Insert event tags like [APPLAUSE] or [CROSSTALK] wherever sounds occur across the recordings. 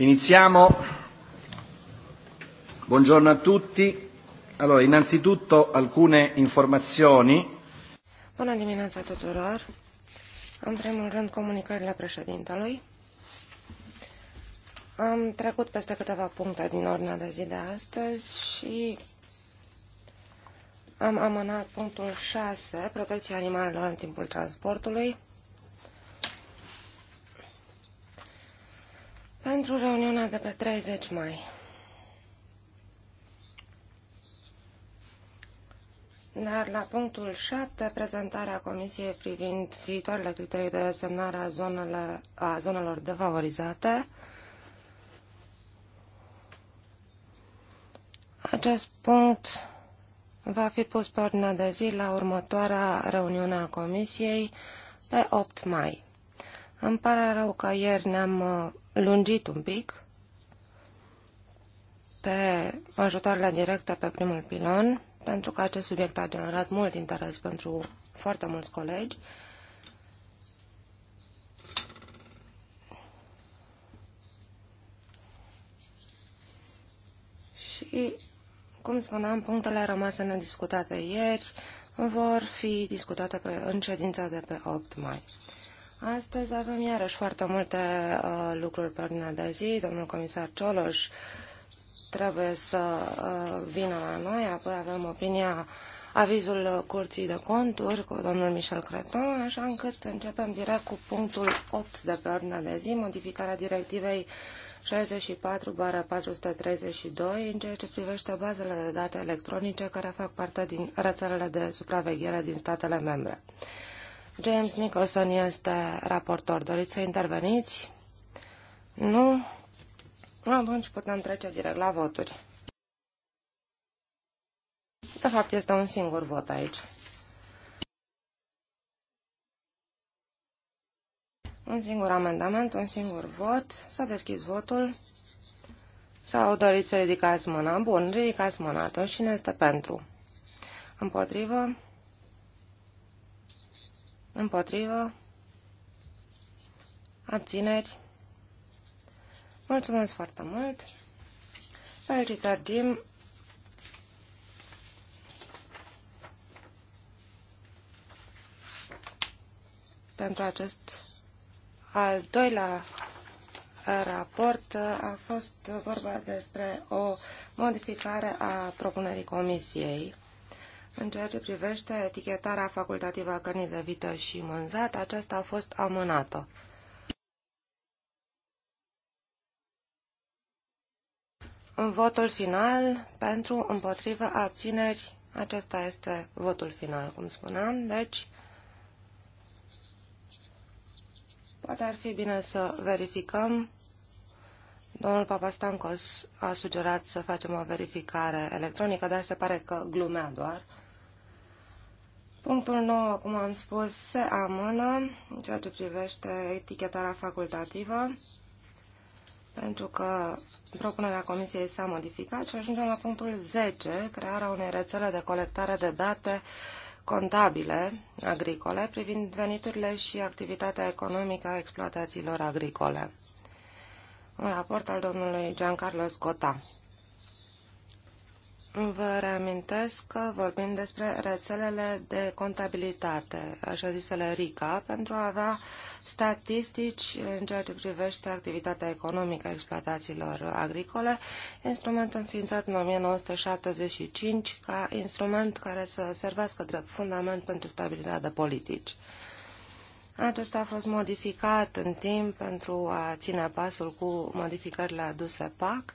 Iniziamo. Buongiorno a tutti. Allora, innanzitutto alcune informazioni. Bună dimineața tuturor. În primul rând, comunicările președintelui. Am trecut peste câteva puncte din ordinea de zi de astăzi și am amânat punctul 6, protecția animalelor în timpul transportului. pentru reuniunea de pe 30 mai. Dar la punctul 7, prezentarea Comisiei privind viitoarele criterii de desemnare a, zonele, a zonelor defavorizate, acest punct va fi pus pe ordinea de zi la următoarea reuniune a Comisiei pe 8 mai. Îmi pare rău că ieri ne-am uh, lungit un pic pe ajutoarele directe pe primul pilon, pentru că acest subiect a generat mult interes pentru foarte mulți colegi. Și, cum spuneam, punctele rămase nediscutate ieri vor fi discutate pe, în ședința de pe 8 mai. Astăzi avem iarăși foarte multe uh, lucruri pe ordinea de zi. Domnul comisar Cioloș trebuie să uh, vină la noi, apoi avem opinia, avizul Curții de Conturi cu domnul Michel Creton, așa încât începem direct cu punctul 8 de pe ordinea de zi, modificarea directivei 64-432 în ceea ce privește bazele de date electronice care fac parte din rețelele de supraveghere din statele membre. James Nicholson este raportor. Doriți să interveniți? Nu? Atunci putem trece direct la voturi. De fapt, este un singur vot aici. Un singur amendament, un singur vot. S-a deschis votul. Sau doriți să ridicați mâna? Bun, ridicați mâna. Atunci cine este pentru? Împotrivă? Împotrivă. Abțineri. Mulțumesc foarte mult. Felicitări, Jim. Pentru acest al doilea uh, raport uh, a fost vorba despre o modificare a propunerii comisiei. În ceea ce privește etichetarea facultativă a cărnii de vită și mânzat, aceasta a fost amânată. În votul final, pentru, împotrivă, abțineri, acesta este votul final, cum spuneam, deci poate ar fi bine să verificăm. Domnul Papastancos a sugerat să facem o verificare electronică, dar se pare că glumea doar. Punctul nou cum am spus, se amână în ceea ce privește etichetarea facultativă, pentru că propunerea Comisiei s-a modificat și ajungem la punctul 10, crearea unei rețele de colectare de date contabile agricole privind veniturile și activitatea economică a exploatațiilor agricole. Un raport al domnului Giancarlo Scotta. Vă reamintesc că vorbim despre rețelele de contabilitate, așa zisele RICA, pentru a avea statistici în ceea ce privește activitatea economică a exploatațiilor agricole, instrument înființat în 1975 ca instrument care să servească drept fundament pentru stabilirea de politici. Acesta a fost modificat în timp pentru a ține pasul cu modificările aduse PAC,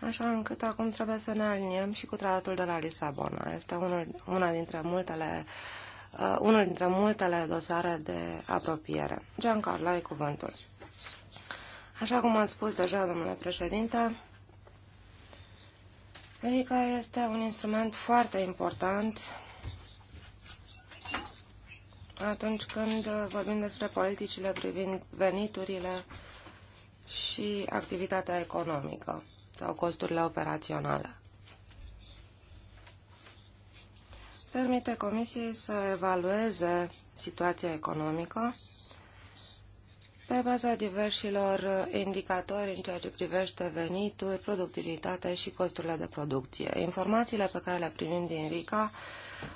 așa încât acum trebuie să ne aliniem și cu tratatul de la Lisabona. Este unul, una dintre multele, uh, unul dintre multele dosare de apropiere. Giancarlo, ai cuvântul. Așa cum am spus deja, domnule președinte, ERICA adică este un instrument foarte important atunci când vorbim despre politicile privind veniturile și activitatea economică sau costurile operaționale. Permite Comisiei să evalueze situația economică pe baza diversilor indicatori în ceea ce privește venituri, productivitate și costurile de producție. Informațiile pe care le primim din RICA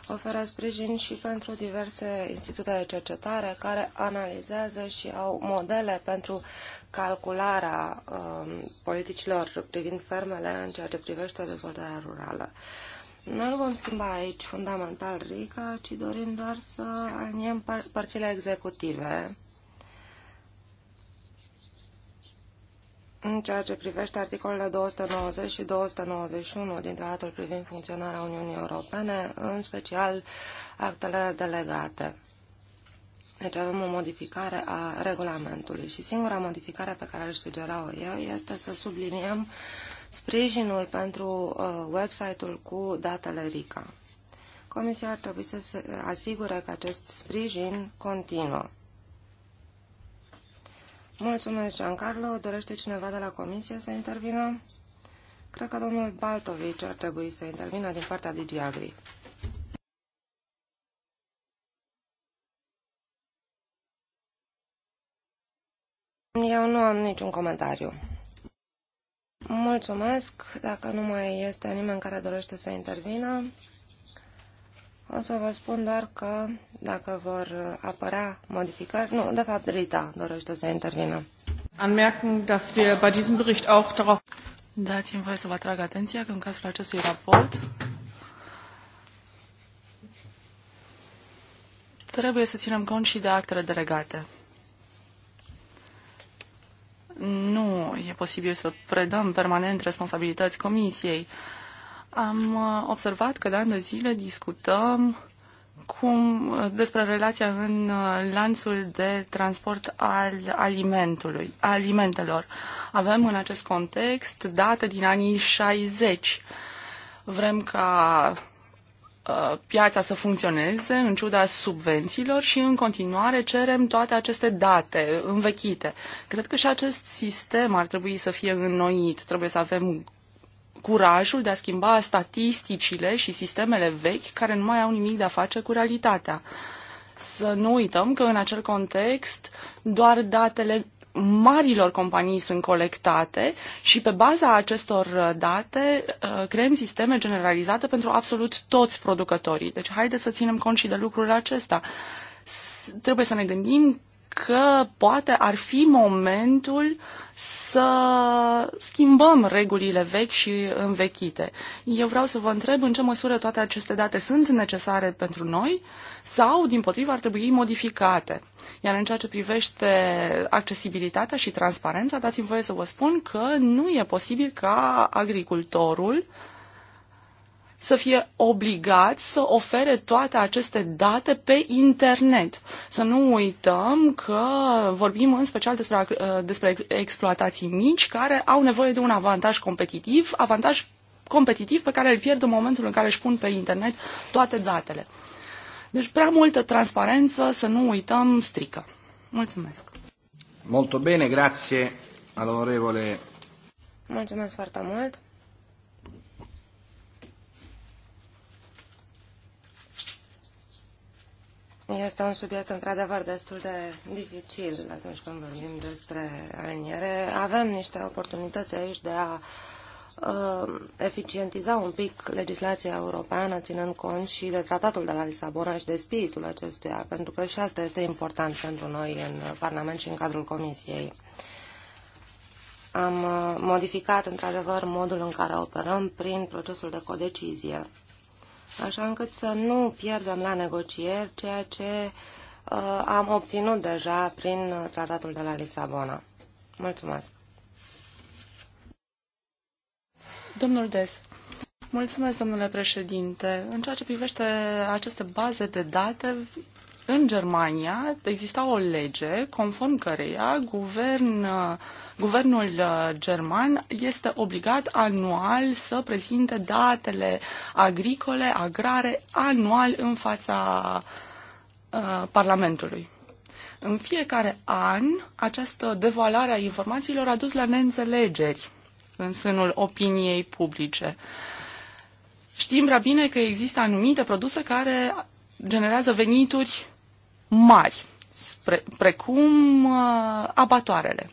oferă sprijin și pentru diverse institute de cercetare care analizează și au modele pentru calcularea um, politicilor privind fermele în ceea ce privește dezvoltarea rurală. Nu nu vom schimba aici fundamental RICA, ci dorim doar să aliniem par părțile executive în ceea ce privește articolele 290 și 291 din tratatul privind funcționarea Uniunii Europene, în special actele delegate. Deci avem o modificare a regulamentului și singura modificare pe care aș sugera-o eu este să subliniem sprijinul pentru uh, website-ul cu datele RICA. Comisia ar trebui să se asigure că acest sprijin continuă. Mulțumesc, Giancarlo. Dorește cineva de la Comisie să intervină? Cred că domnul Baltovici ar trebui să intervină din partea DigiAgri. Eu nu am niciun comentariu. Mulțumesc. Dacă nu mai este nimeni care dorește să intervină, o să vă spun doar că dacă vor apărea modificări... Nu, de fapt, Rita dorește să intervină. Anmerken, dass wir bei diesem Bericht auch darauf... Dați-mi voie să vă atrag atenția că în cazul acestui raport trebuie să ținem cont și de actele delegate. nu e posibil să predăm permanent responsabilități comisiei. Am uh, observat că de ani de zile discutăm cum, uh, despre relația în uh, lanțul de transport al alimentului, alimentelor. Avem în acest context date din anii 60. Vrem ca Uh, piața să funcționeze în ciuda subvențiilor și în continuare cerem toate aceste date învechite. Cred că și acest sistem ar trebui să fie înnoit. Trebuie să avem curajul de a schimba statisticile și sistemele vechi care nu mai au nimic de a face cu realitatea. Să nu uităm că în acel context doar datele marilor companii sunt colectate și pe baza acestor date uh, creăm sisteme generalizate pentru absolut toți producătorii. Deci haideți să ținem cont și de lucrul acesta. Trebuie să ne gândim că poate ar fi momentul să schimbăm regulile vechi și învechite. Eu vreau să vă întreb în ce măsură toate aceste date sunt necesare pentru noi uh, sau, din potrivă, ar trebui modificate. Iar în ceea ce privește accesibilitatea și transparența, dați-mi voie să vă spun că nu e posibil ca agricultorul să fie obligat să ofere toate aceste date pe internet. Să nu uităm că vorbim în special despre, despre exploatații mici care au nevoie de un avantaj competitiv, avantaj competitiv pe care îl pierd în momentul în care își pun pe internet toate datele. Deci prea multă transparență, să nu uităm, strică. Mulțumesc. Molto bene, grazie all'onorevole. Mulțumesc foarte mult. Este un subiect într-adevăr destul de dificil atunci când vorbim despre aliniere. Avem niște oportunități aici de a uh, Uh, eficientiza un pic legislația europeană, ținând cont și de tratatul de la Lisabona și de spiritul acestuia, pentru că și asta este important pentru noi în Parlament și în cadrul Comisiei. Am uh, modificat, într-adevăr, modul în care operăm prin procesul de codecizie, așa încât să nu pierdem la negocieri ceea ce uh, am obținut deja prin tratatul de la Lisabona. Mulțumesc! Domnul Des. Mulțumesc, domnule președinte. În ceea ce privește aceste baze de date, în Germania exista o lege conform căreia guvern, guvernul uh, german este obligat anual să prezinte datele agricole, agrare, anual în fața uh, Parlamentului. În fiecare an, această devoalare a informațiilor a dus la neînțelegeri în sânul opiniei publice. Știm prea bine că există anumite produse care generează venituri mari, spre, precum uh, abatoarele.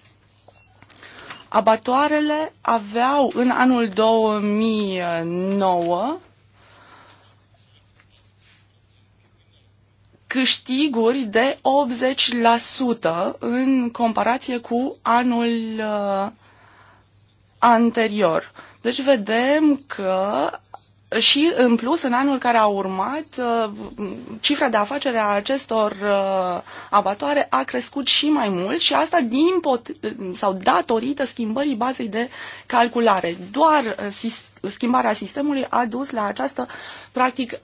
Abatoarele aveau în anul 2009 câștiguri de 80% în comparație cu anul uh, anterior. Deci vedem că și, în plus, în anul care a urmat, uh, cifra de afacere a acestor uh, abatoare a crescut și mai mult și asta din pot- sau datorită schimbării bazei de calculare. Doar uh, schimbarea sistemului a dus la această, practic,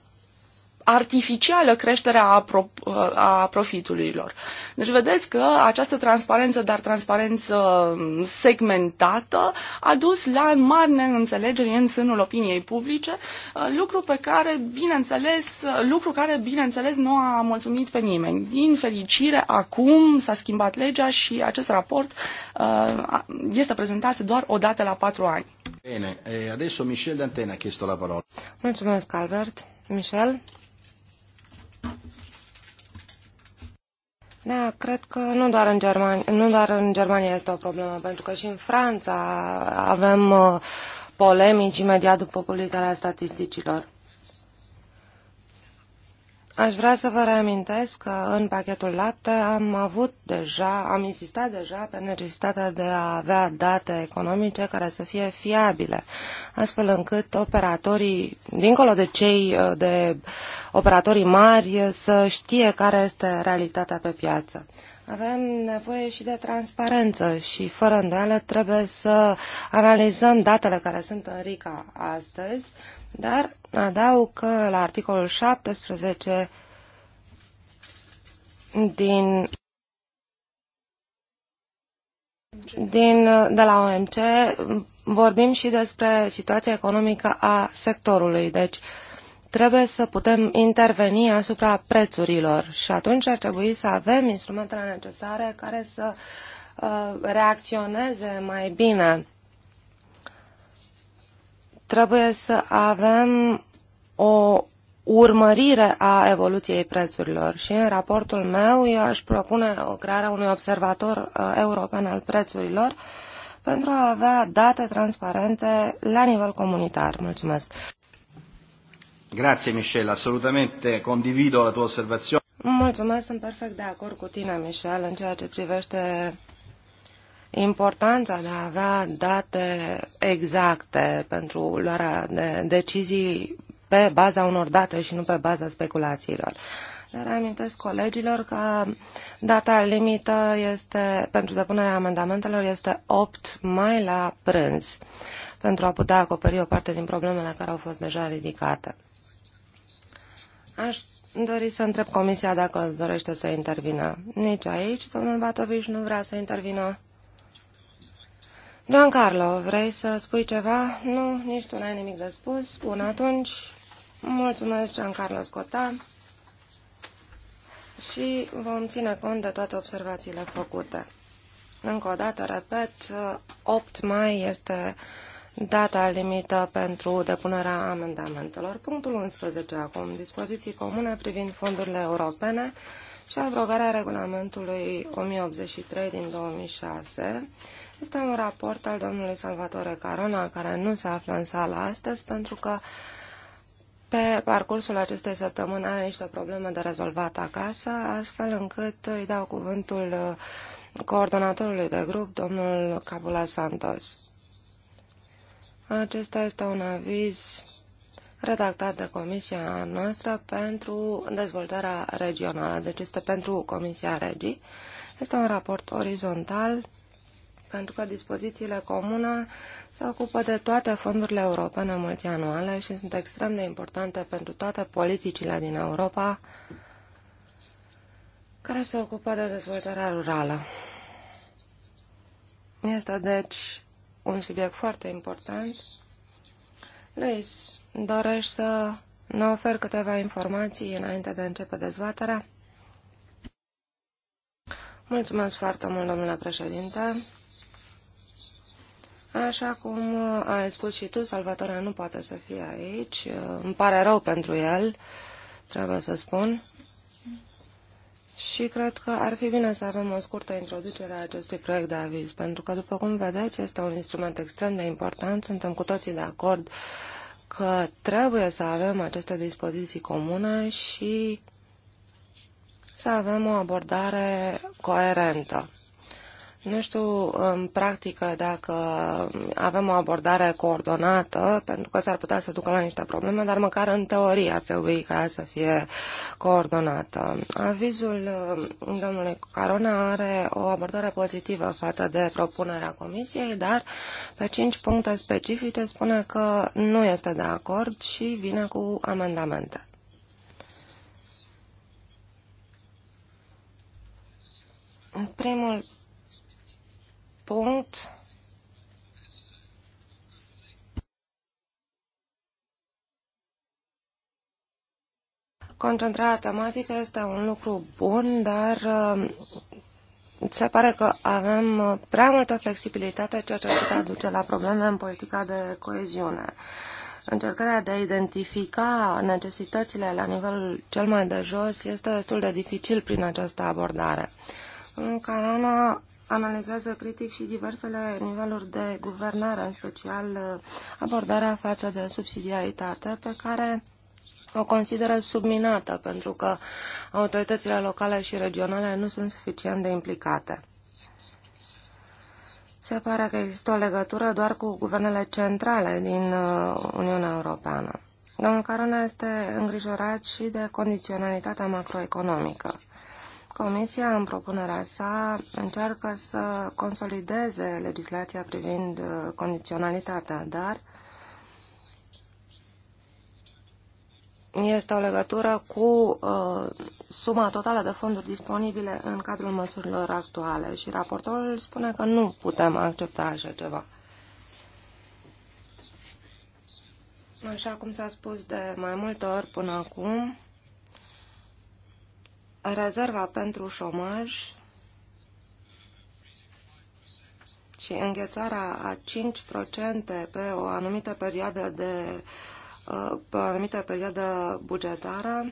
artificială creșterea a, pro, a profiturilor. Deci vedeți că această transparență, dar transparență segmentată, a dus la mari neînțelegeri în sânul opiniei publice, lucru pe care, bineînțeles, lucru care, bineînțeles, nu a mulțumit pe nimeni. Din fericire, acum s-a schimbat legea și acest raport uh, este prezentat doar o dată la patru ani. Bine, adesso Michel Dantena a chiesto la parola. Mulțumesc, Albert. Michel? Da, cred că nu doar, în Germania, nu doar în Germania este o problemă, pentru că și în Franța avem uh, polemici imediat după publicarea statisticilor. Aș vrea să vă reamintesc că în pachetul lapte am avut deja, am insistat deja pe necesitatea de a avea date economice care să fie fiabile, astfel încât operatorii, dincolo de cei de operatorii mari, să știe care este realitatea pe piață. Avem nevoie și de transparență și, fără îndoială, trebuie să analizăm datele care sunt în RICA astăzi, dar Adaug că la articolul 17 din, din, de la OMC vorbim și despre situația economică a sectorului. Deci trebuie să putem interveni asupra prețurilor și atunci ar trebui să avem instrumentele necesare care să uh, reacționeze mai bine trebuie să avem o urmărire a evoluției prețurilor și în raportul meu eu aș propune o crearea unui observator uh, european al prețurilor pentru a avea date transparente la nivel comunitar. Mulțumesc! Grazie Michel, assolutamente condivido la tua osservazione. Mulțumesc, sunt perfect de acord cu tine, Michel, în ceea ce privește importanța de a avea date exacte pentru luarea de decizii pe baza unor date și nu pe baza speculațiilor. Le reamintesc colegilor că data limită este, pentru depunerea amendamentelor este 8 mai la prânz, pentru a putea acoperi o parte din problemele care au fost deja ridicate. Aș dori să întreb Comisia dacă dorește să intervină. Nici aici, domnul Batoviș nu vrea să intervină. Don Carlo, vrei să spui ceva? Nu, nici tu n-ai nimic de spus. Bun, atunci, mulțumesc Carlo Scota. și vom ține cont de toate observațiile făcute. Încă o dată, repet, 8 mai este data limită pentru depunerea amendamentelor. Punctul 11 acum, dispoziții comune privind fondurile europene și abrogarea regulamentului 1083 din 2006 este un raport al domnului Salvatore Carona, care nu se află în sala astăzi, pentru că pe parcursul acestei săptămâni are niște probleme de rezolvat acasă, astfel încât îi dau cuvântul uh, coordonatorului de grup, domnul Cabula Santos. Acesta este un aviz redactat de comisia noastră pentru dezvoltarea regională, deci este pentru Comisia Regii. Este un raport orizontal pentru că dispozițiile comune se ocupă de toate fondurile europene multianuale și sunt extrem de importante pentru toate politicile din Europa care se ocupă de dezvoltarea rurală. Este, deci, un subiect foarte important. Luis, dorești să ne ofer câteva informații înainte de a începe dezbaterea? Mulțumesc foarte mult, domnule președinte. Așa cum ai spus și tu, Salvatore nu poate să fie aici. Îmi pare rău pentru el, trebuie să spun. Și cred că ar fi bine să avem o scurtă introducere a acestui proiect de aviz, pentru că, după cum vedeți, este un instrument extrem de important. Suntem cu toții de acord că trebuie să avem aceste dispoziții comune și să avem o abordare coerentă. Nu știu în practică dacă avem o abordare coordonată, pentru că s-ar putea să ducă la niște probleme, dar măcar în teorie ar trebui ca să fie coordonată. Avizul uh, domnului Carona are o abordare pozitivă față de propunerea comisiei, dar pe cinci puncte specifice spune că nu este de acord și vine cu amendamente. Primul punct concentrarea tematică este un lucru bun, dar uh, se pare că avem uh, prea multă flexibilitate, ceea ce se aduce la probleme în politica de coeziune. Încercarea de a identifica necesitățile la nivelul cel mai de jos este destul de dificil prin această abordare. În Canona analizează critic și diversele niveluri de guvernare, în special uh, abordarea față de subsidiaritate, pe care o consideră subminată pentru că autoritățile locale și regionale nu sunt suficient de implicate. Se pare că există o legătură doar cu guvernele centrale din uh, Uniunea Europeană. Domnul Carona este îngrijorat și de condiționalitatea macroeconomică. Comisia, în propunerea sa, încearcă să consolideze legislația privind uh, condiționalitatea, dar este o legătură cu uh, suma totală de fonduri disponibile în cadrul măsurilor actuale și raportorul spune că nu putem accepta așa ceva. Așa cum s-a spus de mai multe ori până acum, rezerva pentru șomaj și înghețarea a 5% pe o anumită perioadă de uh, pe o anumită perioadă bugetară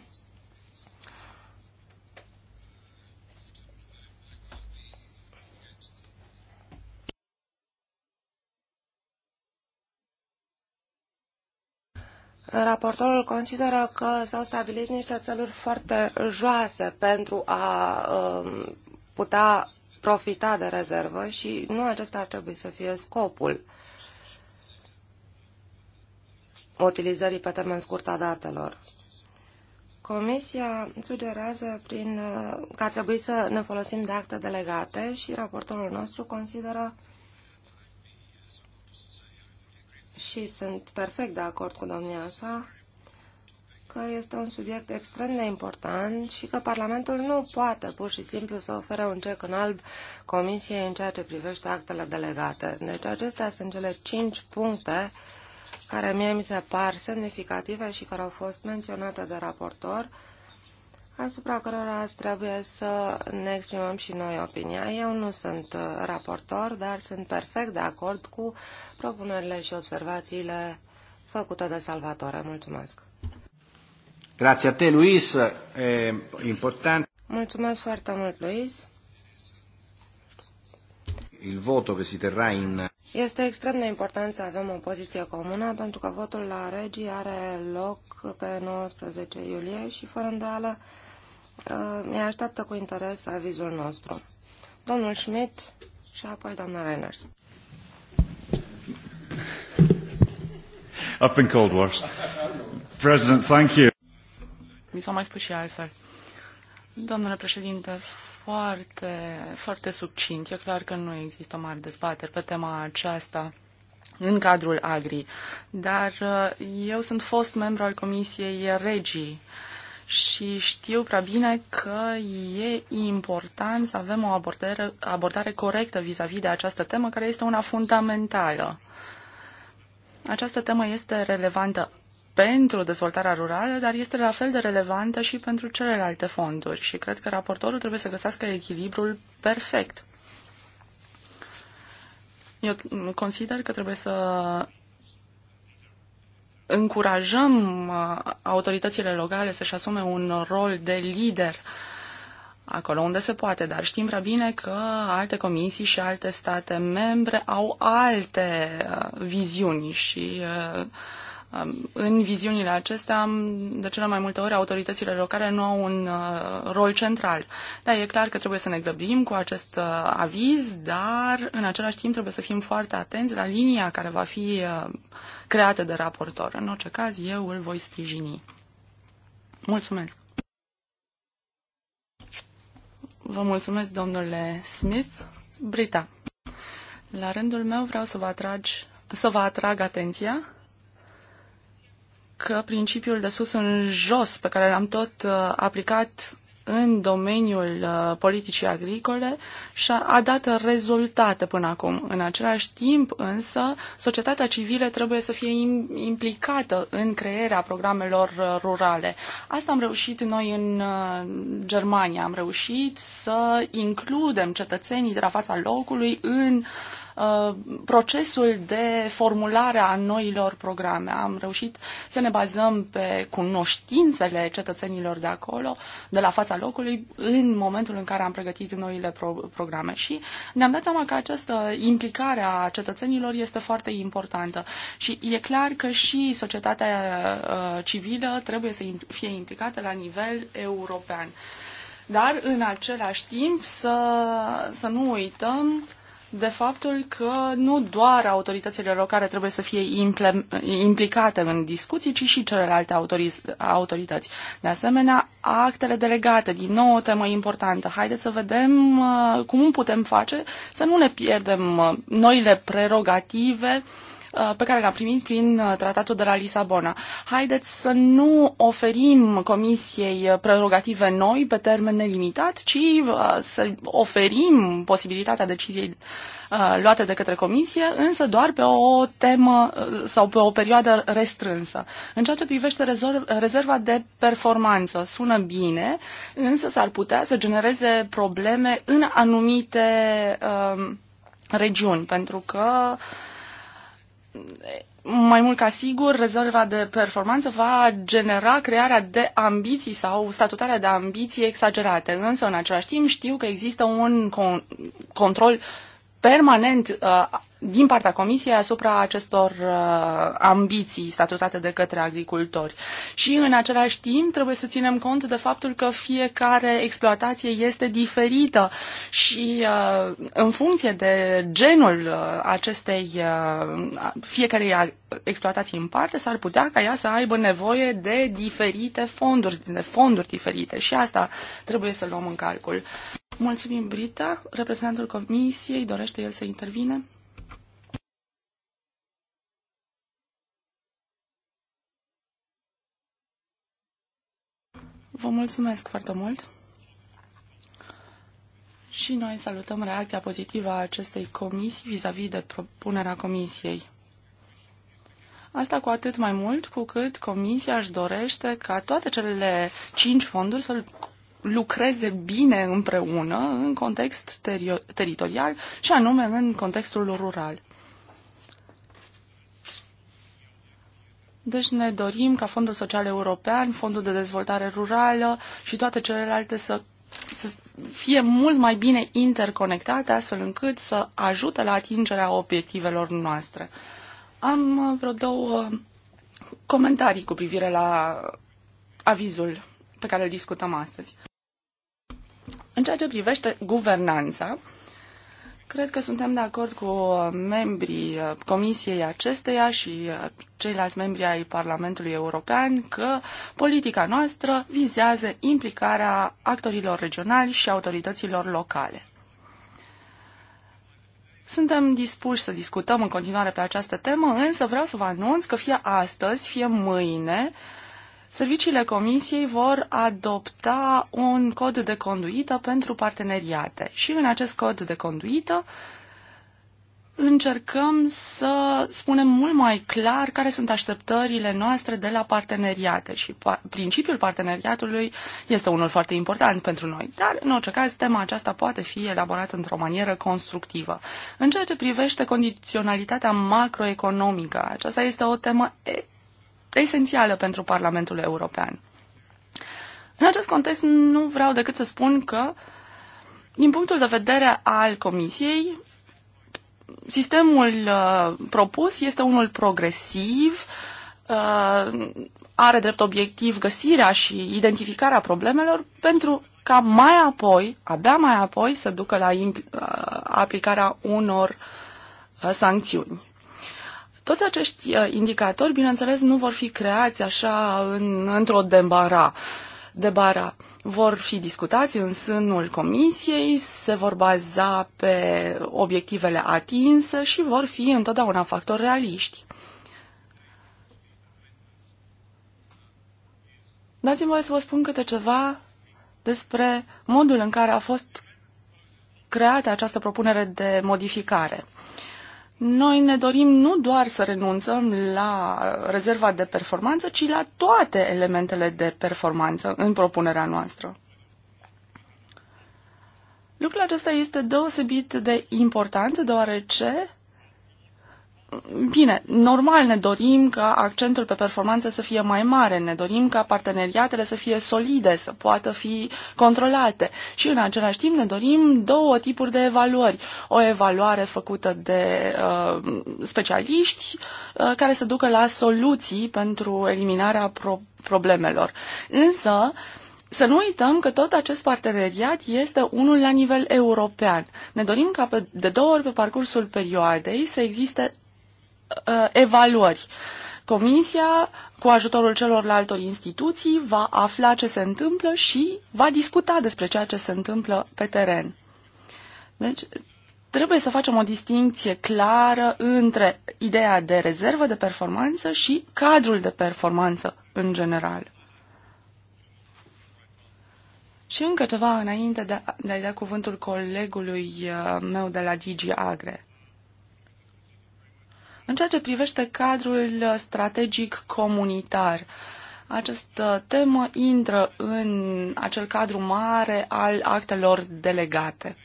Raportorul consideră că s-au stabilit niște țeluri foarte joase pentru a um, putea profita de rezervă și nu acesta ar trebui să fie scopul utilizării pe termen scurt a datelor. Comisia sugerează prin, uh, că ar trebui să ne folosim de acte delegate și raportorul nostru consideră și sunt perfect de acord cu domnia sa că este un subiect extrem de important și că Parlamentul nu poate pur și simplu să ofere un cec în alb Comisiei în ceea ce privește actele delegate. Deci acestea sunt cele cinci puncte care mie mi se par semnificative și care au fost menționate de raportor asupra cărora trebuie să ne exprimăm și noi opinia. Eu nu sunt uh, raportor, dar sunt perfect de acord cu propunerile și observațiile făcute de Salvatore. Mulțumesc! Grazie a te, Luis. E important. Mulțumesc foarte mult, Luis. Il voto che si terrà in... Este extrem de important să avem o poziție comună pentru că votul la regii are loc pe 19 iulie și fără îndeală Uh, ne așteaptă cu interes avizul nostru. Domnul Schmidt și apoi doamna Reiners. I've been called worse. President, thank you. Mi s-a mai spus și altfel. Domnule președinte, foarte, foarte succint. E clar că nu există mari dezbateri pe tema aceasta în cadrul Agri, dar uh, eu sunt fost membru al Comisiei Regii și știu prea bine că e important să avem o abordare, abordare corectă vis-a-vis -vis de această temă, care este una fundamentală. Această temă este relevantă pentru dezvoltarea rurală, dar este la fel de relevantă și pentru celelalte fonduri și cred că raportorul trebuie să găsească echilibrul perfect. Eu consider că trebuie să încurajăm uh, autoritățile locale să-și asume un rol de lider acolo unde se poate, dar știm prea bine că alte comisii și alte state membre au alte uh, viziuni și uh, în viziunile acestea, de cele mai multe ori, autoritățile locale nu au un uh, rol central. Da, e clar că trebuie să ne grăbim cu acest uh, aviz, dar în același timp trebuie să fim foarte atenți la linia care va fi uh, creată de raportor. În orice caz, eu îl voi sprijini. Mulțumesc! Vă mulțumesc, domnule Smith. Brita, la rândul meu vreau să vă, atragi, să vă atrag atenția că principiul de sus în jos pe care l-am tot uh, aplicat în domeniul uh, politicii agricole și a dat rezultate până acum. În același timp, însă, societatea civilă trebuie să fie implicată în crearea programelor uh, rurale. Asta am reușit noi în Germania. Am reușit să includem cetățenii de la fața locului în uh, Uh, procesul de formulare a noilor programe. Am reușit să ne bazăm pe cunoștințele cetățenilor de acolo, de la fața locului, în momentul în care am pregătit noile pro- programe. Și ne-am dat seama că această implicare a cetățenilor este foarte importantă. Și e clar că și societatea uh, civilă trebuie să fie implicată la nivel european. Dar, în același timp, să, să nu uităm uh, de faptul că nu doar autoritățile locale trebuie să fie implicate în discuții, ci și celelalte autorități. De asemenea, actele delegate, din nou o temă importantă. Haideți să vedem uh, cum putem face să nu ne pierdem uh, noile prerogative uh, Uh, pe care l-a primit prin uh, tratatul de la Lisabona. Haideți să nu oferim Comisiei uh, prerogative noi pe termen nelimitat, ci să oferim posibilitatea deciziei luate de către comisie, însă doar pe o temă sau pe o perioadă restrânsă. În ceea ce privește rezerva de performanță, sună bine, însă s-ar putea să genereze probleme în anumite uh, regiuni, pentru că uh, mai mult ca sigur, rezerva de performanță va genera crearea de ambiții sau statutarea de ambiții exagerate. Însă, în același timp, știu că există un con- control permanent uh, din partea Comisiei asupra acestor uh, ambiții statutate de către agricultori. Și în același timp trebuie să ținem cont de faptul că fiecare exploatație este diferită și uh, în funcție de genul acestei fiecarei exploatații în parte s-ar putea ca ea să aibă nevoie de diferite fonduri, de fonduri diferite și asta trebuie să luăm în calcul. Mulțumim, Brita. Reprezentantul Comisiei dorește el să intervine. Vă mulțumesc foarte mult. Și noi salutăm reacția pozitivă a acestei comisii vis-a-vis -vis de propunerea comisiei. Asta cu atât mai mult cu cât comisia își dorește ca toate cele cinci fonduri să lucreze bine împreună în context teri- teritorial și anume în contextul rural. Deci ne dorim ca Fondul Social European, Fondul de Dezvoltare Rurală și toate celelalte să, să fie mult mai bine interconectate, astfel încât să ajute la atingerea obiectivelor noastre. Am vreo două comentarii cu privire la avizul pe care îl discutăm astăzi. În ceea ce privește guvernanța, cred că suntem de acord cu membrii uh, Comisiei acesteia și uh, ceilalți membri ai Parlamentului European că politica noastră vizează implicarea actorilor regionali și autorităților locale. Suntem dispuși să discutăm în continuare pe această temă, însă vreau să vă anunț că fie astăzi, fie mâine, uh, Serviciile Comisiei vor adopta un cod de conduită pentru parteneriate și în acest cod de conduită încercăm să spunem mult mai clar care sunt așteptările noastre de la parteneriate și pa- principiul parteneriatului este unul foarte important pentru noi, dar în orice caz tema aceasta poate fi elaborată într-o manieră constructivă. În ceea ce privește condiționalitatea macroeconomică, aceasta este o temă esențială pentru Parlamentul European. În acest context nu vreau decât să spun că, din punctul de vedere al Comisiei, sistemul uh, propus este unul progresiv, uh, are drept obiectiv găsirea și identificarea problemelor pentru ca mai apoi, abia mai apoi, să ducă la uh, aplicarea unor uh, sancțiuni. Toți acești uh, indicatori, bineînțeles, nu vor fi creați așa în, într-o debara. debara. Vor fi discutați în sânul comisiei, se vor baza pe obiectivele atinse și vor fi întotdeauna factori realiști. Dați-mi voie să vă spun câte ceva despre modul în care a fost creată această propunere de modificare. Uh, noi ne dorim nu doar să renunțăm la rezerva de performanță, ci la toate elementele de performanță în propunerea noastră. Lucrul acesta este deosebit de important, deoarece Bine, normal ne dorim ca accentul pe performanță să fie mai mare, ne dorim ca parteneriatele să fie solide, să poată fi controlate și în același timp ne dorim două tipuri de evaluări. O evaluare făcută de uh, specialiști uh, care să ducă la soluții pentru eliminarea pro- problemelor. Însă, să nu uităm că tot acest parteneriat este unul la nivel european. Ne dorim ca pe, de două ori pe parcursul perioadei să existe Uh, evaluări. Comisia, cu ajutorul celorlalte instituții, va afla ce se întâmplă și va discuta despre ceea ce se întâmplă pe teren. Deci, trebuie să facem o distinție clară între ideea de rezervă de performanță și cadrul de performanță în general. Și încă ceva înainte de a-i da cuvântul colegului uh, meu de la Gigi Agre. În ceea ce privește cadrul strategic comunitar, această temă intră în acel cadru mare al actelor delegate.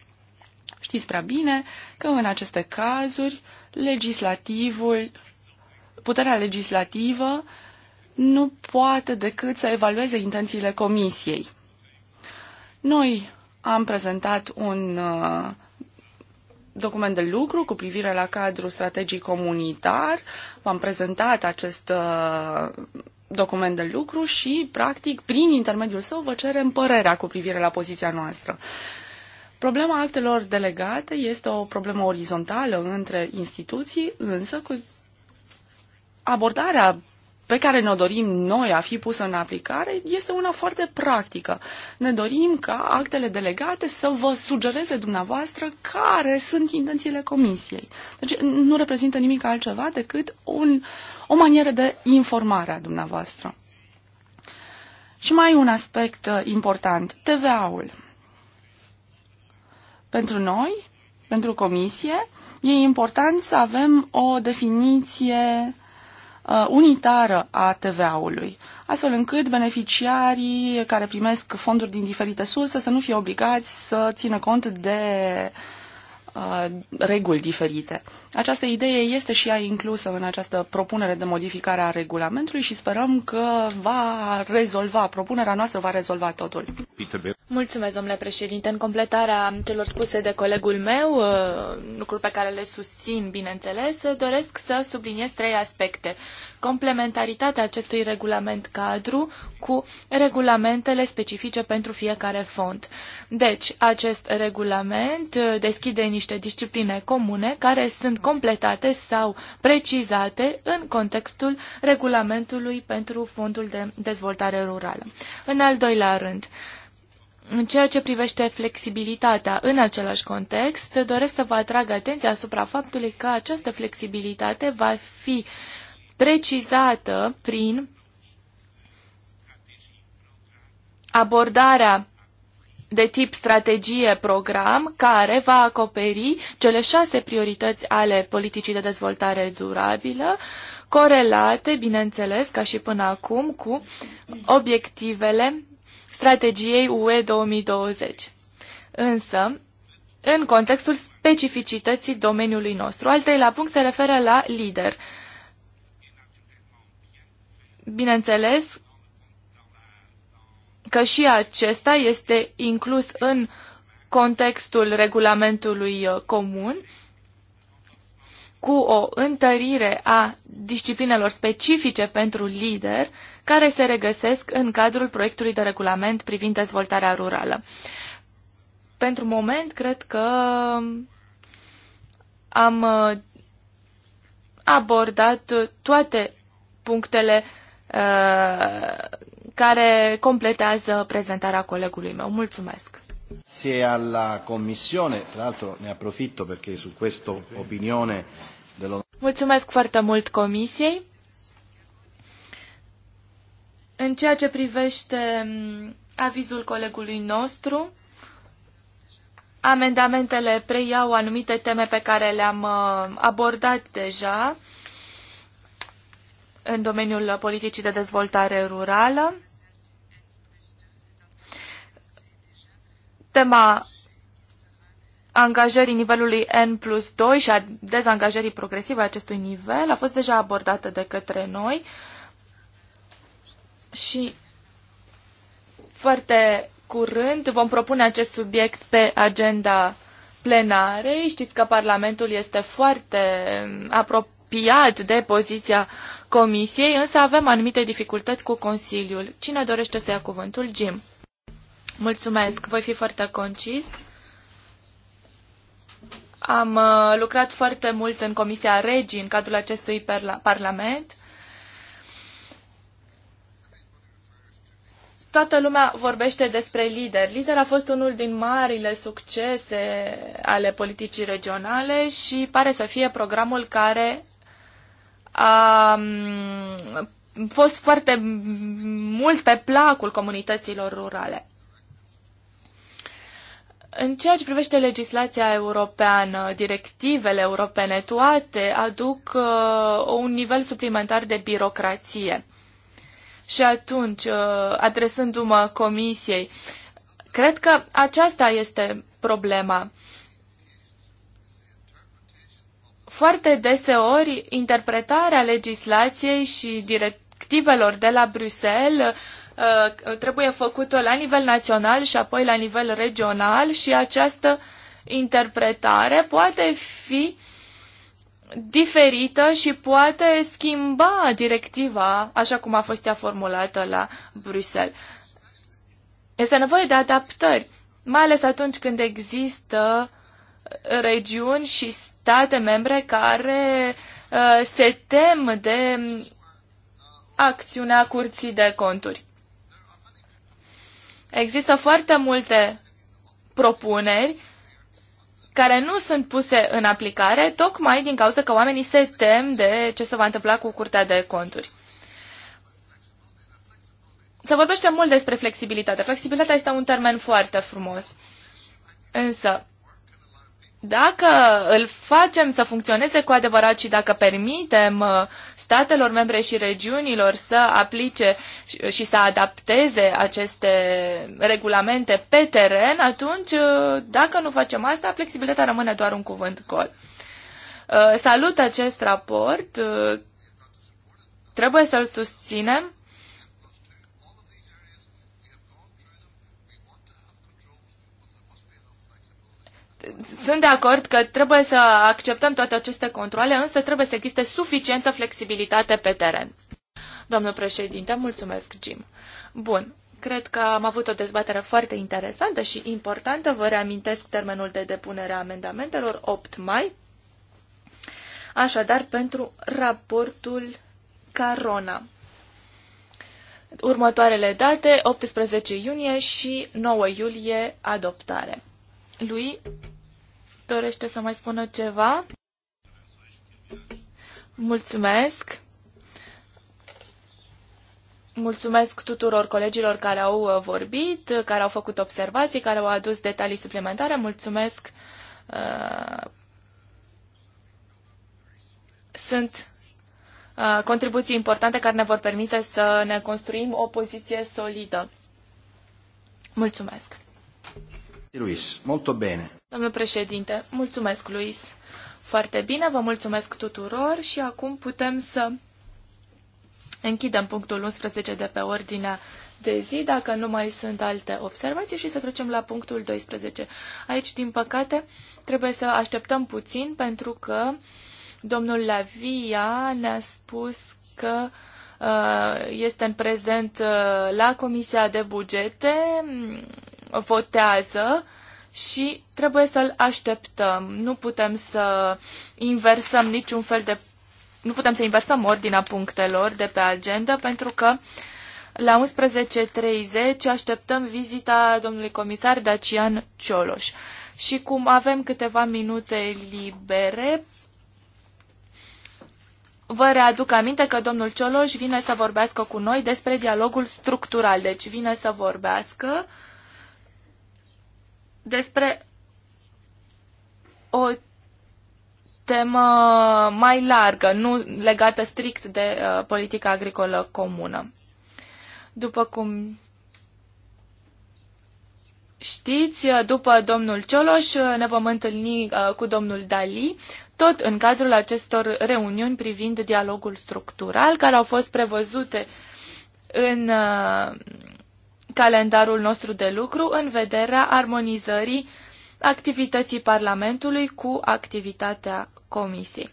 Știți prea bine că în aceste cazuri legislativul, puterea legislativă nu poate decât să evalueze intențiile comisiei. Noi am prezentat un uh, document de lucru cu privire la cadrul strategic comunitar. V-am prezentat acest uh, document de lucru și, practic, prin intermediul său vă cerem părerea cu privire la poziția noastră. Problema actelor delegate este o problemă orizontală între instituții, însă cu abordarea pe care ne-o dorim noi a fi pusă în aplicare este una foarte practică. Ne dorim ca actele delegate să vă sugereze dumneavoastră care sunt intențiile comisiei. Deci nu reprezintă nimic altceva decât un, o manieră de informare a dumneavoastră. Și mai un aspect uh, important, TVA-ul. Pentru noi, pentru comisie, e important să avem o definiție uh, Uh, unitară a TVA-ului, astfel încât beneficiarii care primesc fonduri din diferite surse să nu fie obligați să țină cont de Uh, reguli diferite. Această idee este și ea inclusă în această propunere de modificare a regulamentului și sperăm că va rezolva, propunerea noastră va rezolva totul. Mulțumesc, domnule președinte. În completarea celor spuse de colegul meu, uh, lucruri pe care le susțin, bineînțeles, doresc să subliniez trei aspecte complementaritatea acestui regulament cadru cu regulamentele specifice pentru fiecare fond. Deci, acest regulament uh, deschide niște discipline comune care sunt completate sau precizate în contextul regulamentului pentru fondul de dezvoltare rurală. În al doilea rând, în ceea ce privește flexibilitatea în același context, doresc să vă atrag atenția asupra faptului că această flexibilitate va fi precizată prin abordarea de tip strategie-program care va acoperi cele șase priorități ale politicii de dezvoltare durabilă, corelate, bineînțeles, ca și până acum, cu obiectivele strategiei UE 2020. Însă, în contextul specificității domeniului nostru. Al treilea punct se referă la lider bineînțeles că și acesta este inclus în contextul regulamentului uh, comun cu o întărire a disciplinelor specifice pentru lider care se regăsesc în cadrul proiectului de regulament privind dezvoltarea rurală. Pentru moment, cred că am uh, abordat toate punctele uh, Uh, care completează prezentarea colegului meu. Mulțumesc! Se alla Commissione, tra l'altro ne approfitto perché su questo opinione dello... Mulțumesc foarte mult Comisiei. În ceea ce privește mm, avizul colegului nostru, amendamentele preiau anumite teme pe care le-am uh, abordat deja în domeniul politicii de dezvoltare rurală. Tema angajării nivelului N plus 2 și a dezangajării progresive a acestui nivel a fost deja abordată de către noi și foarte curând vom propune acest subiect pe agenda plenarei. Știți că Parlamentul este foarte apropiat apropiat de poziția Comisiei, însă avem anumite dificultăți cu Consiliul. Cine dorește să ia cuvântul? Jim. Mulțumesc, voi fi foarte concis. Am uh, lucrat foarte mult în Comisia Regii în cadrul acestui parlament. Toată lumea vorbește despre lider. Lider a fost unul din marile succese ale politicii regionale și pare să fie programul care a fost foarte mult pe placul comunităților rurale. În ceea ce privește legislația europeană, directivele europene, toate aduc uh, un nivel suplimentar de birocrație. Și atunci, uh, adresându-mă comisiei, cred că aceasta este problema. Foarte deseori, interpretarea legislației și directivelor de la Bruxelles uh, trebuie făcută la nivel național și apoi la nivel regional și această interpretare poate fi diferită și poate schimba directiva așa cum a fost ea formulată la Bruxelles. Este nevoie de adaptări, mai ales atunci când există regiuni și state membre care uh, se tem de acțiunea curții de conturi. Există foarte multe propuneri care nu sunt puse în aplicare, tocmai din cauza că oamenii se tem de ce se va întâmpla cu curtea de conturi. Se vorbește mult despre flexibilitate. Flexibilitatea este un termen foarte frumos. Însă, dacă îl facem să funcționeze cu adevărat și dacă permitem uh, statelor membre și regiunilor să aplice uh, și să adapteze aceste regulamente pe teren, atunci, uh, dacă nu facem asta, flexibilitatea rămâne doar un cuvânt gol. Salut acest raport, trebuie să-l susținem sunt de acord că trebuie să acceptăm toate aceste controle, însă trebuie să existe suficientă flexibilitate pe teren. Domnul președinte, mulțumesc, Jim. Bun, Cred că am avut o dezbatere foarte interesantă și importantă. Vă reamintesc termenul de depunere a amendamentelor, 8 mai. Așadar, pentru raportul Carona. Următoarele date, 18 iunie și 9 iulie, adoptare. Lui dorește să mai spună ceva? Mulțumesc! Mulțumesc tuturor colegilor care au uh, vorbit, care au făcut observații, care au adus detalii suplimentare. Mulțumesc! Uh, sunt uh, contribuții importante care ne vor permite să ne construim o poziție solidă. Mulțumesc! Luis, molto bene. Domnul președinte, mulțumesc, Luis. Foarte bine, vă mulțumesc tuturor și acum putem să închidem punctul 11 de pe ordinea de zi, dacă nu mai sunt alte observații și să trecem la punctul 12. Aici, din păcate, trebuie să așteptăm puțin pentru că domnul Lavia ne-a spus că uh, este în prezent uh, la Comisia de Bugete votează și trebuie să-l așteptăm. Nu putem să inversăm niciun fel de. Nu putem să inversăm ordinea punctelor de pe agenda pentru că la 11.30 așteptăm vizita domnului comisar Dacian Cioloș. Și cum avem câteva minute libere, Vă readuc aminte că domnul Cioloș vine să vorbească cu noi despre dialogul structural, deci vine să vorbească despre o temă mai largă, nu legată strict de uh, politica agricolă comună. După cum știți, uh, după domnul Cioloș uh, ne vom întâlni uh, cu domnul Dali, tot în cadrul acestor reuniuni privind dialogul structural, care au fost prevăzute în uh, calendarul nostru de lucru în vederea armonizării activității Parlamentului cu activitatea Comisiei.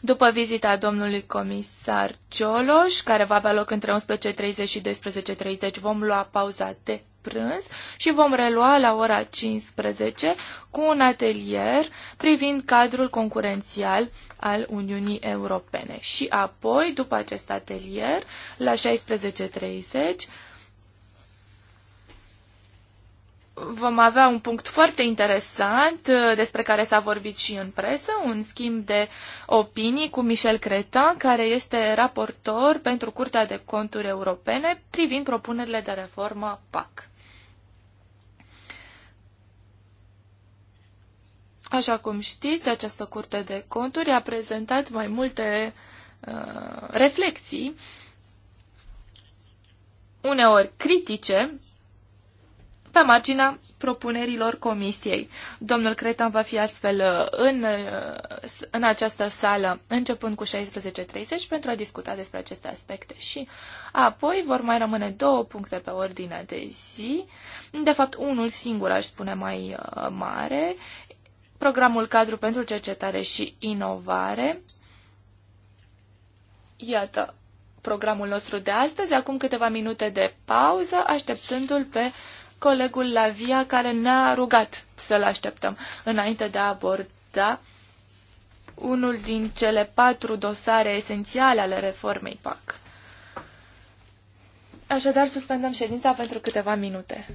După vizita domnului comisar Cioloș, care va avea loc între 11.30 și 12.30, vom lua pauza de prânz și vom relua la ora 15 cu un atelier privind cadrul concurențial al Uniunii Europene. Și apoi, după acest atelier, la 16.30, vom avea un punct foarte interesant uh, despre care s-a vorbit și în presă, un schimb de opinii cu Michel Cretan, care este raportor pentru Curtea de Conturi Europene privind propunerile de reformă PAC. Așa cum știți, această Curte de Conturi a prezentat mai multe uh, reflexii, uneori critice, pe marginea propunerilor comisiei. Domnul Cretan va fi astfel uh, în, uh, în această sală începând cu 16.30 pentru a discuta despre aceste aspecte și apoi vor mai rămâne două puncte pe ordinea de zi, de fapt unul singur aș spune mai uh, mare, programul cadru pentru cercetare și inovare. Iată programul nostru de astăzi, acum câteva minute de pauză, așteptându-l pe colegul Lavia care ne-a rugat să-l așteptăm înainte de a aborda unul din cele patru dosare esențiale ale reformei PAC. Așadar, suspendăm ședința pentru câteva minute.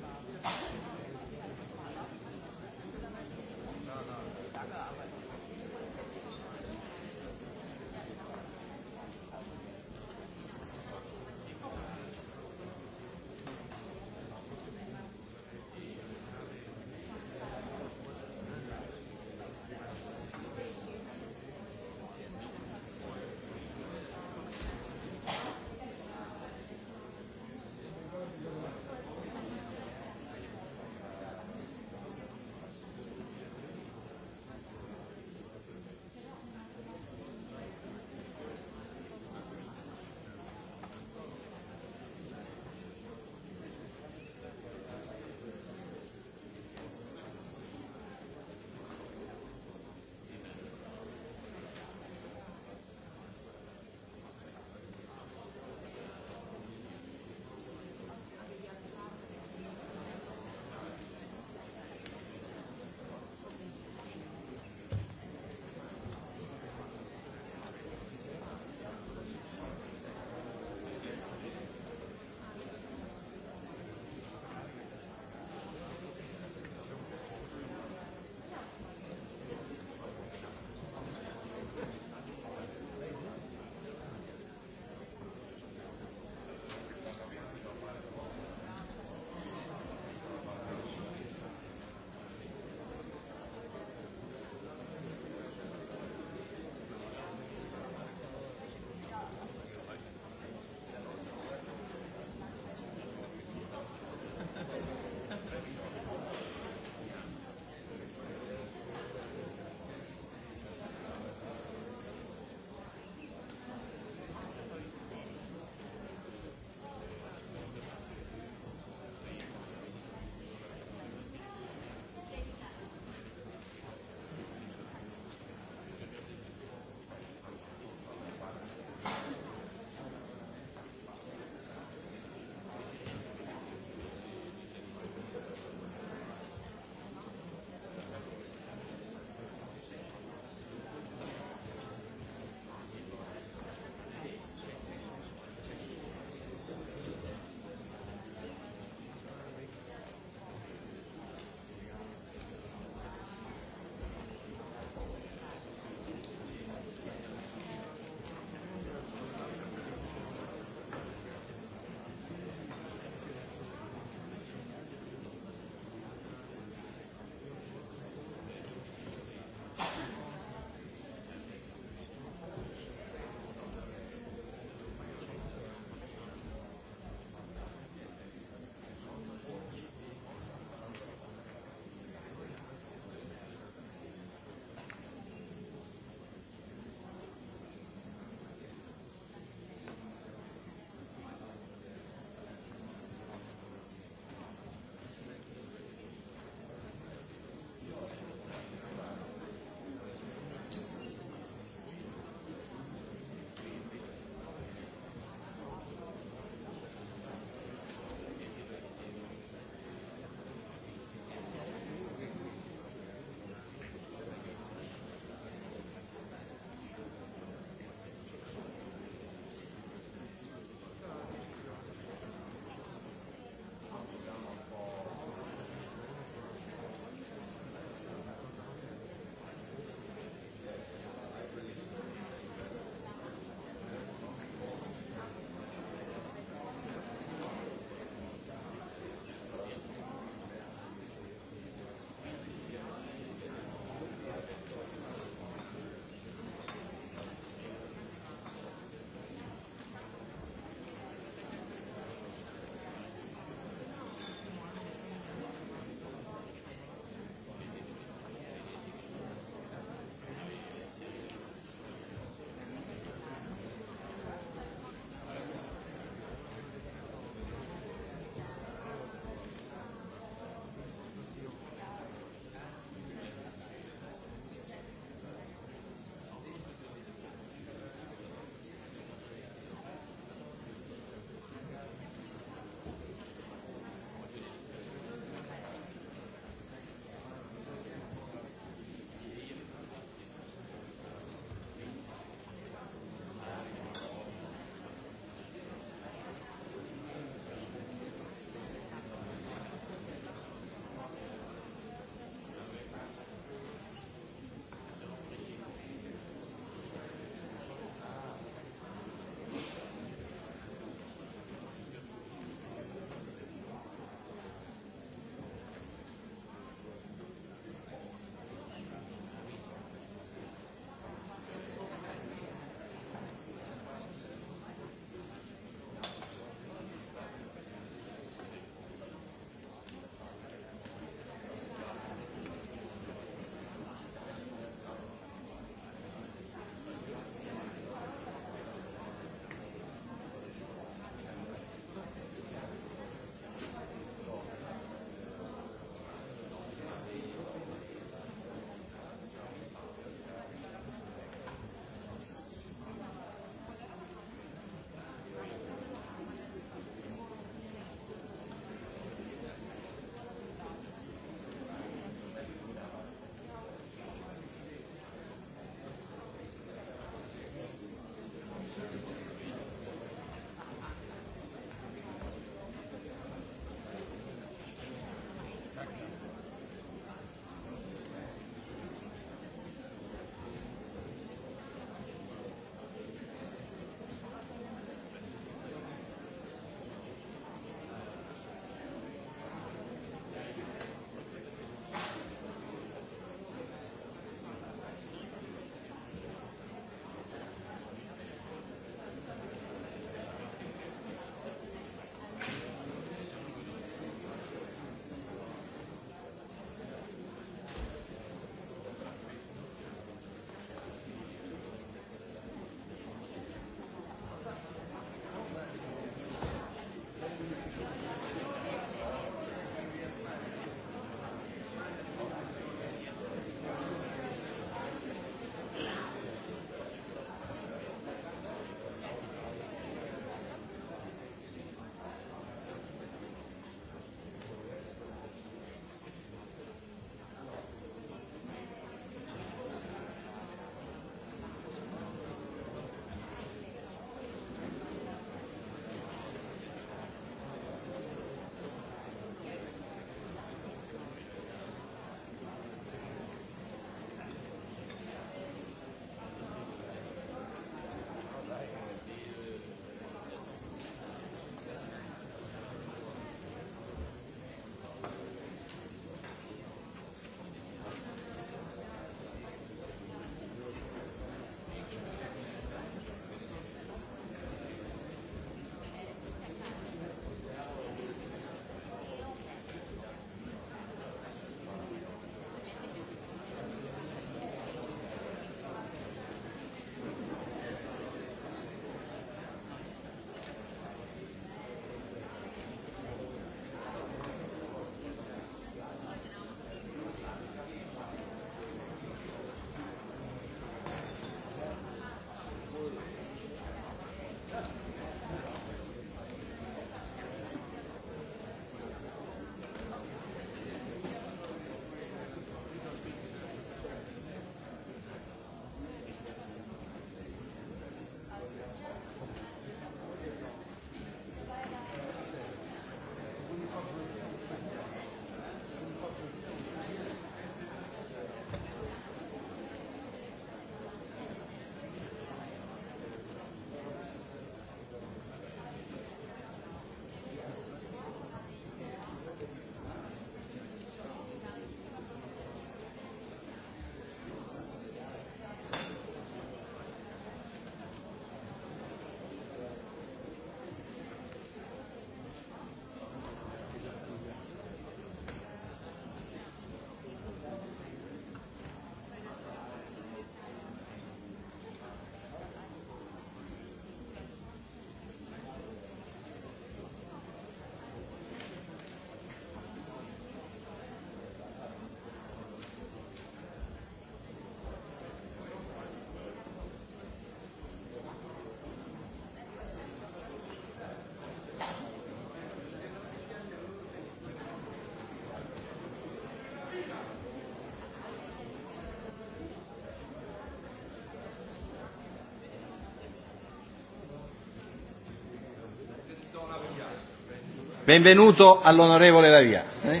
Benvenuto all'onorevole Lavia. Eh?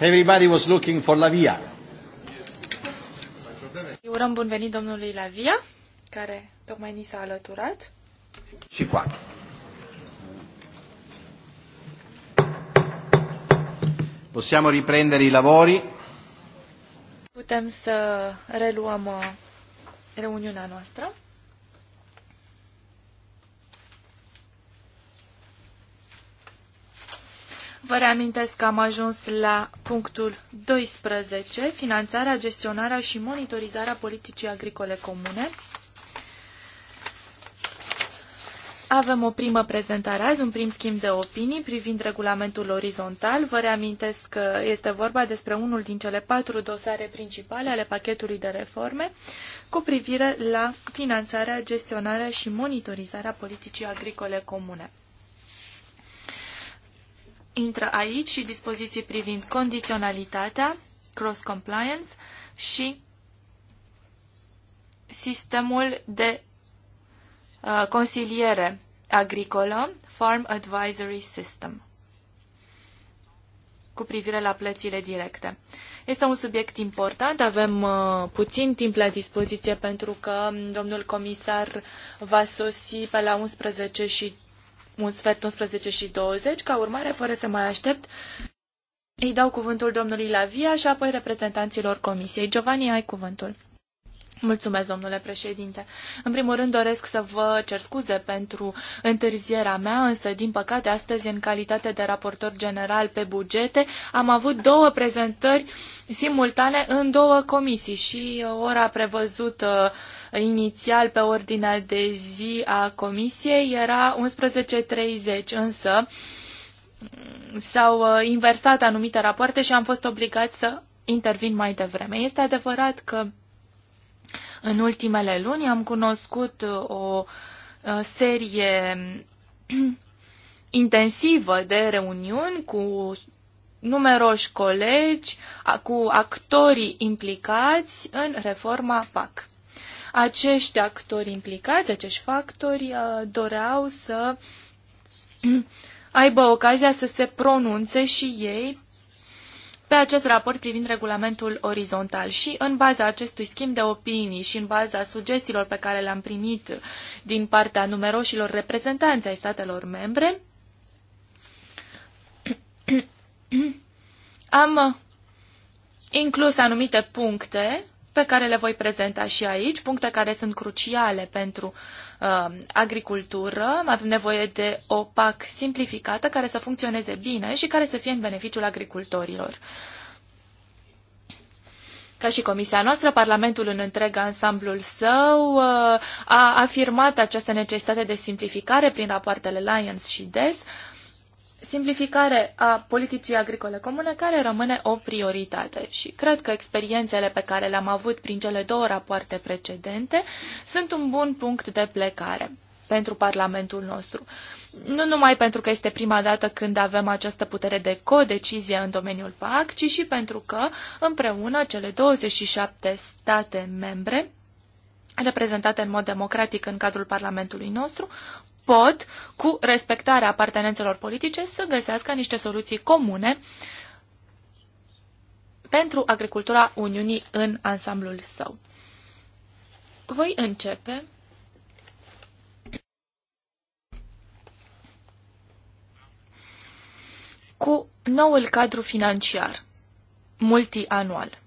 Everybody was looking for Lavia. Urăm bun venit domnului Lavia, care tocmai ni s-a alăturat. Și qua. Possiamo riprendere i lavori. Putem să reluăm uh, reuniunea noastră. Vă reamintesc că am ajuns la punctul 12, finanțarea, gestionarea și monitorizarea politicii agricole comune. Avem o primă prezentare azi, un prim schimb de opinii privind regulamentul orizontal. Vă reamintesc că este vorba despre unul din cele patru dosare principale ale pachetului de reforme cu privire la finanțarea, gestionarea și monitorizarea politicii agricole comune intră aici și dispoziții privind condiționalitatea, cross-compliance și sistemul de uh, consiliere agricolă, Farm Advisory System, cu privire la plățile directe. Este un subiect important, avem uh, puțin timp la dispoziție pentru că mm, domnul comisar va sosi pe la 11 și un sfert 11 și 20. Ca urmare, fără să mai aștept, îi dau cuvântul domnului Lavia și apoi reprezentanților comisiei. Giovanni, ai cuvântul. Mulțumesc, domnule președinte. În primul rând doresc să vă cer scuze pentru întârzierea mea, însă, din păcate, astăzi, în calitate de raportor general pe bugete, am avut două prezentări simultane în două comisii și ora prevăzută uh, inițial pe ordinea de zi a comisiei era 11.30, însă mm, s-au uh, inversat anumite rapoarte și am fost obligat să intervin mai devreme. Este adevărat că în ultimele luni am cunoscut uh, o uh, serie [CLEARS THROAT] intensivă de reuniuni cu numeroși colegi, cu actorii implicați în reforma PAC. Acești actori implicați, acești factori, uh, doreau să [CLEARS THROAT] aibă ocazia să se pronunțe și ei pe acest raport privind regulamentul orizontal și în baza acestui schimb de opinii și în baza sugestiilor pe care le-am primit din partea numeroșilor reprezentanți ai statelor membre, [CLEARS THROAT] am inclus anumite puncte pe care le voi prezenta și aici, puncte care sunt cruciale pentru uh, agricultură. Avem nevoie de o PAC simplificată care să funcționeze bine și care să fie în beneficiul agricultorilor. Ca și comisia noastră, Parlamentul în întreg ansamblul său uh, a afirmat această necesitate de simplificare prin rapoartele Lions și DES, uh, simplificare a politicii agricole comune, care rămâne o prioritate. Și cred că experiențele pe care le-am avut prin cele două rapoarte precedente sunt un bun punct de plecare pentru Parlamentul nostru. Nu numai pentru că este prima dată când avem această putere de codecizie în domeniul PAC, ci și pentru că împreună cele 27 state membre reprezentate în mod democratic în cadrul Parlamentului nostru, pot, cu respectarea apartenențelor politice, să găsească niște soluții comune pentru agricultura Uniunii în ansamblul său. Voi începe cu noul cadru financiar multianual.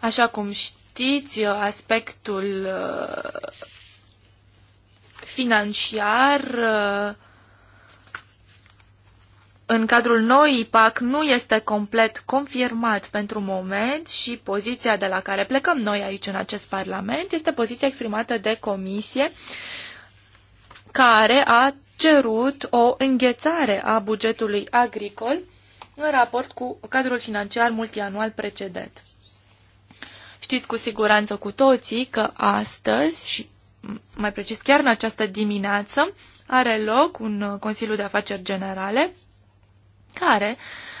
Așa cum știți, aspectul financiar uh, în cadrul noii PAC nu este complet confirmat pentru moment și poziția de la care plecăm noi aici în acest Parlament este poziția exprimată de Comisie care a cerut o înghețare a bugetului agricol în raport cu cadrul financiar multianual precedent. Știți cu siguranță cu toții că astăzi și mai precis chiar în această dimineață, are loc un uh, Consiliu de Afaceri Generale care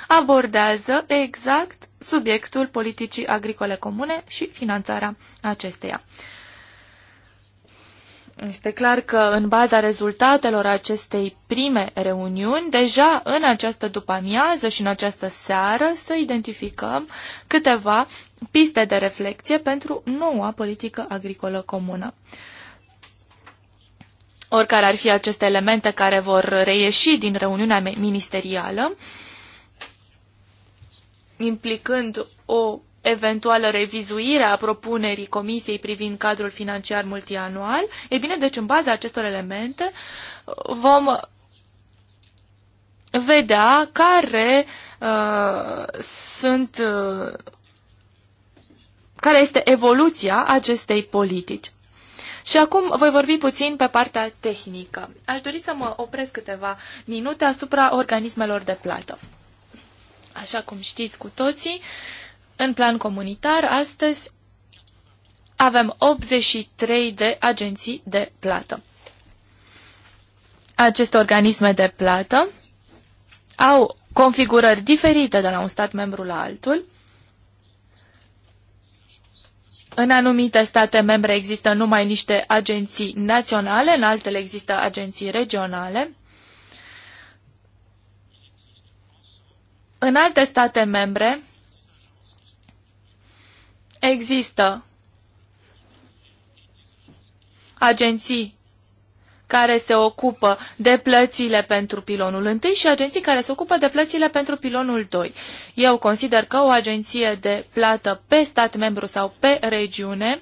abordează exact subiectul politicii agricole comune și finanțarea acesteia. Este clar că în baza rezultatelor acestei prime reuniuni, deja în această după-amiază și în această seară, să identificăm câteva piste de reflexie pentru noua politică agricolă comună oricare ar fi aceste elemente care vor reieși din reuniunea ministerială, implicând o eventuală revizuire a propunerii Comisiei privind cadrul financiar multianual, e bine, deci în baza acestor elemente vom vedea care uh, sunt uh, care este evoluția acestei politici. Și acum voi vorbi puțin pe partea tehnică. Aș dori să mă opresc câteva minute asupra organismelor de plată. Așa cum știți cu toții, în plan comunitar, astăzi avem 83 de agenții de plată. Aceste organisme de plată au configurări diferite de la un stat membru la altul în anumite state membre există numai niște agenții naționale, în altele există agenții regionale. În alte state membre există agenții care se ocupă de plățile pentru pilonul 1 și agenții care se ocupă de plățile pentru pilonul 2. Eu consider că o agenție de plată pe stat membru sau pe regiune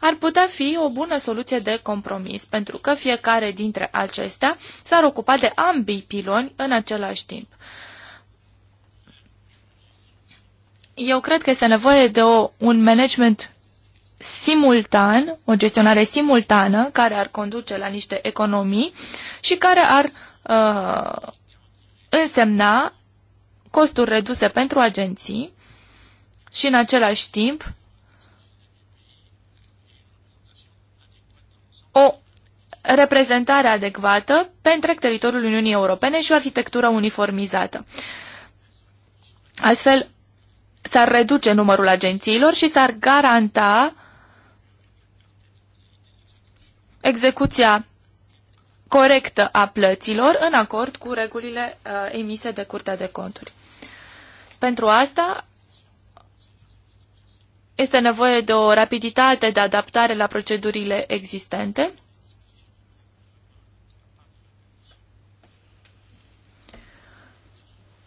ar putea fi o bună soluție de compromis, pentru că fiecare dintre acestea s-ar ocupa de ambii piloni în același timp. Eu cred că este nevoie de o, un management simultan, o gestionare simultană care ar conduce la niște economii și care ar uh, însemna costuri reduse pentru agenții și în același timp o reprezentare adecvată pentru teritoriul Uniunii Europene și o arhitectură uniformizată. Astfel, s-ar reduce numărul agențiilor și s-ar garanta execuția corectă a plăților în acord cu regulile uh, emise de Curtea de Conturi. Pentru asta este nevoie de o rapiditate de adaptare la procedurile existente.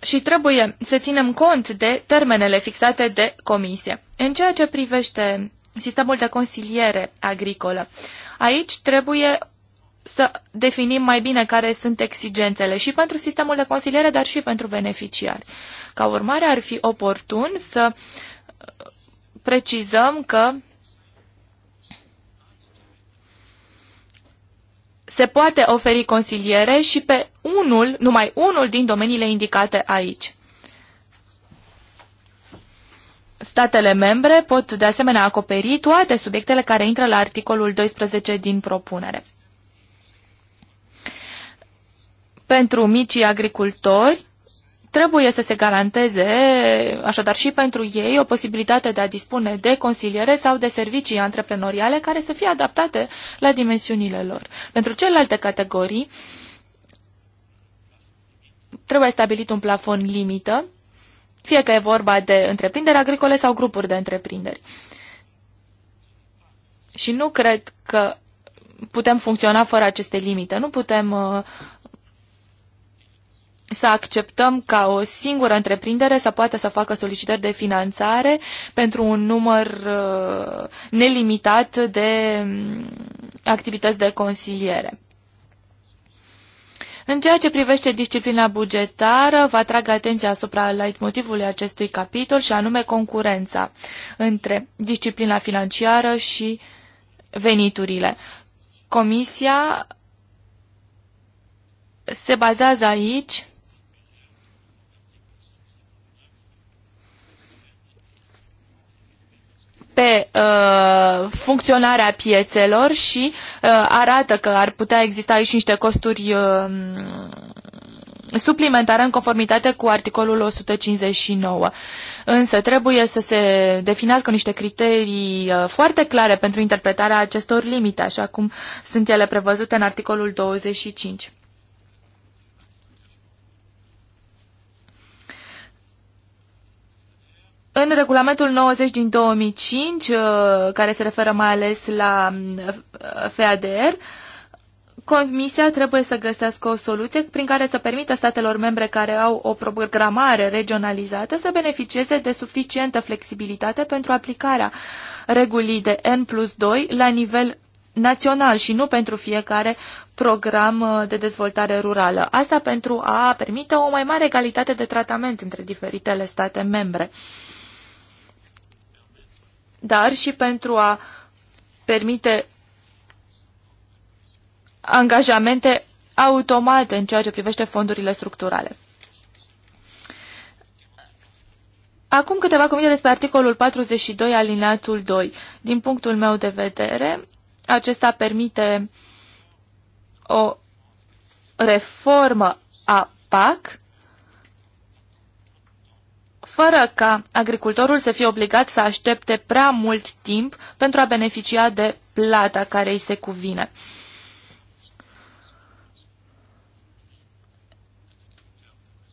Și trebuie să ținem cont de termenele fixate de comisie. În ceea ce privește sistemul de consiliere agricolă. Aici trebuie să definim mai bine care sunt exigențele și pentru sistemul de consiliere, dar și pentru beneficiari. Ca urmare, ar fi oportun să uh, precizăm că se poate oferi consiliere și pe unul, numai unul din domeniile indicate aici. Statele membre pot de asemenea acoperi toate subiectele care intră la articolul 12 din propunere. Pentru micii agricultori trebuie să se garanteze, așadar și pentru ei, o posibilitate de a dispune de consiliere sau de servicii antreprenoriale care să fie adaptate la dimensiunile lor. Pentru celelalte categorii trebuie stabilit un plafon limită fie că e vorba de întreprinderi agricole sau grupuri de întreprinderi. Și nu cred că putem funcționa fără aceste limite. Nu putem uh, să acceptăm ca o singură întreprindere să poată să facă solicitări de finanțare pentru un număr uh, nelimitat de um, activități de consiliere. În ceea ce privește disciplina bugetară, vă atrag atenția asupra motivului acestui capitol și anume concurența între disciplina financiară și veniturile. Comisia se bazează aici pe uh, funcționarea piețelor și uh, arată că ar putea exista aici niște costuri uh, suplimentare în conformitate cu articolul 159. Însă trebuie să se definească niște criterii uh, foarte clare pentru interpretarea acestor limite, așa cum sunt ele prevăzute în articolul 25. În regulamentul 90 din 2005, uh, care se referă mai ales la uh, FADR, Comisia trebuie să găsească o soluție prin care să permită statelor membre care au o programare regionalizată să beneficieze de suficientă flexibilitate pentru aplicarea regulii de N plus 2 la nivel național și nu pentru fiecare program uh, de dezvoltare rurală. Asta pentru a permite o mai mare egalitate de tratament între diferitele state membre dar și pentru a permite angajamente automate în ceea ce privește fondurile structurale. Acum câteva cuvinte despre articolul 42 alineatul 2. Din punctul meu de vedere, acesta permite o reformă a PAC fără ca agricultorul să fie obligat să aștepte prea mult timp pentru a beneficia de plata care îi se cuvine.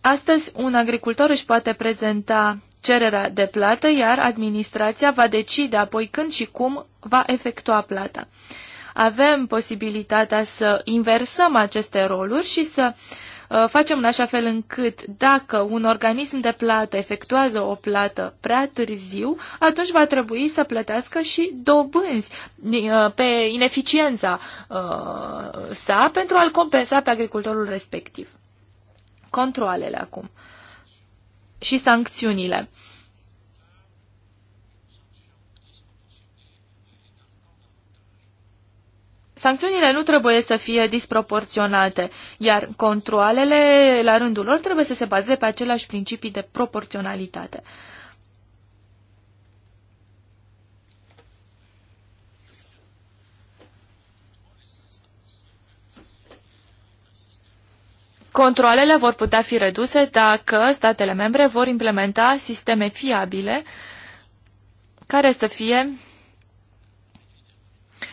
Astăzi, un agricultor își poate prezenta cererea de plată, iar administrația va decide apoi când și cum va efectua plata. Avem posibilitatea să inversăm aceste roluri și să Uh, facem în așa fel încât dacă un organism de plată efectuează o plată prea târziu, atunci va trebui să plătească și dobânzi uh, pe ineficiența uh, sa pentru a-l compensa pe agricultorul respectiv. Controlele acum și sancțiunile. Sancțiunile nu trebuie să fie disproporționate, iar controalele, la rândul lor, trebuie să se bazeze pe aceleași principii de proporționalitate. Controlele vor putea fi reduse dacă statele membre vor implementa sisteme fiabile care să fie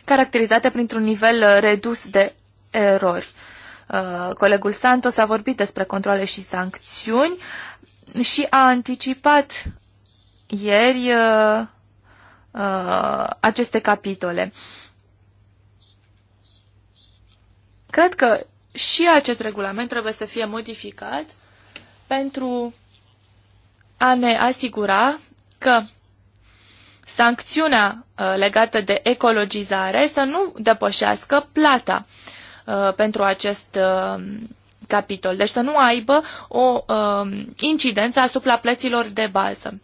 caracterizate printr-un nivel uh, redus de erori. Uh, colegul Santos a vorbit despre controle și sancțiuni și a anticipat ieri uh, aceste capitole. Cred că și acest regulament trebuie să fie modificat pentru a ne asigura că sancțiunea uh, legată de ecologizare să nu depășească plata uh, pentru acest uh, capitol, deci să nu aibă o um, incidență asupra plăților de bază.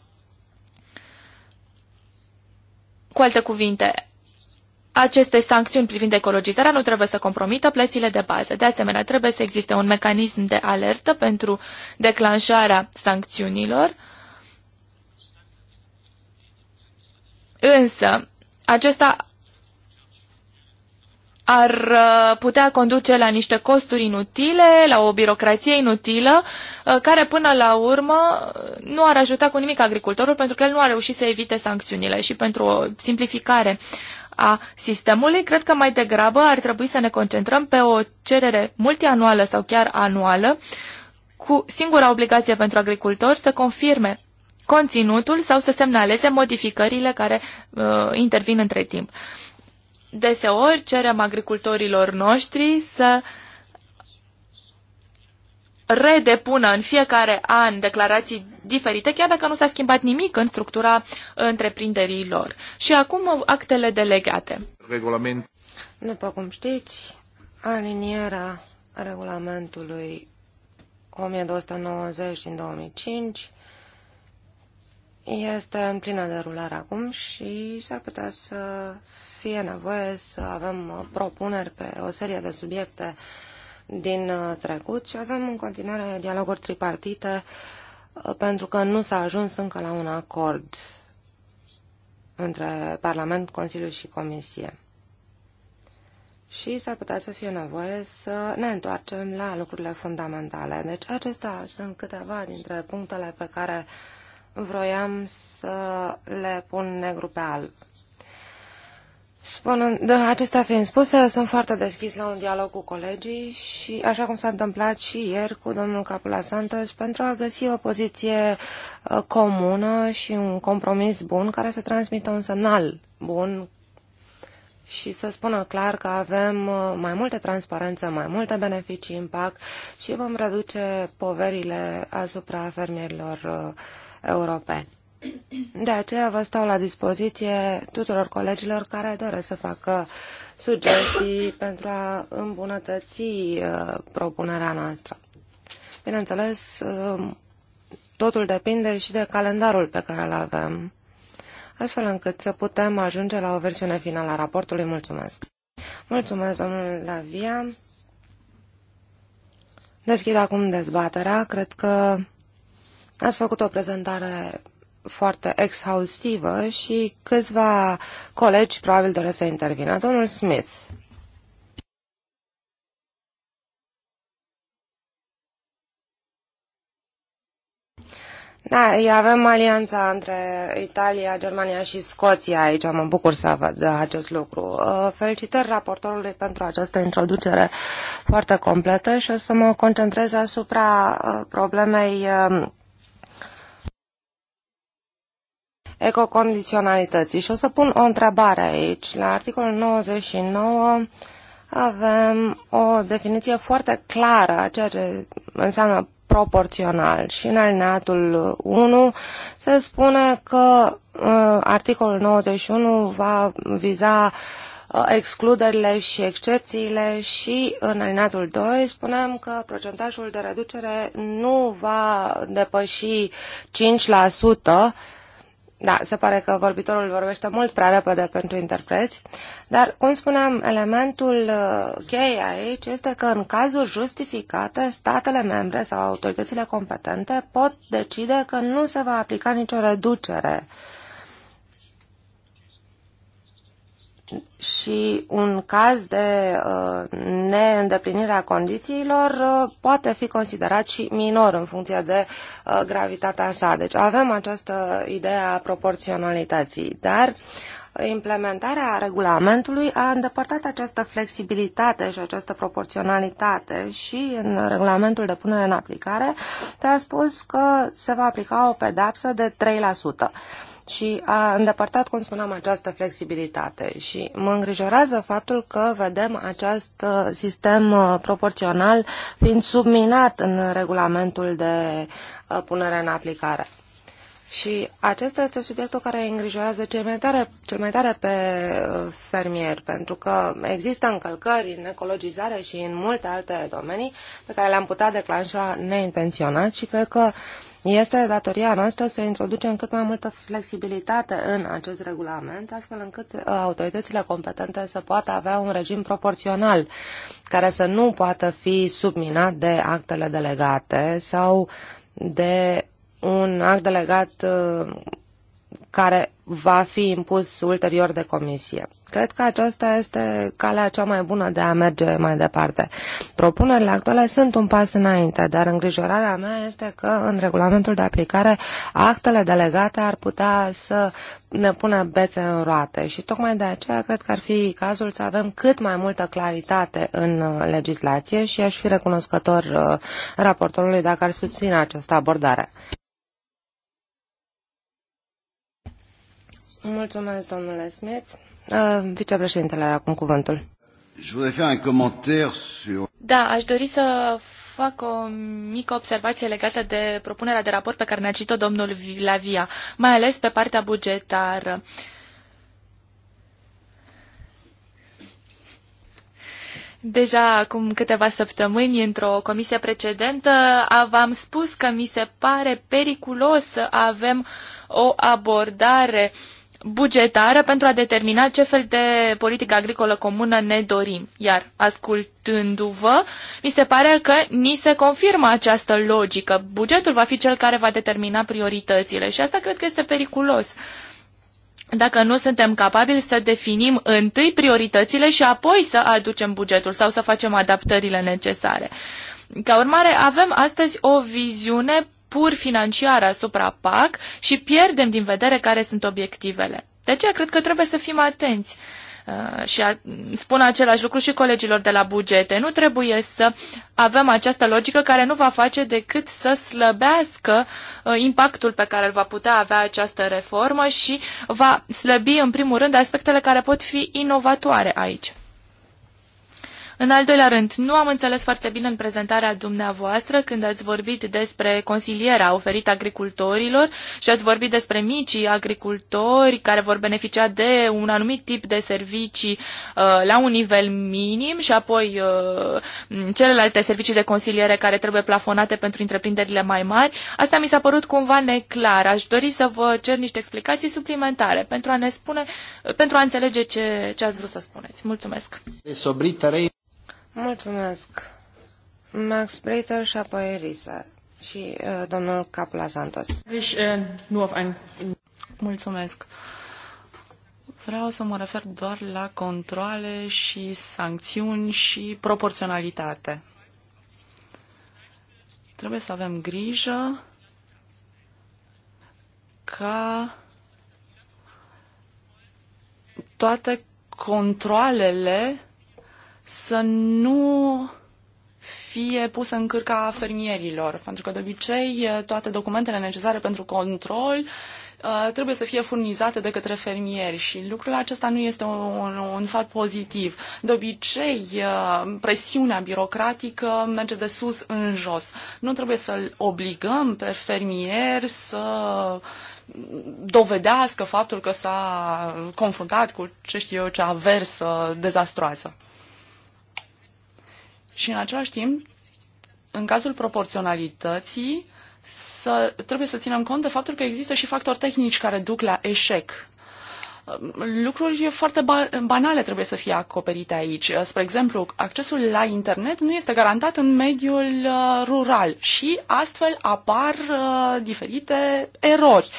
Cu alte cuvinte, aceste sancțiuni privind ecologizarea nu trebuie să compromită plățile de bază. De asemenea, trebuie să existe un mecanism de alertă pentru declanșarea sancțiunilor Însă, acesta ar uh, putea conduce la niște costuri inutile, la o birocrație inutilă, uh, care până la urmă uh, nu ar ajuta cu nimic agricultorul, pentru că el nu a reușit să evite sancțiunile și pentru o simplificare a sistemului, cred că mai degrabă ar trebui să ne concentrăm pe o cerere multianuală sau chiar anuală, cu singura obligație pentru agricultori să confirme conținutul sau să semnaleze modificările care uh, intervin între timp. Deseori cerem agricultorilor noștri să redepună în fiecare an declarații diferite, chiar dacă nu s-a schimbat nimic în structura întreprinderii lor. Și acum actele delegate. Regulament. După cum știți, alinierea regulamentului 1290 din 2005 este în plină derulare acum și s-ar putea să fie nevoie să avem uh, propuneri pe o serie de subiecte din uh, trecut și avem în continuare dialoguri tripartite uh, pentru că nu s-a ajuns încă la un acord între Parlament, Consiliu și Comisie. Și s-ar putea să fie nevoie să ne întoarcem la lucrurile fundamentale. Deci acestea sunt câteva dintre punctele pe care uh, vroiam să le pun negru pe alb. Spunând, acestea fiind spuse, sunt foarte deschis la un dialog cu colegii și așa cum s-a întâmplat și ieri cu domnul Capula Santos pentru a găsi o poziție ă, comună și un compromis bun care să transmită un semnal bun și să spună clar că avem ă, mai multe transparență, mai multe beneficii impact și vom reduce poverile asupra fermierilor uh, europeni. De aceea vă stau la dispoziție tuturor colegilor care doresc să facă sugestii pentru a îmbunătăți uh, propunerea noastră. Bineînțeles, um, totul depinde și de calendarul pe care îl avem, astfel încât să putem ajunge la o versiune finală a raportului. Mulțumesc! Mulțumesc, domnul Lavia! Deschid acum dezbaterea. Cred că Ați făcut o prezentare foarte exhaustivă și câțiva colegi probabil doresc să intervină. Domnul Smith. Da, avem alianța între Italia, Germania și Scoția aici. Mă bucur să văd uh, acest lucru. Uh, felicitări raportorului pentru această introducere foarte completă și o să mă concentrez asupra uh, problemei um, ecocondiționalității. Și o să pun o întrebare aici. La articolul 99 avem o definiție foarte clară a ceea ce înseamnă proporțional și în alineatul 1 se spune că uh, articolul 91 va viza uh, excluderile și excepțiile și în alineatul 2 spunem că procentajul de reducere nu va depăși 5% da, se pare că vorbitorul vorbește mult prea repede pentru interpreți, dar, cum spuneam, elementul uh, cheie aici este că în cazuri justificate, statele membre sau autoritățile competente pot decide că nu se va aplica nicio reducere uh, și un caz de uh, neîndeplinire a condițiilor uh, poate fi considerat și minor în funcție de uh, gravitatea sa. Deci avem această idee a proporționalității, dar implementarea regulamentului a îndepărtat această flexibilitate și această proporționalitate și în regulamentul de punere în aplicare te-a spus că se va aplica o pedapsă de 3% și a îndepărtat, cum spuneam, această flexibilitate. Și mă îngrijorează faptul că vedem acest uh, sistem uh, proporțional fiind subminat în regulamentul de uh, punere în aplicare. Și acesta este subiectul care îngrijorează cel mai tare, cel mai tare pe fermieri, pentru că există încălcări în ecologizare și în multe alte domenii pe care le-am putea declanșa neintenționat și cred că uh, este datoria noastră să introducem cât mai multă flexibilitate în acest regulament, astfel încât uh, autoritățile competente să poată avea un regim proporțional, care să nu poată fi subminat de actele delegate sau de un act delegat uh, care va fi impus ulterior de comisie. Cred că aceasta este calea cea mai bună de a merge mai departe. Propunerile actuale sunt un pas înainte, dar îngrijorarea mea este că în regulamentul de aplicare actele delegate ar putea să ne pună bețe în roate și tocmai de aceea cred că ar fi cazul să avem cât mai multă claritate în uh, legislație și aș fi recunoscător uh, raportorului dacă ar susține această abordare. Mulțumesc, domnule Smith. Uh, vicepreședintele are acum cuvântul. Da, aș dori să fac o mică observație legată de propunerea de raport pe care ne-a citit-o domnul Lavia, mai ales pe partea bugetară. Deja acum câteva săptămâni, într-o comisie precedentă, v-am spus că mi se pare periculos să avem o abordare uh, bugetară pentru a determina ce fel de politică agricolă comună ne dorim. Iar ascultându-vă, mi se pare că ni se confirmă această logică. Bugetul va fi cel care va determina prioritățile și asta cred că este periculos. Dacă nu suntem capabili să definim întâi prioritățile și apoi să aducem bugetul sau să facem adaptările necesare. Ca urmare, avem astăzi o viziune pur financiară asupra PAC și pierdem din vedere care sunt obiectivele. De aceea cred că trebuie să fim atenți uh, și spun același lucru și colegilor de la bugete. Nu trebuie să avem această logică care nu va face decât să slăbească uh, impactul pe care îl va putea avea această reformă și va slăbi, în primul rând, aspectele care pot fi inovatoare aici. În al doilea rând, nu am înțeles foarte bine în prezentarea dumneavoastră când ați vorbit despre consiliera oferită agricultorilor și ați vorbit despre micii agricultori care vor beneficia de un anumit tip de servicii uh, la un nivel minim și apoi uh, celelalte servicii de consiliere care trebuie plafonate pentru întreprinderile mai mari. Asta mi s-a părut cumva neclar. Aș dori să vă cer niște explicații suplimentare pentru a ne spune, pentru a înțelege ce, ce ați vrut să spuneți. Mulțumesc. Mulțumesc. Max Breiter și apoi Elisa și uh, domnul Capula Santos. Uh, Mulțumesc. Vreau să mă refer doar la controle și sancțiuni și proporționalitate. Trebuie să avem grijă ca toate controlele să nu fie pusă în cârca fermierilor, pentru că de obicei eh, toate documentele necesare pentru control eh, trebuie să fie furnizate de către fermieri și lucrul acesta nu este un, un fapt pozitiv. De obicei, eh, presiunea birocratică merge de sus în jos. Nu trebuie să-l obligăm pe fermier să dovedească faptul că s-a confruntat cu ce știu eu, ce aversă dezastroasă și în același timp, în cazul proporționalității, să, trebuie să ținem cont de faptul că există și factori tehnici care duc la eșec. Lucruri foarte banale trebuie să fie acoperite aici. Spre exemplu, accesul la internet nu este garantat în mediul uh, rural și astfel apar uh, diferite erori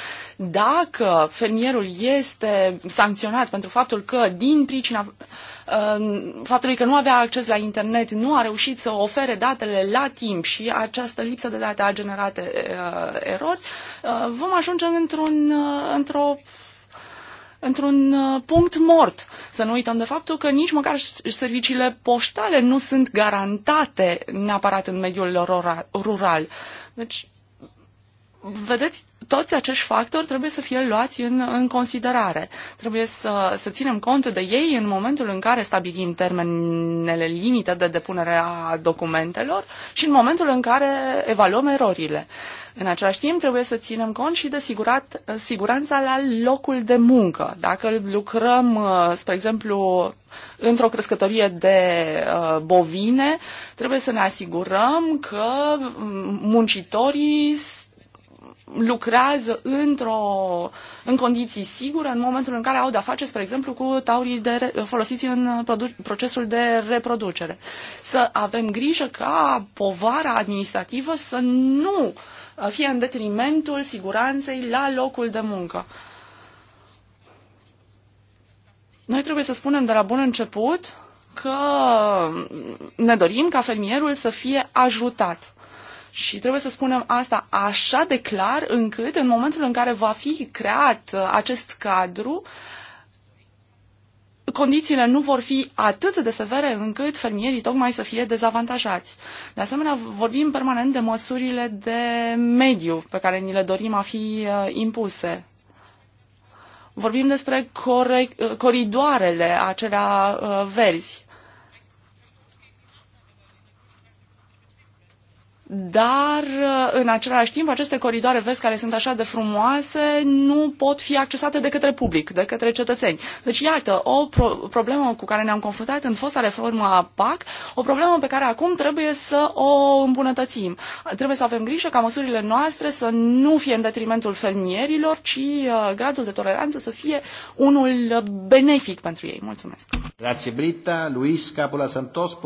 dacă fermierul este sancționat pentru faptul că, din pricina uh, faptului că nu avea acces la internet, nu a reușit să ofere datele la timp și această lipsă de date a generat uh, erori, uh, vom ajunge într-un, într-o într-un punct mort. Să nu uităm de faptul că nici măcar serviciile poștale nu sunt garantate neapărat în mediul rural. Deci, vedeți toți acești factori trebuie să fie luați în, în considerare. Trebuie să, să ținem cont de ei în momentul în care stabilim termenele limite de depunere a documentelor și în momentul în care evaluăm erorile. În același timp, trebuie să ținem cont și de sigurat, siguranța la locul de muncă. Dacă lucrăm, uh, spre exemplu, într-o crescătorie de uh, bovine, trebuie să ne asigurăm că mm, muncitorii lucrează într-o, în condiții sigure în momentul în care au de-a face, spre exemplu, cu taurii de, folosiți în procesul de reproducere. Să avem grijă ca povara administrativă să nu fie în detrimentul siguranței la locul de muncă. Noi trebuie să spunem de la bun început că ne dorim ca fermierul să fie ajutat. Și trebuie să spunem asta așa de clar încât în momentul în care va fi creat uh, acest cadru, condițiile nu vor fi atât de severe încât fermierii tocmai să fie dezavantajați. De asemenea, vorbim permanent de măsurile de mediu pe care ni le dorim a fi uh, impuse. Vorbim despre uh, coridoarele acelea verzi. dar uh, în același timp aceste coridoare vezi care sunt așa de frumoase nu pot fi accesate de către public, de către cetățeni. Deci iată, o pro- problemă cu care ne-am confruntat în fosta reformă a PAC, o problemă pe care acum trebuie să o îmbunătățim. Trebuie să avem grijă ca măsurile noastre să nu fie în detrimentul fermierilor, ci uh, gradul de toleranță să fie unul benefic pentru ei. Mulțumesc! Grazie Brita. Luis Capula Santos,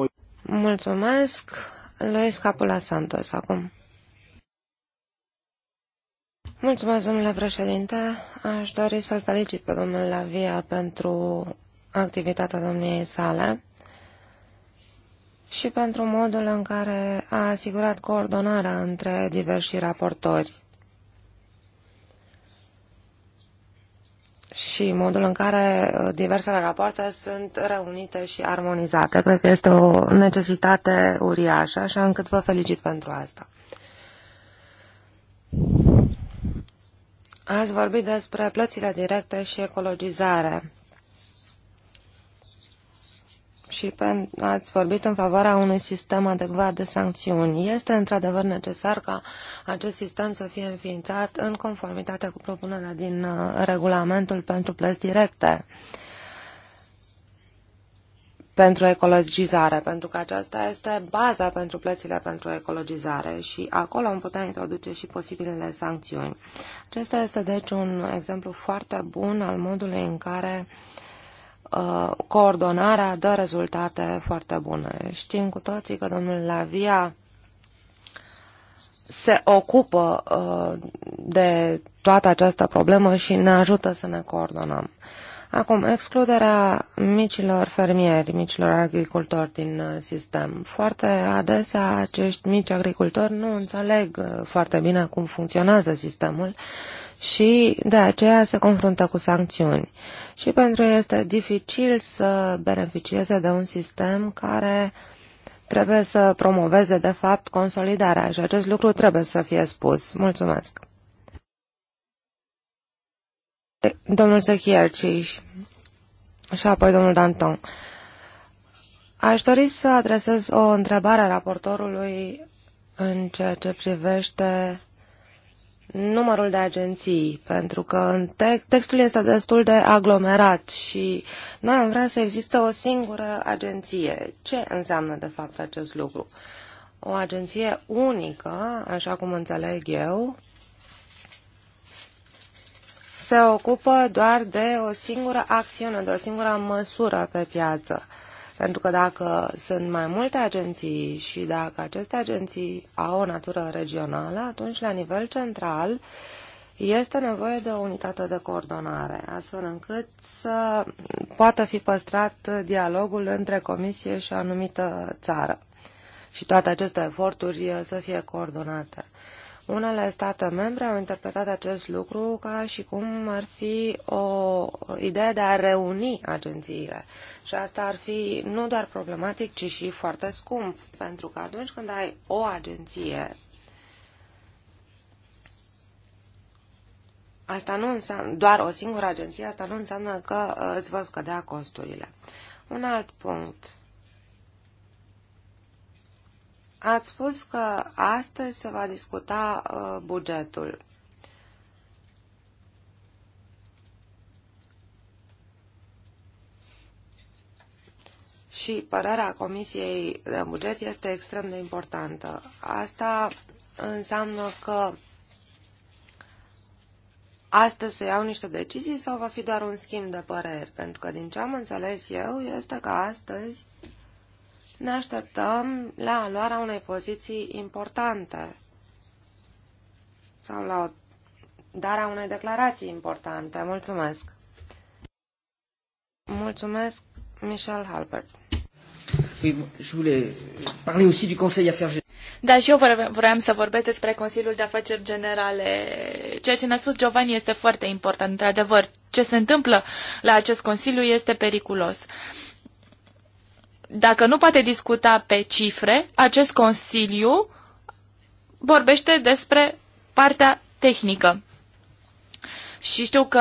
Mulțumesc! Luis Capula Santos acum. Mulțumesc, domnule președinte. Aș dori să-l felicit pe domnul Lavia pentru activitatea domniei sale și pentru modul în care a asigurat coordonarea între diversi raportori și modul în care uh, diversele rapoarte sunt reunite și armonizate. Cred că este o necesitate uriașă, așa încât vă felicit pentru asta. Ați vorbit despre plățile directe și ecologizare și ați vorbit în favoarea unui sistem adecvat de sancțiuni. Este într-adevăr necesar ca acest sistem să fie înființat în conformitate cu propunerea din uh, regulamentul pentru plăți directe pentru ecologizare, pentru că aceasta este baza pentru plățile pentru ecologizare și acolo am putea introduce și posibilele sancțiuni. Acesta este deci un exemplu foarte bun al modului în care uh, Uh, coordonarea dă rezultate foarte bune. Știm cu toții că domnul Lavia se ocupă uh, de toată această problemă și ne ajută să ne coordonăm. Acum, excluderea micilor fermieri, micilor agricultori din uh, sistem. Foarte adesea acești mici agricultori nu înțeleg foarte bine cum funcționează sistemul și de aceea se confruntă cu sancțiuni. Și pentru ei este dificil să beneficieze de un sistem care trebuie să promoveze, de fapt, consolidarea și acest lucru trebuie să fie spus. Mulțumesc! Domnul Sechierci și apoi domnul Danton. Aș dori să adresez o întrebare raportorului în ceea ce privește numărul de agenții, pentru că textul este destul de aglomerat și noi am vrea să existe o singură agenție. Ce înseamnă de fapt acest lucru? O agenție unică, așa cum înțeleg eu, se ocupă doar de o singură acțiune, de o singură măsură pe piață. Pentru că dacă sunt mai multe agenții și dacă aceste agenții au o natură regională, atunci la nivel central este nevoie de o unitate de coordonare, astfel încât să poată fi păstrat dialogul între comisie și o anumită țară și toate aceste eforturi să fie coordonate. Unele state membre au interpretat acest lucru ca și cum ar fi o idee de a reuni agențiile. Și asta ar fi nu doar problematic, ci și foarte scump, pentru că atunci când ai o agenție Asta nu înseamnă, doar o singură agenție, asta nu înseamnă că uh, îți vor scădea costurile. Un alt punct Ați spus că astăzi se va discuta uh, bugetul. Și părerea Comisiei de Buget este extrem de importantă. Asta înseamnă că astăzi se iau niște decizii sau va fi doar un schimb de păreri? Pentru că din ce am înțeles eu este că astăzi ne așteptăm la luarea unei poziții importante sau la darea unei declarații importante. Mulțumesc! Mulțumesc, Michel Halbert. Da, și eu vreau să vorbesc despre Consiliul de Afaceri Generale. Ceea ce ne-a spus Giovanni este foarte important, într-adevăr. Ce se întâmplă la acest Consiliu este periculos. Uh, dacă nu poate discuta pe cifre, acest Consiliu vorbește despre partea tehnică. Și știu că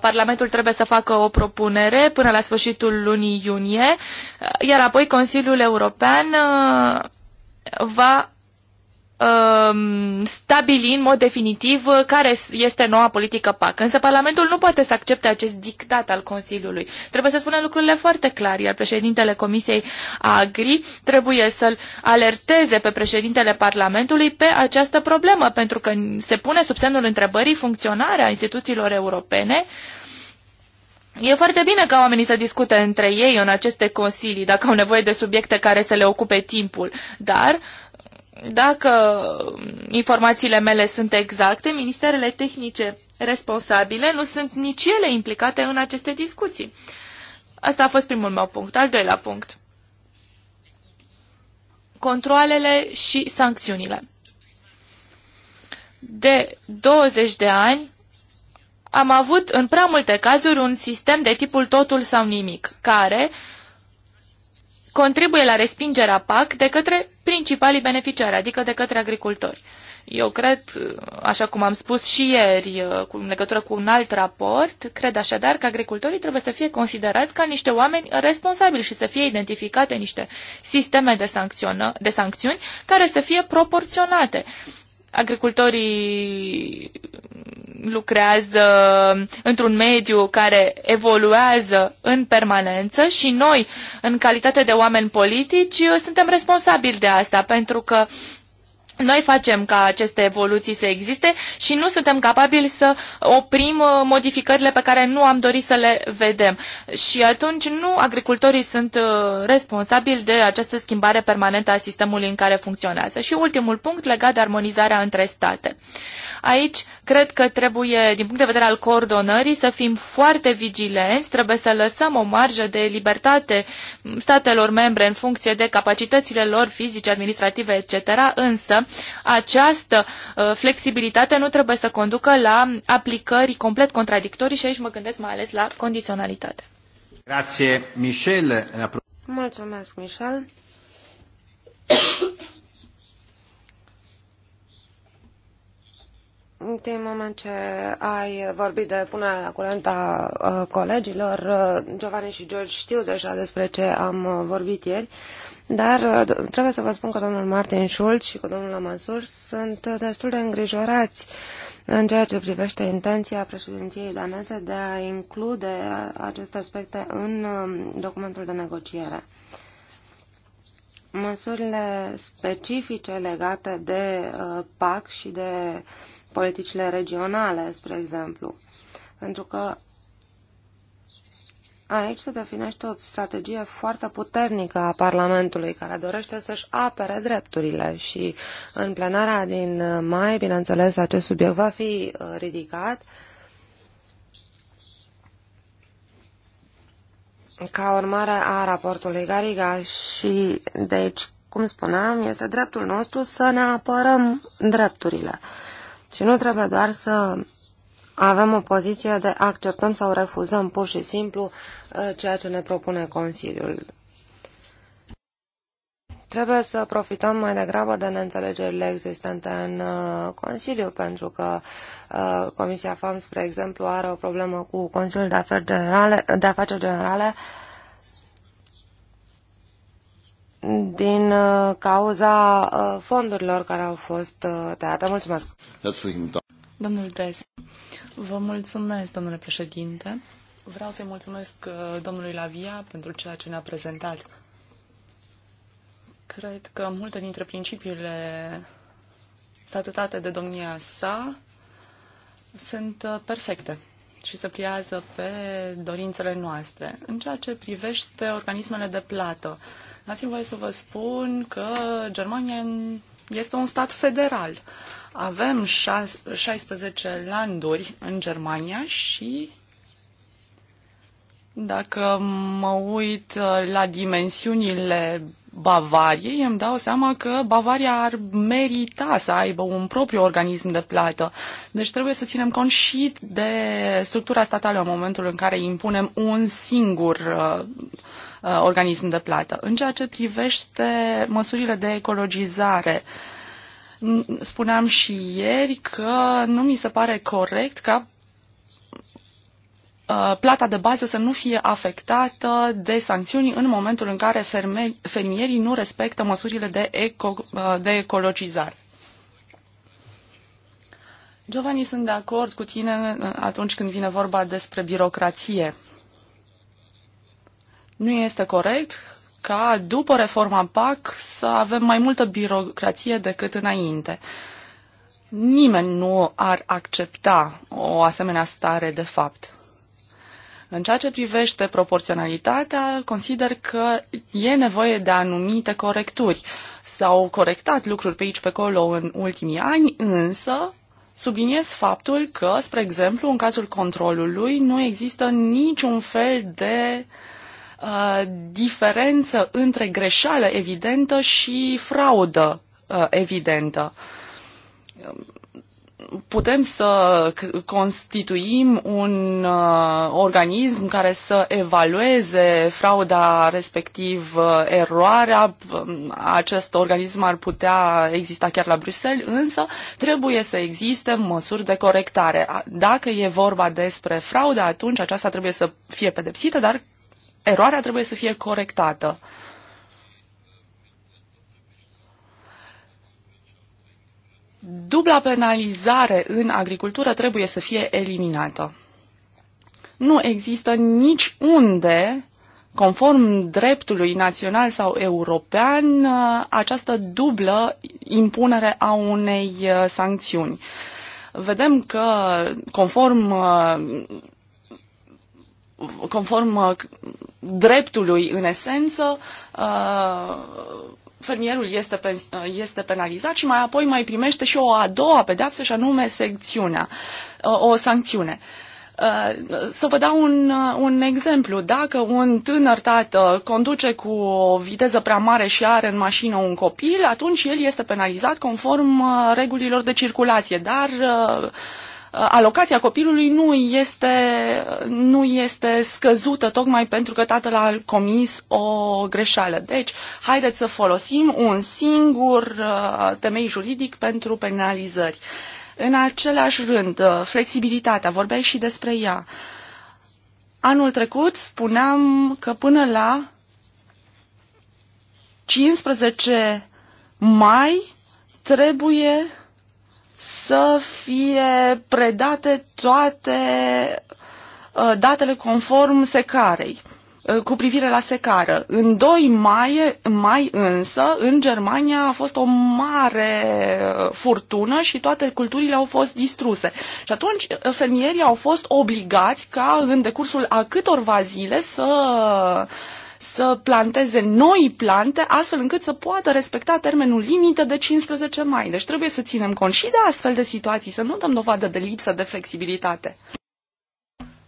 Parlamentul trebuie să facă o propunere până la sfârșitul lunii iunie, iar apoi Consiliul European uh, va Um, stabili în mod definitiv care este noua politică PAC. Însă Parlamentul nu poate să accepte acest dictat al Consiliului. Trebuie să spunem lucrurile foarte clar, iar președintele Comisiei Agri trebuie să-l alerteze pe președintele Parlamentului pe această problemă, pentru că se pune sub semnul întrebării funcționarea instituțiilor europene E foarte bine ca oamenii să discute între ei în aceste consilii, dacă au nevoie de subiecte care să le ocupe timpul, dar dacă um, informațiile mele sunt exacte, ministerele tehnice responsabile nu sunt nici ele implicate în aceste discuții. Asta a fost primul meu punct. Al doilea punct. Controlele și sancțiunile. De 20 de ani am avut în prea multe cazuri un sistem de tipul totul sau nimic, care contribuie la respingerea PAC de către principalii beneficiari, adică de către agricultori. Eu cred, așa cum am spus și ieri, uh, în legătură cu un alt raport, cred așadar că agricultorii trebuie să fie considerați ca niște oameni responsabili și să fie identificate niște sisteme de, de sancțiuni care să fie proporționate. Agricultorii lucrează într-un mediu care evoluează în permanență și noi, în calitate de oameni politici, suntem responsabili de asta, pentru că noi facem ca aceste evoluții să existe și nu suntem capabili să oprim uh, modificările pe care nu am dorit să le vedem. Și atunci nu agricultorii sunt uh, responsabili de această schimbare permanentă a sistemului în care funcționează. Și ultimul punct legat de armonizarea între state. Aici cred că trebuie, din punct de vedere al coordonării, să fim foarte vigilenți, trebuie să lăsăm o marjă de libertate statelor membre în funcție de capacitățile lor fizice, administrative, etc. Însă, această uh, flexibilitate nu trebuie să conducă la aplicări complet contradictorii și aici mă gândesc mai ales la condiționalitate. Grazie, Michel. Mulțumesc, Michel. în moment ce ai vorbit de punerea la curent a uh, colegilor, uh, Giovanni și George știu deja despre ce am vorbit ieri dar uh, trebuie să vă spun că domnul Martin Schulz și cu domnul Amansur sunt uh, destul de îngrijorați în ceea ce privește intenția președinției daneze de a include aceste aspecte în um, documentul de negociere. Măsurile specifice legate de uh, PAC și de politicile regionale, spre exemplu, pentru că Aici se definește o strategie foarte puternică a Parlamentului care dorește să-și apere drepturile și în plenarea din mai, bineînțeles, acest subiect va fi uh, ridicat. Ca urmare a raportului Gariga și, deci, cum spuneam, este dreptul nostru să ne apărăm drepturile. Și nu trebuie doar să avem o poziție de acceptăm sau refuzăm pur și simplu uh, ceea ce ne propune Consiliul. Trebuie să profităm mai degrabă de neînțelegerile existente în uh, Consiliu, pentru că uh, Comisia FAM, spre exemplu, are o problemă cu Consiliul de Afaceri Generale, de Afaceri Generale din cauza fondurilor care au fost tăiate. Mulțumesc! Domnul Des, vă mulțumesc, domnule președinte. Vreau să-i mulțumesc uh, domnului Lavia pentru ceea ce ne-a prezentat. Cred că multe dintre principiile statutate de domnia sa sunt uh, perfecte și se pliază pe dorințele noastre. În ceea ce privește organismele de plată, dați-mi voie să vă spun că Germania este un stat federal. Uh, avem 16 landuri în Germania și dacă mă uit la dimensiunile Bavariei, îmi dau seama că Bavaria ar merita să aibă un propriu organism de plată. Deci trebuie să ținem cont și de structura statală în momentul în care impunem un singur uh, uh, organism de plată. În ceea ce privește măsurile de ecologizare uh, Spuneam și ieri că nu mi se pare corect ca uh, plata de bază să nu fie afectată de sancțiuni în momentul în care fermierii nu respectă măsurile de, eco, uh, de ecologizare. Giovanni, sunt de acord cu tine uh, atunci când vine vorba despre birocrație. Nu este corect ca după reforma PAC să avem mai multă birocrație decât înainte. Nimeni nu ar accepta o asemenea stare de fapt. În ceea ce privește proporționalitatea, consider că e nevoie de anumite corecturi. S-au corectat lucruri pe aici, pe acolo în ultimii ani, însă subliniez faptul că, spre exemplu, în cazul controlului nu există niciun fel de uh, Uh, diferență între greșeală evidentă și fraudă uh, evidentă. Putem să constituim un uh, organism care să evalueze frauda, respectiv uh, eroarea. Um, acest organism ar putea exista chiar la Bruxelles, însă trebuie să existe măsuri de corectare. Dacă e vorba despre fraudă, atunci aceasta trebuie să fie pedepsită, dar eroarea trebuie să fie corectată. Dubla penalizare în agricultură trebuie să fie eliminată. Nu există nici unde, Conform dreptului național sau european, această dublă impunere a unei uh, sancțiuni. Vedem că, conform uh, conform uh, dreptului în esență, uh, fermierul este, uh, este penalizat și mai apoi mai primește și o a doua pedeapsă și anume secțiunea, o sancțiune. Să vă dau un, un exemplu. Dacă un tânăr tată conduce cu o viteză prea mare și are în mașină un copil, atunci el este penalizat conform regulilor de circulație, dar Uh, alocația copilului nu este, nu este scăzută tocmai pentru că tatăl a comis o greșeală. Deci, haideți să folosim un singur uh, temei juridic pentru penalizări. În același rând, uh, flexibilitatea, vorbeai și despre ea. Anul trecut spuneam că până la 15 mai trebuie să fie predate toate uh, datele conform secarei uh, cu privire la secară. În 2 mai, mai însă, în Germania a fost o mare uh, furtună și toate culturile au fost distruse. Și atunci fermierii au fost obligați ca în decursul a câtorva zile să uh, să planteze noi plante, astfel încât să poată respecta termenul limită de 15 mai. Deci trebuie să ținem cont și de astfel de situații, să nu dăm dovadă de lipsă de flexibilitate.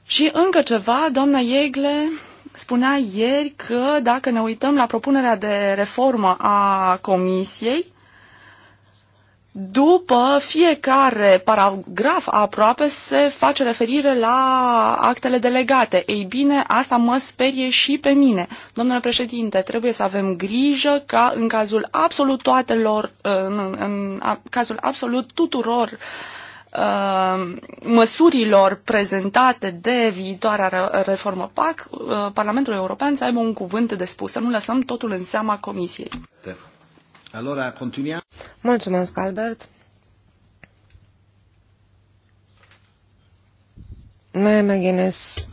Și încă ceva, doamna Iegle spunea ieri că dacă ne uităm la propunerea de reformă a Comisiei, după fiecare paragraf aproape se face referire la actele delegate. Ei bine, asta mă sperie și pe mine. Domnule președinte, trebuie să avem grijă ca în cazul absolut toatelor, uh, în, în cazul absolut tuturor uh, măsurilor prezentate de viitoarea reformă PAC, uh, Parlamentul European să aibă un cuvânt de spus, să nu lăsăm totul în seama Comisiei. Allora, continuiamo. Mulțumesc, Albert. Mary McGuinness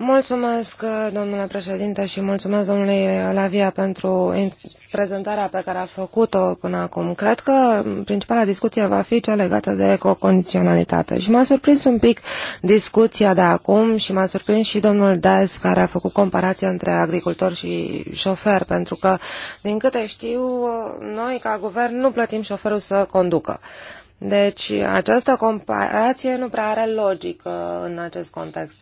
Mulțumesc, domnule președinte, și mulțumesc domnului Lavia pentru prezentarea pe care a făcut-o până acum. Cred că principala discuție va fi cea legată de ecocondiționalitate și m-a surprins un pic discuția de acum și m-a surprins și domnul Des care a făcut comparația între agricultor și șofer, pentru că, din câte știu, noi ca guvern nu plătim șoferul să conducă. Deci această comparație nu prea are logică în acest context.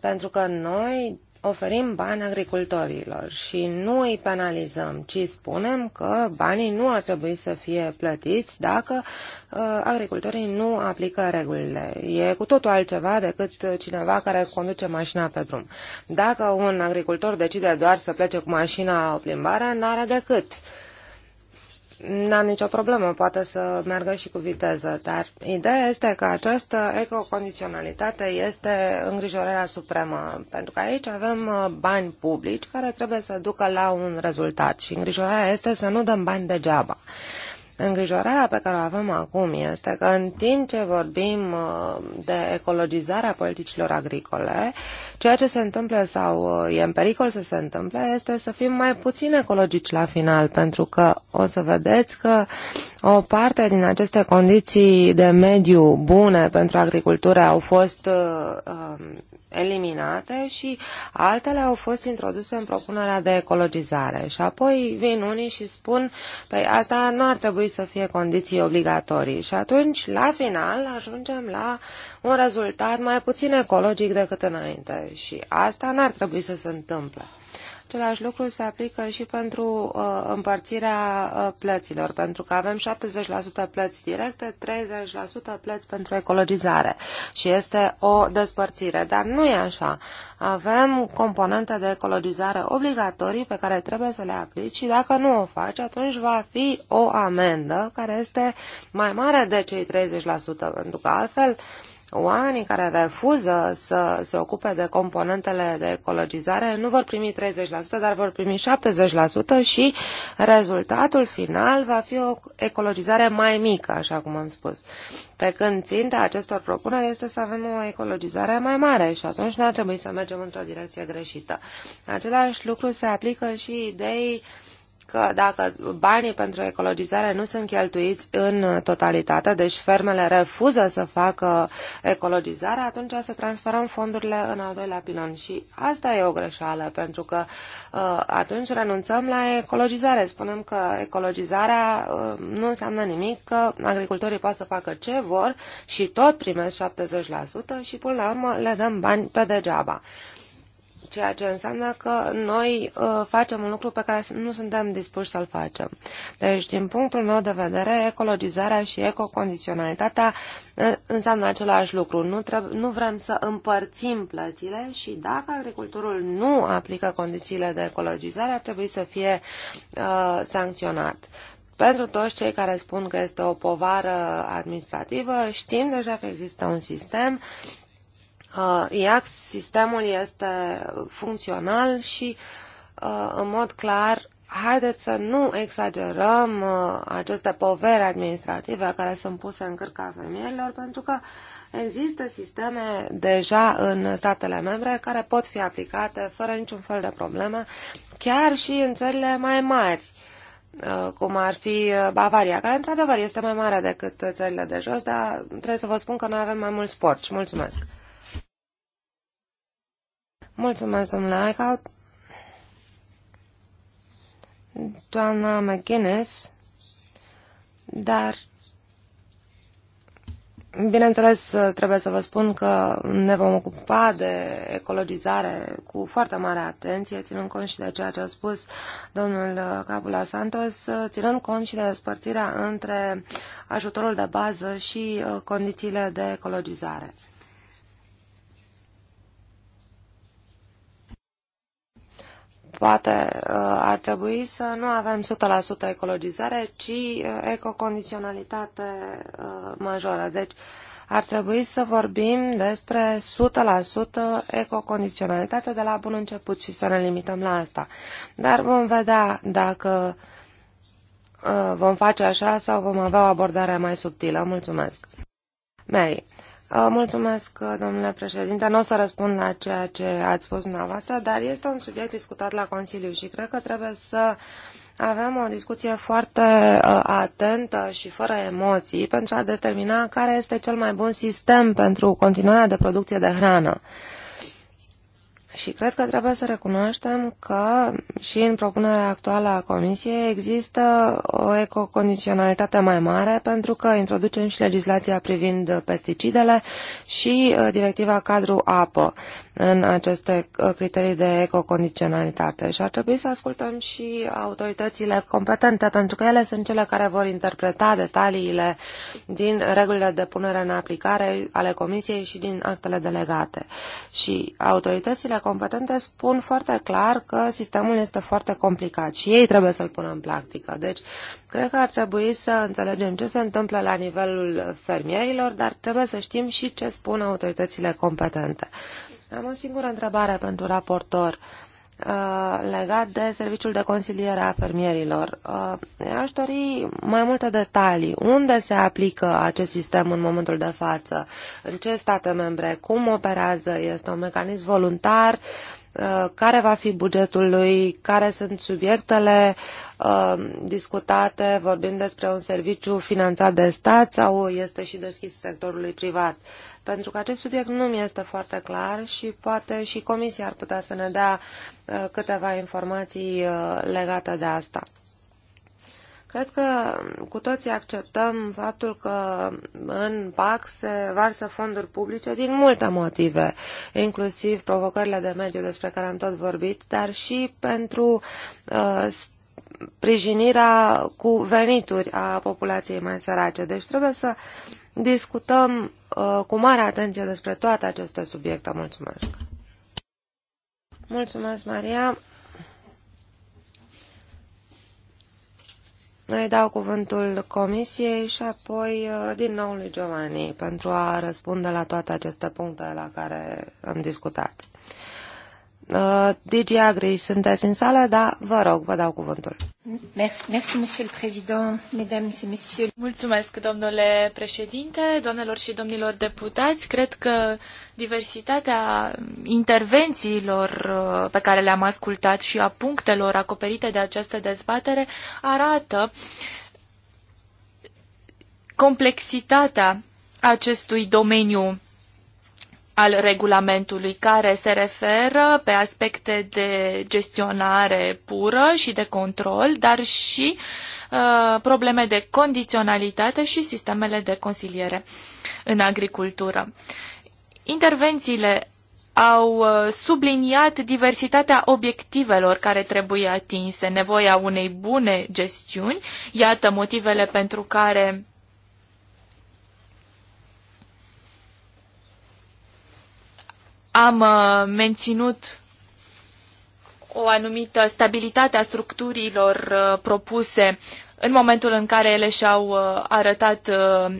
Pentru că noi oferim bani agricultorilor și nu îi penalizăm, ci spunem că banii nu ar trebui să fie plătiți dacă uh, agricultorii nu aplică regulile. E cu totul altceva decât cineva care conduce mașina pe drum. Dacă un agricultor decide doar să plece cu mașina la o plimbare, n-are decât uh, n-am nicio problemă, poate să meargă și cu viteză, dar ideea este că această ecocondiționalitate este îngrijorarea supremă, pentru că aici avem uh, bani publici care trebuie să ducă la un rezultat și îngrijorarea este să nu dăm bani degeaba. Îngrijorarea pe care o avem acum este că în timp ce vorbim uh, de ecologizarea politicilor agricole, ceea ce se întâmplă sau uh, e în pericol să se întâmple este să fim mai puțin ecologici la final, pentru că o să vedeți că o parte din aceste condiții de mediu bune pentru agricultură au fost uh, um, eliminate și altele au fost introduse în propunerea de ecologizare. Și apoi vin unii și spun, păi asta nu ar trebui să fie condiții obligatorii. Și atunci, la final, ajungem la un rezultat mai puțin ecologic decât înainte. Și asta n-ar trebui să se întâmple. Același lucru se aplică și pentru uh, împărțirea uh, plăților, pentru că avem 70% plăți directe, 30% plăți pentru ecologizare și este o despărțire, dar nu e așa. Avem componente de ecologizare obligatorii pe care trebuie să le aplici și dacă nu o faci, atunci va fi o amendă care este mai mare de cei 30%, pentru că altfel uh, Oamenii care refuză să se ocupe de componentele de ecologizare nu vor primi 30%, dar vor primi 70% și rezultatul final va fi o ecologizare mai mică, așa cum am spus. Pe când ținta acestor propuneri este să avem o ecologizare mai mare și atunci nu ar trebui să mergem într-o direcție greșită. Același lucru se aplică și ideii uh, că dacă banii pentru ecologizare nu sunt cheltuiți în totalitate, deci fermele refuză să facă ecologizare, atunci să transferăm fondurile în al doilea pilon. Și asta e o greșeală, pentru că uh, atunci renunțăm la ecologizare. Spunem că ecologizarea uh, nu înseamnă nimic, că agricultorii pot să facă ce vor și tot primesc 70% și până la urmă le dăm bani pe degeaba ceea ce înseamnă că noi uh, facem un lucru pe care nu suntem dispuși să-l facem. Deci, din punctul meu de vedere, ecologizarea și ecocondiționalitatea uh, înseamnă același lucru. Nu, treb- nu vrem să împărțim plățile și dacă agricultorul nu aplică condițiile de ecologizare, ar trebui să fie uh, sancționat pentru toți cei care spun că este o povară administrativă, știm deja că există un sistem Uh, IAX, sistemul este funcțional și uh, în mod clar haideți să nu exagerăm uh, aceste povere administrative care sunt puse în cârca fermierilor, pentru că există sisteme deja în statele membre care pot fi aplicate fără niciun fel de probleme, chiar și în țările mai mari cum ar fi Bavaria, care într-adevăr este mai mare decât țările de jos, dar trebuie să vă spun că noi avem mai mult sport și mulțumesc! Mulțumesc, domnule Eichhout. Doamna McGuinness, dar Bineînțeles, trebuie să vă spun că ne vom ocupa de ecologizare cu foarte mare atenție, ținând cont și de ceea ce a spus domnul Capula Santos, ținând cont și de despărțirea între ajutorul de bază și uh, condițiile de ecologizare. poate uh, ar trebui să nu avem 100% ecologizare, ci uh, ecocondiționalitate uh, majoră. Deci ar trebui să vorbim despre 100% ecocondiționalitate de la bun început și să ne limităm la asta. Dar vom vedea dacă vom face așa sau vom avea o abordare mai subtilă. Mulțumesc! Mary, Uh, mulțumesc, uh, domnule președinte. Nu o să răspund la ceea ce ați spus dumneavoastră, dar este un subiect discutat la Consiliu și cred că trebuie să avem o discuție foarte uh, atentă și fără emoții pentru a determina care este cel mai bun sistem pentru continuarea de producție de hrană. Uh, și cred că trebuie să recunoaștem că și în propunerea actuală a Comisiei există o ecocondiționalitate mai mare pentru că introducem și legislația privind pesticidele și uh, directiva cadru apă în aceste uh, criterii de ecocondiționalitate și ar trebui să ascultăm și autoritățile competente, pentru că ele sunt cele care vor interpreta detaliile din regulile de punere în aplicare ale Comisiei și din actele delegate. Și autoritățile competente spun foarte clar că sistemul este foarte complicat și ei trebuie să-l pună în practică. Deci, cred că ar trebui să înțelegem ce se întâmplă la nivelul fermierilor, dar trebuie să știm și ce spun autoritățile competente. Am o singură întrebare pentru raportor uh, legat de serviciul de consiliere a fermierilor. Uh, aș dori mai multe detalii. Unde se aplică acest sistem în momentul de față? În ce state membre? Cum operează? Este un mecanism voluntar? Uh, care va fi bugetul lui? Care sunt subiectele discutate? Vorbim despre un serviciu finanțat de stat sau este și deschis sectorului privat? pentru că acest subiect nu mi este foarte clar și poate și Comisia ar putea să ne dea uh, câteva informații uh, legate de asta. Cred că cu toții acceptăm faptul că în PAC se varsă fonduri publice din multe motive, inclusiv provocările de mediu despre care am tot vorbit, dar și pentru uh, sprijinirea cu venituri a populației mai sărace. Deci trebuie să uh, discutăm uh, cu mare atenție despre toate aceste subiecte. Mulțumesc! Mulțumesc, Maria! Noi dau cuvântul comisiei și apoi uh, din nou lui Giovanni pentru a răspunde la toate aceste puncte la care am discutat. Uh, Digi Agri, sunteți în sală, dar vă rog, vă dau cuvântul. Merci, monsieur le président, mesdames et messieurs. Mulțumesc, domnule președinte, doamnelor și domnilor deputați. Cred că diversitatea intervențiilor uh, pe care le-am ascultat și a punctelor acoperite de această dezbatere arată complexitatea acestui domeniu al regulamentului care se referă pe aspecte de gestionare pură și de control, dar și uh, probleme de condiționalitate și sistemele de consiliere în agricultură. Intervențiile au uh, subliniat diversitatea obiectivelor care trebuie atinse, nevoia unei bune gestiuni, iată motivele pentru care am uh, menținut o anumită stabilitate a structurilor uh, propuse în momentul în care ele și-au uh, arătat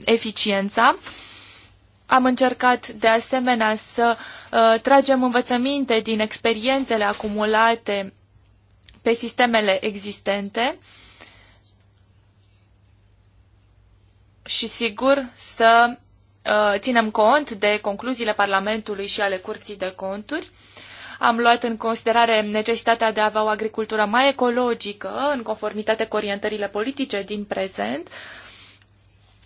eficiența. Am încercat de asemenea să tragem învățăminte din experiențele acumulate pe sistemele existente și sigur să Uh, ținem cont de concluziile Parlamentului și ale Curții de Conturi. Am luat în considerare necesitatea de a avea o agricultură mai ecologică, în conformitate cu orientările politice din prezent,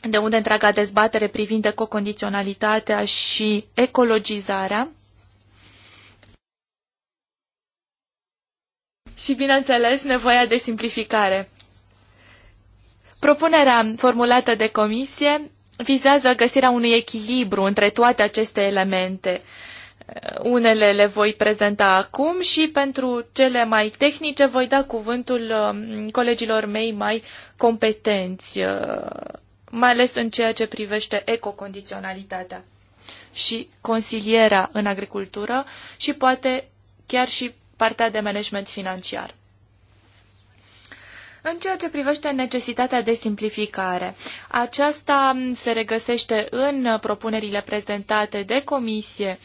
de unde întreaga dezbatere privind ecocondiționalitatea și ecologizarea. Și, bineînțeles, nevoia de simplificare. Propunerea formulată de comisie vizează găsirea unui echilibru între toate aceste elemente. Unele le voi prezenta acum și pentru cele mai tehnice voi da cuvântul um, colegilor mei mai competenți, uh, mai ales în ceea ce privește ecocondiționalitatea și consilierea în agricultură și poate chiar și partea de management financiar. În ceea ce privește necesitatea de simplificare, aceasta se regăsește în propunerile prezentate de comisie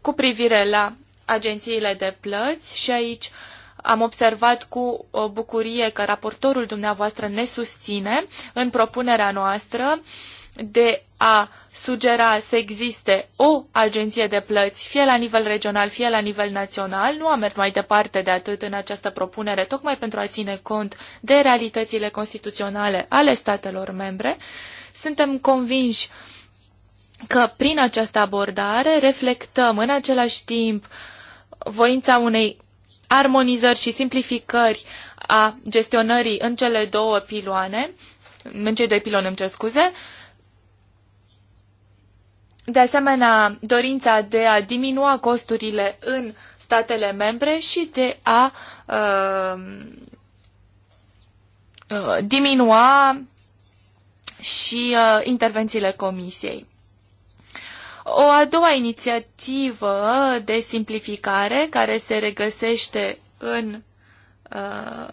cu privire la agențiile de plăți și aici am observat cu uh, bucurie că raportorul dumneavoastră ne susține în propunerea noastră de a sugera să existe o agenție de plăți, fie la nivel regional, fie la nivel național. Nu a mers mai departe de atât în această propunere, tocmai pentru a ține cont de realitățile constituționale ale statelor membre. Suntem convinși că prin această abordare reflectăm în același timp voința unei armonizări și simplificări a gestionării în cele două piloane, în cei doi piloni, îmi cer scuze, de asemenea dorința de a diminua costurile în statele membre și de a uh, uh, diminua și uh, intervențiile comisiei. O a doua inițiativă de simplificare care se regăsește în uh,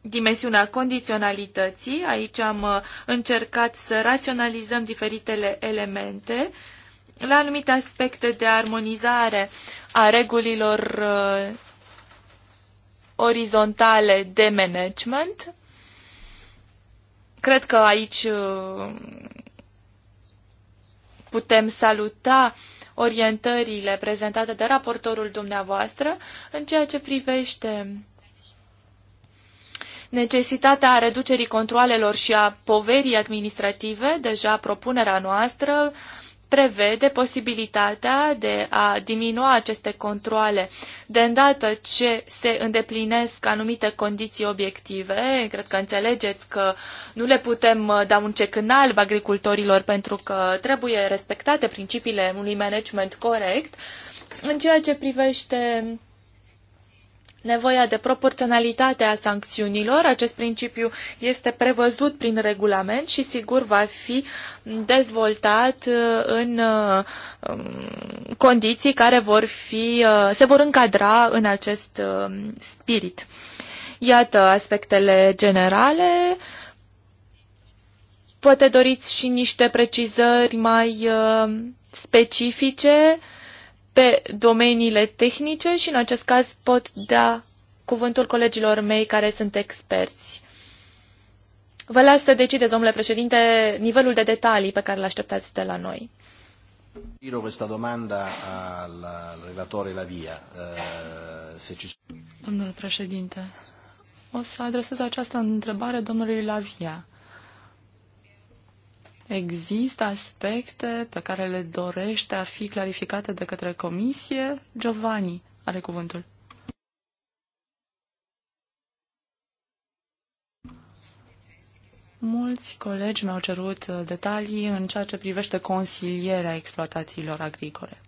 dimensiunea condiționalității. Aici am uh, încercat să raționalizăm diferitele elemente uh, la anumite aspecte de armonizare a regulilor uh, orizontale de management. Cred că aici uh, putem saluta orientările prezentate de raportorul dumneavoastră în ceea ce privește necesitatea reducerii controalelor și a poverii administrative, deja propunerea noastră uh, prevede posibilitatea de a diminua aceste controle de îndată ce se îndeplinesc anumite condiții obiective. Cred că înțelegeți că nu le putem uh, da un cec în alb agricultorilor pentru că trebuie respectate principiile unui management corect. În ceea ce privește nevoia de proporționalitate a sancțiunilor. Acest principiu este prevăzut prin regulament și sigur va fi dezvoltat uh, în uh, um, condiții care vor fi, uh, se vor încadra în acest spirit. Iată aspectele generale. Poate doriți și niște precizări mai specifice pe domeniile tehnice și în acest caz pot da cuvântul colegilor mei care sunt experți. Vă las să decideți, domnule președinte, nivelul de detalii pe care îl așteptați de la noi. Giro questa domanda al relatore Lavia. Eh, domnule președinte, o să adresez această întrebare domnului Lavia. Există aspecte pe care le dorește a fi clarificate de către comisie? Giovanni are cuvântul. Mulți colegi mi-au cerut uh, detalii în ceea ce privește consilierea exploatațiilor agricole.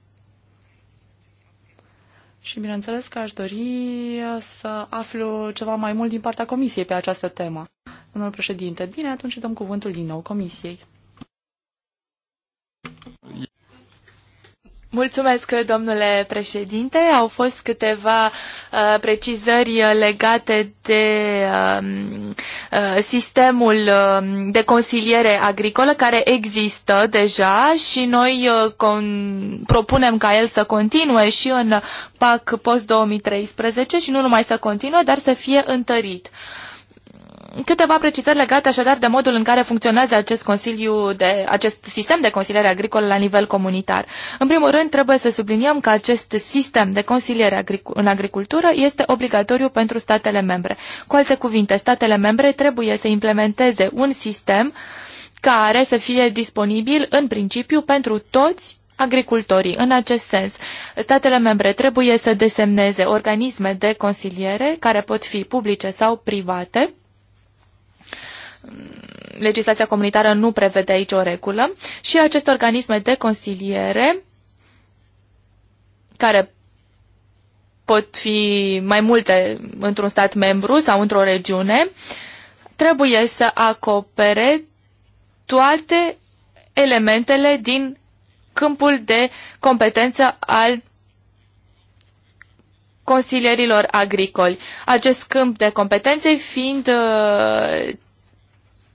Și bineînțeles că aș dori uh, să aflu ceva mai mult din partea Comisiei pe această temă. Domnul președinte, bine, atunci dăm cuvântul din nou Comisiei. Mulțumesc, domnule președinte. Au fost câteva uh, precizări legate de um, uh, sistemul um, de consiliere agricolă care există deja și noi uh, propunem ca el să continue și în PAC post-2013 și nu numai să continue, dar să fie întărit. Uh, Câteva precizări legate așadar de modul în care funcționează acest consiliu de acest sistem de consiliere agricolă la nivel comunitar. În primul rând, trebuie să subliniem că acest sistem de consiliere în agricultură este obligatoriu pentru statele membre. Cu alte cuvinte, statele membre trebuie să implementeze un sistem care să fie disponibil în principiu pentru toți agricultorii. În acest sens, statele membre trebuie să desemneze organisme de consiliere care pot fi publice sau private Mm, legislația comunitară nu prevede aici o regulă și aceste organisme de consiliere care pot fi mai multe într-un stat membru sau într-o regiune, trebuie să acopere toate elementele din câmpul de competență al consilierilor agricoli. Acest câmp de competențe fiind uh,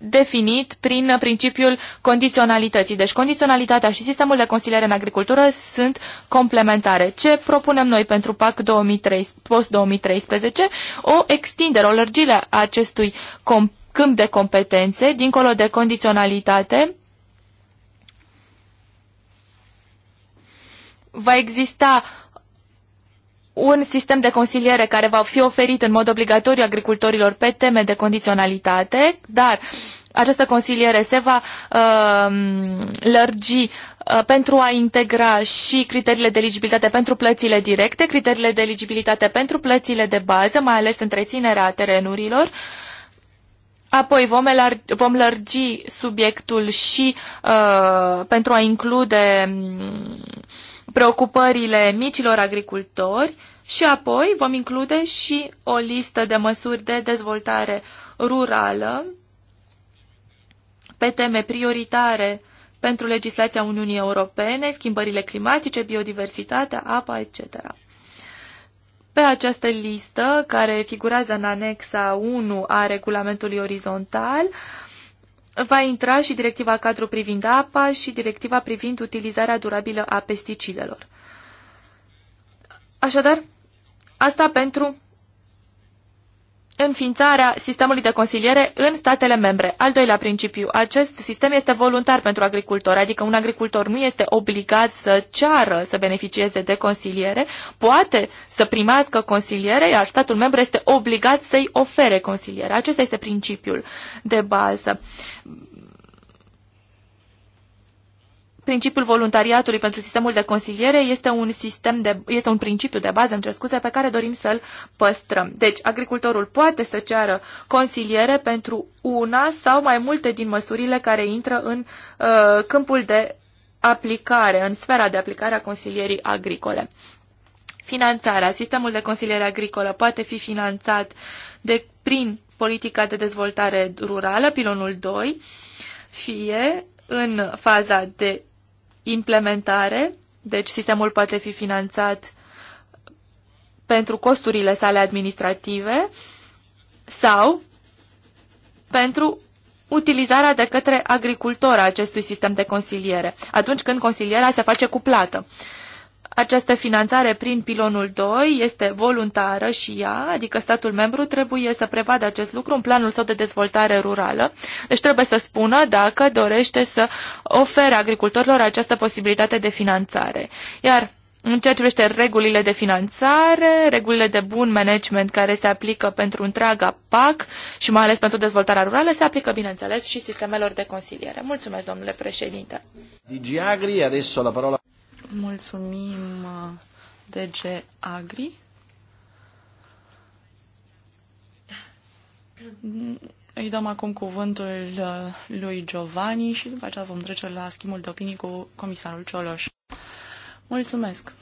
definit prin principiul condiționalității. Deci condiționalitatea și sistemul de consiliere în agricultură sunt complementare. Ce propunem noi pentru PAC post-2013? O extindere, o lărgire a acestui câmp de competențe, dincolo de condiționalitate, va exista un sistem de consiliere care va fi oferit în mod obligatoriu agricultorilor pe teme de condiționalitate, dar această consiliere se va uh, lărgi uh, pentru a integra și criteriile de eligibilitate pentru plățile directe, criteriile de eligibilitate pentru plățile de bază, mai ales întreținerea terenurilor. Apoi vom, elar- vom lărgi subiectul și uh, pentru a include um, preocupările micilor agricultori și apoi vom include și o listă de măsuri de dezvoltare rurală pe teme prioritare pentru legislația Uniunii Europene, schimbările climatice, biodiversitatea, apa, etc. Pe această listă, care figurează în anexa 1 a regulamentului orizontal, uh, va intra și directiva cadru privind apa și directiva privind utilizarea durabilă a pesticidelor. Așadar, asta pentru înființarea sistemului de consiliere în statele membre. Al doilea principiu, acest sistem este voluntar pentru agricultori, adică un agricultor nu este obligat să ceară să beneficieze de consiliere, poate să primească consiliere, iar statul membru este obligat să-i ofere consiliere. Acesta este principiul de bază. Principiul voluntariatului pentru sistemul de consiliere este un, sistem de, este un principiu de bază, îmi cer scuze, pe care dorim să-l păstrăm. Deci, agricultorul poate să ceară consiliere pentru una sau mai multe din măsurile care intră în uh, câmpul de aplicare, în sfera de aplicare a consilierii agricole. Finanțarea. Sistemul de consiliere agricolă poate fi finanțat de, prin politica de dezvoltare rurală, pilonul 2, fie în faza de implementare, deci sistemul poate fi finanțat pentru costurile sale administrative sau pentru utilizarea de către agricultor a acestui sistem de consiliere, atunci când consilierea se face cu plată. Uh, această finanțare prin pilonul 2 este voluntară și ea, adică statul membru trebuie să prevadă acest lucru în planul său de dezvoltare rurală. Deci trebuie să spună dacă dorește să ofere agricultorilor această posibilitate de finanțare. Iar în ceea ce privește regulile de finanțare, regulile de bun management care se aplică pentru întreaga PAC și mai ales pentru dezvoltarea rurală, se aplică, bineînțeles, și sistemelor de consiliere. Mulțumesc, domnule președinte. Digi Agri, adesso la parola... Mulțumim uh, DG Agri. Îi dăm acum cuvântul uh, lui Giovanni și după aceea vom trece la schimbul de opinii cu comisarul Cioloș. Mulțumesc!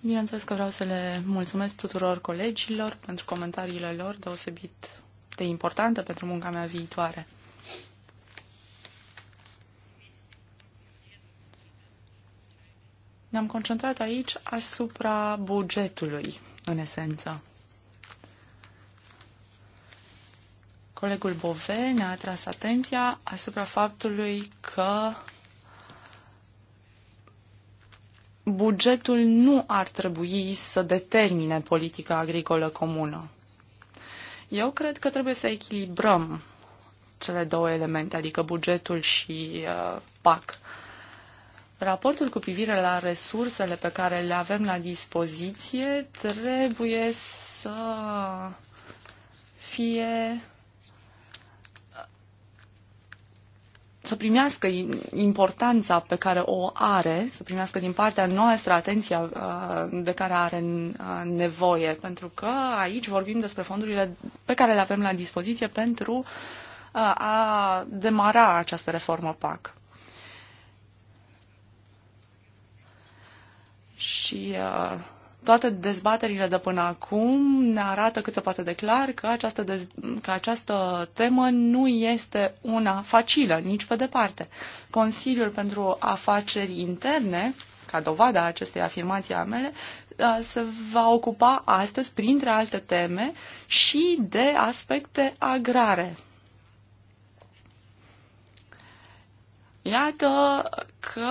Bineînțeles că vreau să le mulțumesc tuturor colegilor pentru comentariile lor deosebit foarte importantă pentru munca mea viitoare. Ne-am concentrat aici asupra bugetului, în esență. Colegul Bove ne-a atras atenția asupra faptului că bugetul nu ar trebui să determine politica agricolă comună. Eu cred că trebuie să echilibrăm cele două elemente, adică bugetul și uh, PAC. Raportul cu privire la resursele pe care le avem la dispoziție trebuie să fie să primească importanța pe care o are, să primească din partea noastră atenția uh, de care are uh, nevoie, pentru că aici vorbim despre fondurile pe care le avem la dispoziție pentru uh, a demara această reformă PAC. Și uh, toate dezbaterile de până acum ne arată cât se poate de clar că această, dez- că această temă nu este una facilă, nici pe departe. Consiliul pentru Afaceri Interne, ca dovada acestei afirmații a mele, se va ocupa astăzi, printre alte teme, și de aspecte agrare. Iată că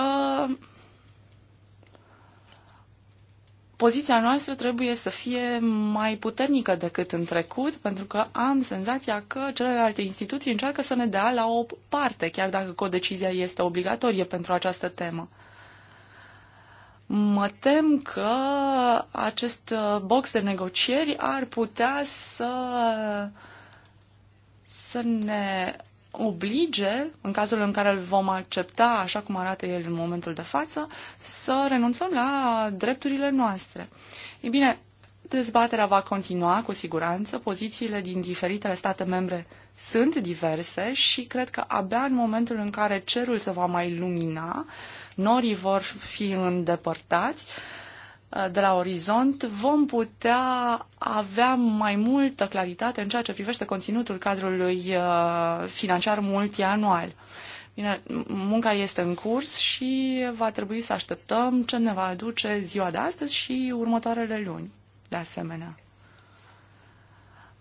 poziția noastră trebuie să fie mai puternică decât în trecut, pentru că am senzația că celelalte instituții încearcă să ne dea la o parte, chiar dacă codecizia este obligatorie pentru această temă. Mă tem că acest box de negocieri ar putea să, să ne oblige, în cazul în care îl vom accepta așa cum arată el în momentul de față, să renunțăm la drepturile noastre. Ei bine, dezbaterea va continua cu siguranță, pozițiile din diferitele state membre sunt diverse și cred că abia în momentul în care cerul se va mai lumina, norii vor fi îndepărtați, uh, Uh, de la Orizont, vom putea avea mai multă claritate în ceea ce privește conținutul cadrului uh, financiar multianual. Bine, munca este în curs și va trebui să așteptăm ce ne va aduce ziua de astăzi și următoarele luni, de asemenea.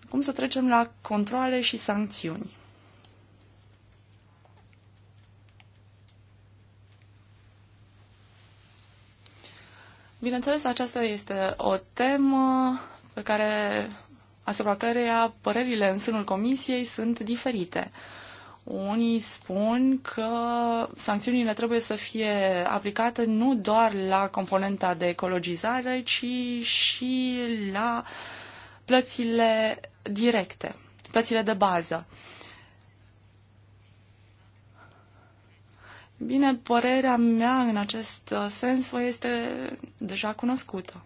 cum să trecem la controle și sancțiuni. Bineînțeles, aceasta este o temă pe care, asupra căreia părerile în sânul comisiei sunt diferite. Unii spun că sancțiunile trebuie să fie aplicate nu doar la componenta de ecologizare, ci și la plățile directe, plățile de bază. Uh, Bine, părerea mea în acest uh, sens este deja cunoscută.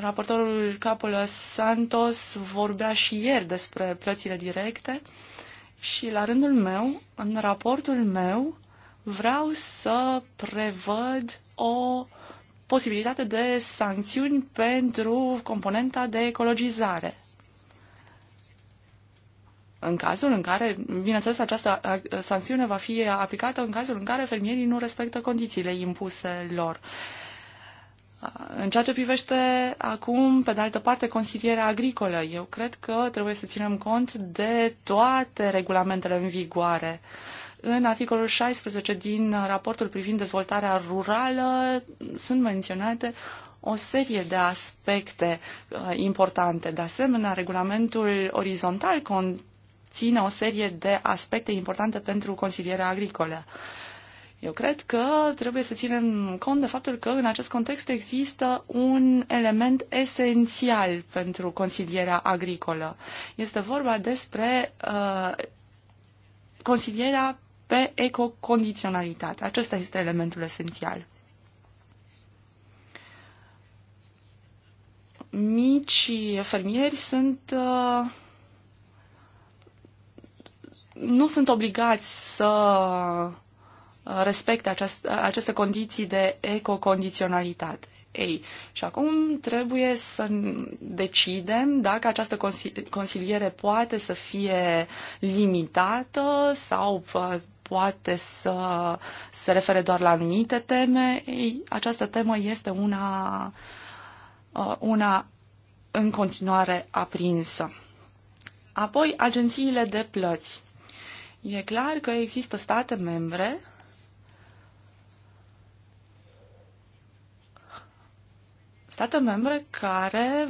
Raportorul Capolo Santos vorbea și ieri despre plățile directe și la rândul meu, în raportul meu, vreau să prevăd o posibilitate de sancțiuni pentru componenta de ecologizare în cazul în care, bineînțeles, această sancțiune va fi aplicată în cazul în care fermierii nu respectă condițiile impuse lor. În ceea ce privește acum, pe de altă parte, consilierea agricolă, eu cred că trebuie să ținem cont de toate regulamentele în vigoare. În articolul 16 din raportul privind dezvoltarea rurală sunt menționate o serie de aspecte uh, importante. De asemenea, regulamentul orizontal con- ține o serie de aspecte importante pentru consilierea agricolă. Eu cred că trebuie să ținem cont de faptul că în acest context există un element esențial pentru consilierea agricolă. Este vorba despre uh, consilierea pe ecocondiționalitate. Acesta este elementul esențial. Micii fermieri sunt uh, nu sunt obligați să uh, respecte aceast, uh, aceste condiții de ecocondiționalitate. Ei, și acum trebuie să decidem dacă această consiliere poate să fie limitată sau uh, poate să se refere doar la anumite teme. Ei, această temă este una, una în continuare aprinsă. Apoi, agențiile de plăți. E clar că există state membre state membre care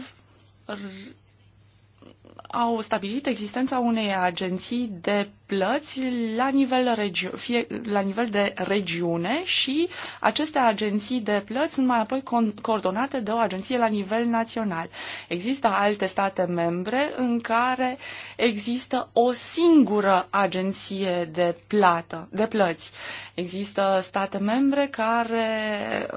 au stabilit existența unei agenții de plăți la nivel, regi- fie, la nivel de regiune și aceste agenții de plăți sunt mai apoi con- coordonate de o agenție la nivel național. Există alte state membre în care există o singură agenție de plată, de plăți. Există state membre care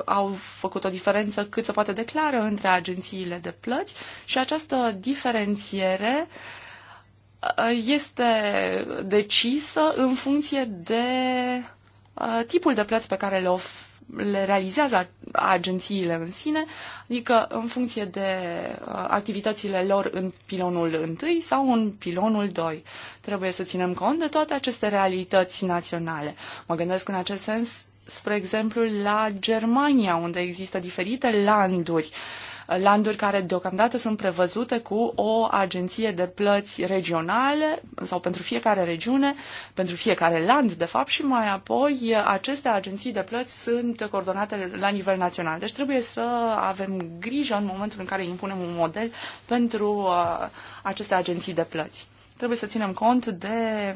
au făcut o diferență cât se poate declară între agențiile de plăți și această diferențiere uh, este decisă în funcție de tipul de plăți pe care le, of- le realizează agențiile în sine, adică în funcție de activitățile lor în pilonul 1 sau în pilonul 2. Trebuie să ținem cont de toate aceste realități naționale. Mă gândesc în acest sens, spre exemplu, la Germania, unde există diferite landuri uh, landuri care deocamdată sunt prevăzute cu o agenție de plăți regionale sau pentru fiecare regiune, pentru fiecare land, de fapt, și mai apoi aceste agenții de plăți sunt coordonate la nivel național. Deci trebuie să avem grijă în momentul în care impunem un model pentru uh, aceste agenții de plăți. Trebuie să ținem cont de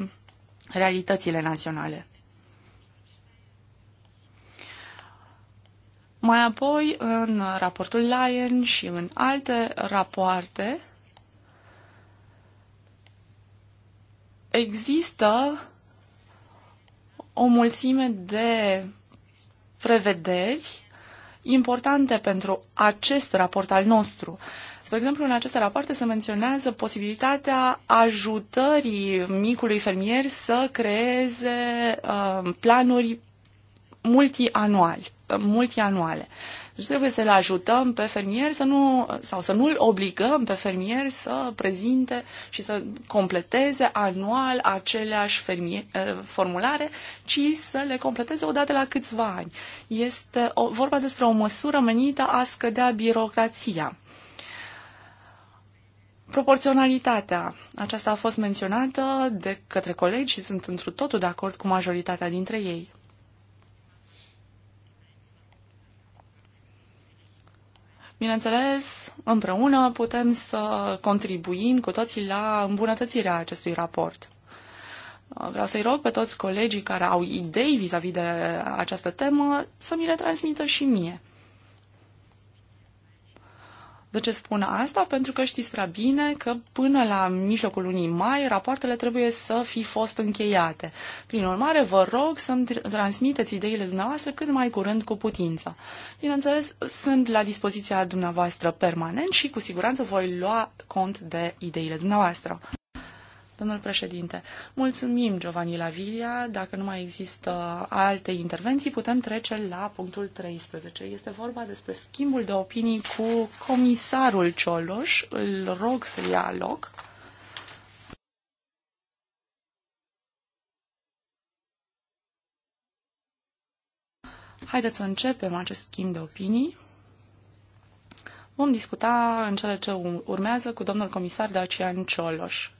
realitățile naționale. Mai apoi, în raportul Lyon și în alte rapoarte, există o mulțime de prevederi importante pentru acest raport al nostru. Spre exemplu, în aceste rapoarte se menționează posibilitatea ajutării micului fermier să creeze uh, planuri multianuali multianuale. Deci trebuie să le ajutăm pe fermieri să nu, sau să nu-l obligăm pe fermieri să prezinte și să completeze anual aceleași fermier, formulare, ci să le completeze odată la câțiva ani. Este o, vorba despre o măsură menită a scădea birocrația. Proporționalitatea. Aceasta a fost menționată de către colegi și sunt întru totul de acord cu majoritatea dintre ei. Bineînțeles, împreună putem să contribuim cu toții la îmbunătățirea acestui raport. Vreau să-i rog pe toți colegii care au idei vis-a-vis -vis de această temă să mi le transmită și mie. De ce spun asta? Pentru că știți prea bine că până la mijlocul lunii mai rapoartele trebuie să fi fost încheiate. Prin urmare, vă rog să-mi transmiteți ideile dumneavoastră cât mai curând cu putință. Bineînțeles, sunt la dispoziția dumneavoastră permanent și cu siguranță voi lua cont de ideile dumneavoastră. Domnul președinte, mulțumim Giovanni Lavilla. Dacă nu mai există alte intervenții, putem trece la punctul 13. Este vorba despre schimbul de opinii cu comisarul Cioloș. Îl rog să ia loc. Haideți să începem acest schimb de opinii. Vom discuta în cele ce urmează cu domnul comisar Dacian Cioloș.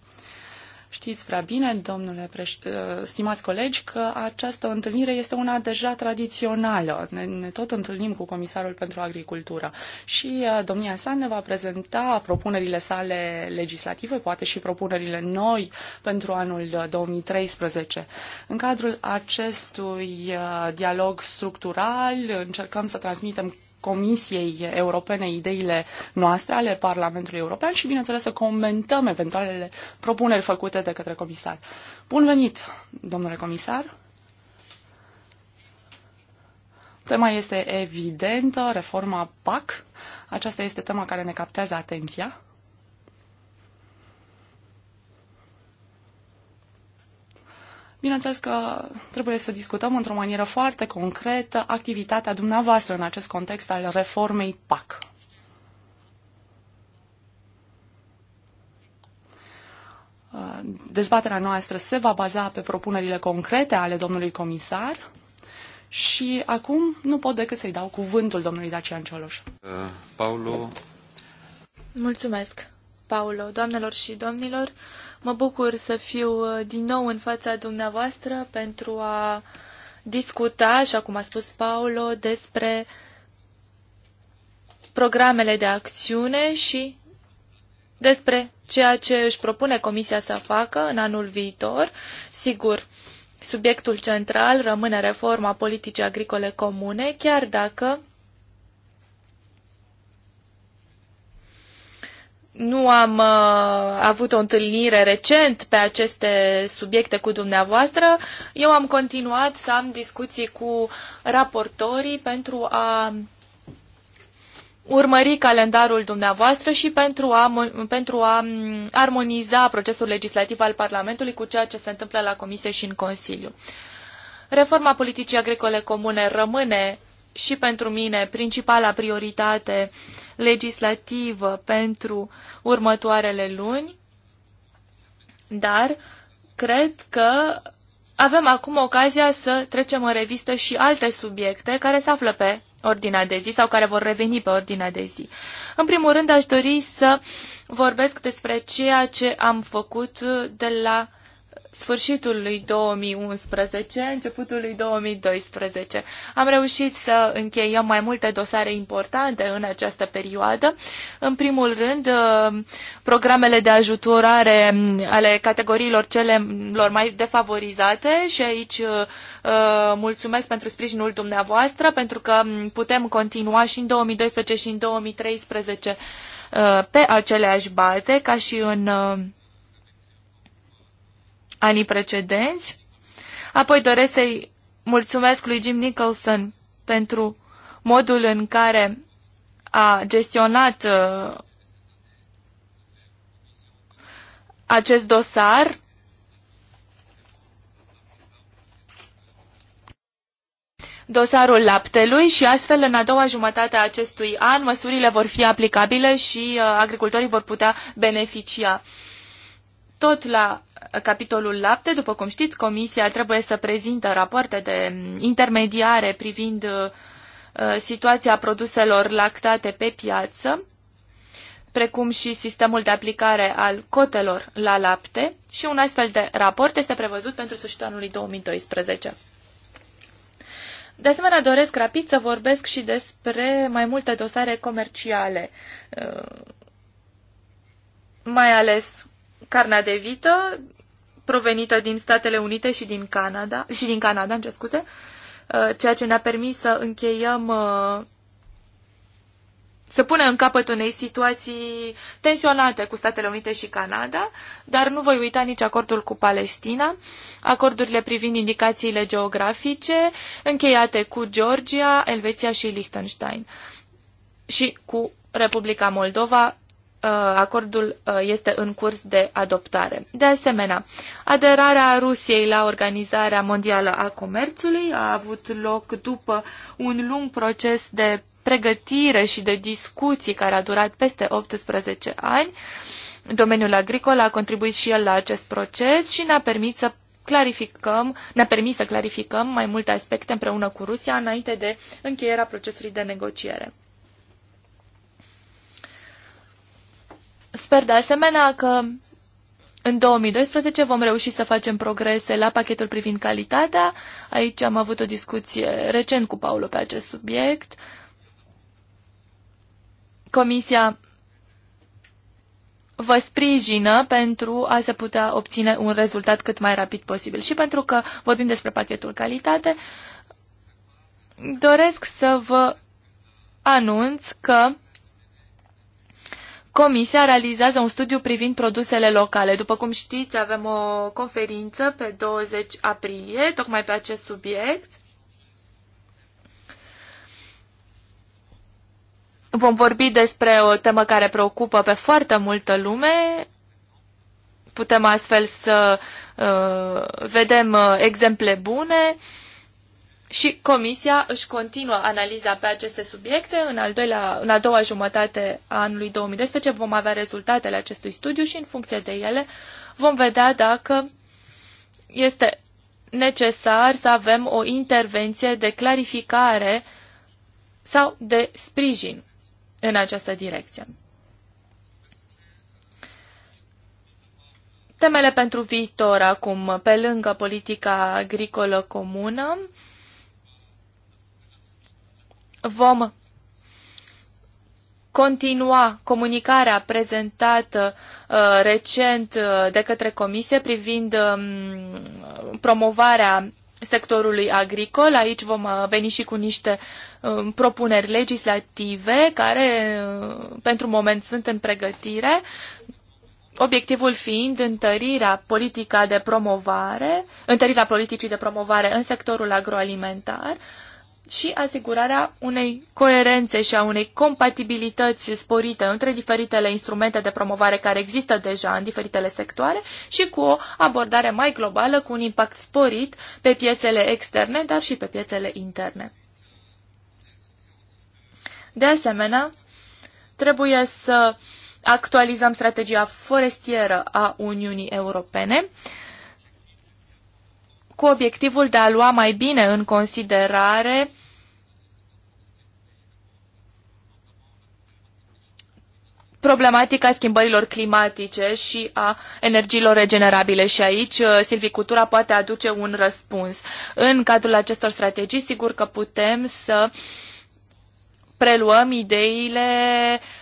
Știți prea bine, domnule preș- uh, stimați colegi, că această întâlnire este una deja tradițională. Ne, ne tot întâlnim cu Comisarul pentru Agricultură și uh, domnia sa ne va prezenta propunerile sale legislative, poate și propunerile noi pentru anul 2013. Uh, În cadrul acestui dialog structural încercăm să transmitem Comisiei Europene ideile noastre ale Parlamentului European și, bineînțeles, să comentăm eventualele propuneri făcute de către comisar. Bun venit, domnule comisar! Tema este evidentă, reforma PAC. Aceasta este tema care ne captează atenția. Bineînțeles că trebuie să discutăm într-o manieră foarte concretă activitatea dumneavoastră în acest context al reformei PAC. Dezbaterea noastră se va baza pe propunerile concrete ale domnului comisar și acum nu pot decât să-i dau cuvântul domnului Dacian Cioloș. Uh, Paulo. Mulțumesc, Paulo. Doamnelor și domnilor, Mă bucur să fiu uh, din nou în fața dumneavoastră pentru a discuta, așa cum a spus Paolo, despre programele de acțiune și despre ceea ce își propune Comisia să facă în anul viitor. Sigur, subiectul central rămâne reforma politicii agricole comune, chiar dacă nu am uh, avut o întâlnire recent pe aceste subiecte cu dumneavoastră. Eu am continuat să am discuții cu raportorii pentru a urmări calendarul dumneavoastră și pentru a, pentru a armoniza procesul legislativ al Parlamentului cu ceea ce se întâmplă la Comisie și în Consiliu. Reforma politicii agricole comune rămâne și pentru mine principala prioritate legislativă pentru următoarele luni, dar cred că avem acum ocazia să trecem în revistă și alte subiecte care se află pe ordinea de zi sau care vor reveni pe ordinea de zi. În primul rând, aș dori să vorbesc despre ceea ce am făcut de la sfârșitul lui 2011, începutul lui 2012. Am reușit să încheiem mai multe dosare importante în această perioadă. În primul rând, uh, programele de ajutorare mm, ale categoriilor celor mai defavorizate și aici uh, uh, mulțumesc pentru sprijinul dumneavoastră, pentru că mm, putem continua și în 2012 și în 2013 pe aceleași baze, ca și în anii precedenți. Apoi doresc să-i mulțumesc lui Jim Nicholson pentru modul în care a gestionat uh, acest dosar. dosarul laptelui și astfel în a doua jumătate a acestui an măsurile vor fi aplicabile și uh, agricultorii vor putea beneficia. Tot la capitolul lapte, după cum știți, Comisia trebuie să prezintă rapoarte de intermediare privind uh, uh, situația produselor lactate pe piață, precum și sistemul de aplicare al cotelor la lapte și un astfel de raport este prevăzut pentru sfârșitul anului 2012. De asemenea, doresc rapid să vorbesc și despre mai multe dosare comerciale, uh, mai ales carnea de vită, provenită din Statele Unite și din Canada, și din Canada, îmi scuze, uh, ceea ce ne-a permis să încheiem uh, să pună în capăt unei situații tensionate cu Statele Unite și Canada, dar nu voi uita nici acordul cu Palestina, acordurile privind indicațiile geografice încheiate cu Georgia, Elveția și Liechtenstein și cu Republica Moldova, Uh, acordul uh, este în curs de adoptare. De asemenea, aderarea Rusiei la Organizarea Mondială a Comerțului a avut loc după un lung proces de pregătire și de discuții care a durat peste 18 ani. Domeniul agricol a contribuit și el la acest proces și ne-a permis să clarificăm, ne-a permis să clarificăm mai multe aspecte împreună cu Rusia înainte de încheierea procesului de negociere. Sper de asemenea că în 2012 vom reuși să facem progrese la pachetul privind calitatea. Aici am avut o discuție recent cu Paulo pe acest subiect. Comisia vă sprijină pentru a se putea obține un rezultat cât mai rapid posibil. Și pentru că vorbim despre pachetul calitate, doresc să vă anunț că Comisia realizează un studiu privind produsele locale. După cum știți, avem o conferință pe 20 aprilie, tocmai pe acest subiect. Vom vorbi despre o temă care preocupă pe foarte multă lume. Putem astfel să uh, vedem uh, exemple bune. Uh, și Comisia își continuă analiza pe aceste subiecte. În, al doilea, în a doua jumătate a anului 2012 vom avea rezultatele acestui studiu și în funcție de ele vom vedea dacă este necesar să avem o intervenție de clarificare sau de sprijin în această direcție. Temele pentru viitor acum, pe lângă politica agricolă comună, vom continua comunicarea prezentată uh, recent uh, de către Comisie privind um, promovarea sectorului agricol. Aici vom uh, veni și cu niște um, propuneri legislative care uh, pentru moment sunt în pregătire, obiectivul fiind întărirea politica de promovare, întărirea politicii de promovare în sectorul agroalimentar, uh, și asigurarea unei coerențe și a unei compatibilități sporite între diferitele instrumente de promovare care există deja în diferitele sectoare și cu o abordare mai globală cu un impact sporit pe piețele externe, dar și pe piețele interne. De asemenea, trebuie să actualizăm strategia forestieră a Uniunii Europene cu obiectivul de a lua mai bine în considerare problematica schimbărilor climatice și a energiilor regenerabile și aici uh, silvicultura poate aduce un răspuns. În cadrul acestor strategii, sigur că putem să uh, preluăm ideile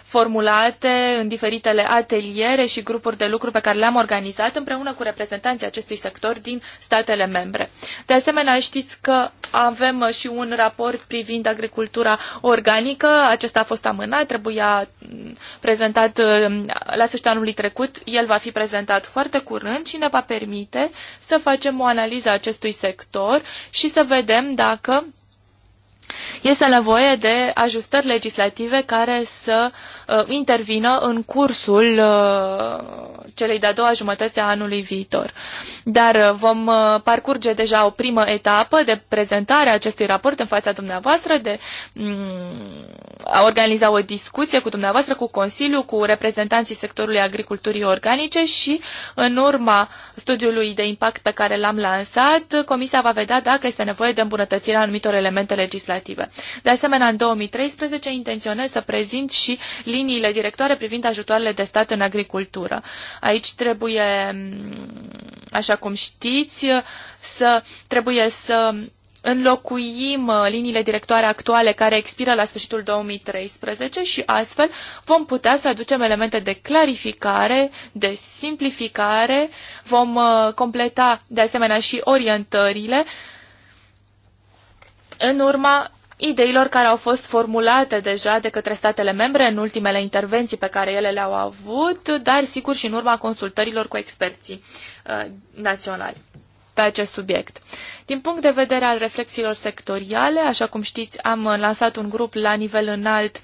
formulate în diferitele ateliere și grupuri de lucru pe care le-am organizat împreună cu reprezentanții acestui sector din statele membre. De asemenea, știți că avem și un raport privind agricultura organică. Acesta a fost amânat, trebuia mm, prezentat mm, la sfârșitul anului trecut. El va fi prezentat foarte curând și ne va permite să facem o analiză a acestui sector și să vedem dacă este nevoie de ajustări legislative care să uh, intervină în cursul uh, celei de-a doua jumătăți a anului viitor. Dar uh, vom uh, parcurge deja o primă etapă de prezentare a acestui raport în fața dumneavoastră, de um, a organiza o discuție cu dumneavoastră, cu Consiliu, cu reprezentanții sectorului agriculturii organice și în urma studiului de impact pe care l-am lansat, Comisia va vedea dacă este nevoie de îmbunătățirea anumitor elemente legislative legislative. De asemenea, în 2013 intenționez să prezint și liniile directoare privind ajutoarele de stat în agricultură. Aici trebuie, mm, așa cum știți, să trebuie să înlocuim uh, liniile directoare actuale care expiră la sfârșitul 2013 și astfel vom putea să aducem elemente de clarificare, de simplificare, vom uh, completa de asemenea și orientările în urma ideilor care au fost formulate deja de către statele membre în ultimele intervenții pe care ele le-au avut, dar sigur și în urma consultărilor cu experții uh, naționali pe acest subiect. Din punct de vedere al reflexiilor sectoriale, așa cum știți, am lansat un grup la nivel înalt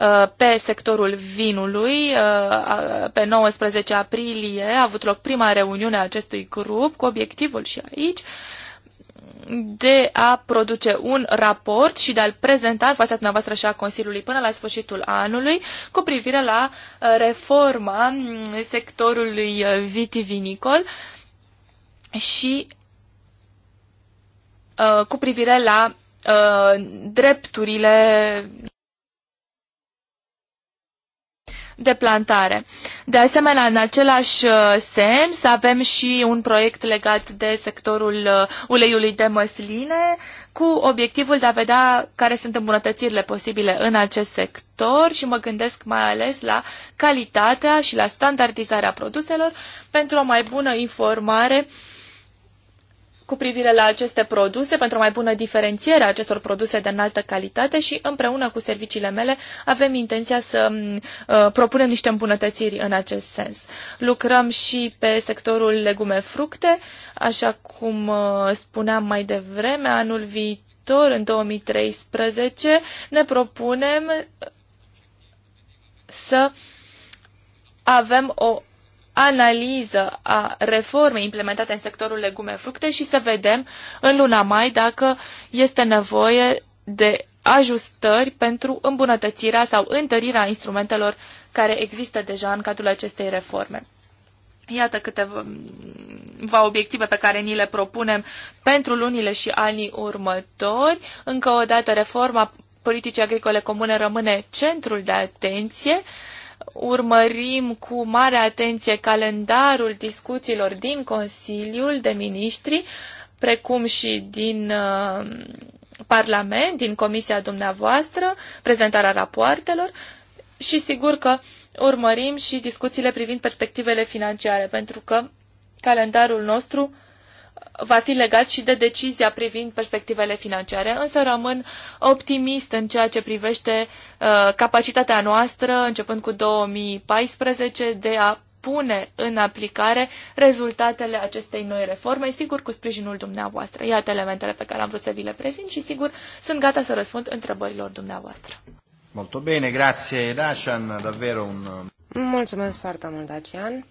uh, pe sectorul vinului. Uh, pe 19 aprilie a avut loc prima reuniune a acestui grup cu obiectivul și aici de a produce un raport și de a-l prezenta în fața dumneavoastră și a Consiliului până la sfârșitul anului cu privire la uh, reforma mm, sectorului uh, vitivinicol și uh, cu privire la drepturile de plantare. De asemenea, în același uh, sens, avem și un proiect legat de sectorul uh, uleiului de măsline, cu obiectivul de a vedea care sunt îmbunătățirile posibile în acest sector și mă gândesc mai ales la calitatea și la standardizarea produselor pentru o mai bună informare uh, cu privire la aceste produse, pentru o mai bună diferențiere a acestor produse de înaltă calitate și împreună cu serviciile mele avem intenția să mm, uh, propunem niște îmbunătățiri în acest sens. Lucrăm și pe sectorul legume-fructe, așa cum uh, spuneam mai devreme, anul viitor, în 2013, ne propunem să avem o analiză a reformei implementate în sectorul legume-fructe și să vedem în luna mai dacă este nevoie de ajustări pentru îmbunătățirea sau întărirea instrumentelor care există deja în cadrul acestei reforme. Iată câteva mm, obiective pe care ni le propunem pentru lunile și anii următori. Încă o dată, reforma politicii agricole comune rămâne centrul de atenție. Uh, urmărim cu mare atenție calendarul discuțiilor din Consiliul de Ministri, precum și din uh, Parlament, din Comisia dumneavoastră, prezentarea rapoartelor și sigur că urmărim și discuțiile privind perspectivele financiare, pentru că calendarul nostru va fi legat și de decizia privind perspectivele financiare, însă rămân optimist în ceea ce privește uh, capacitatea noastră, începând cu 2014, de a pune în aplicare rezultatele acestei noi reforme, sigur cu sprijinul dumneavoastră. Iată elementele pe care am vrut să vi le prezint și sigur sunt gata să răspund întrebărilor dumneavoastră. Molto bene, grazie Dacian, davvero un... Mulțumesc foarte mult, Dacian.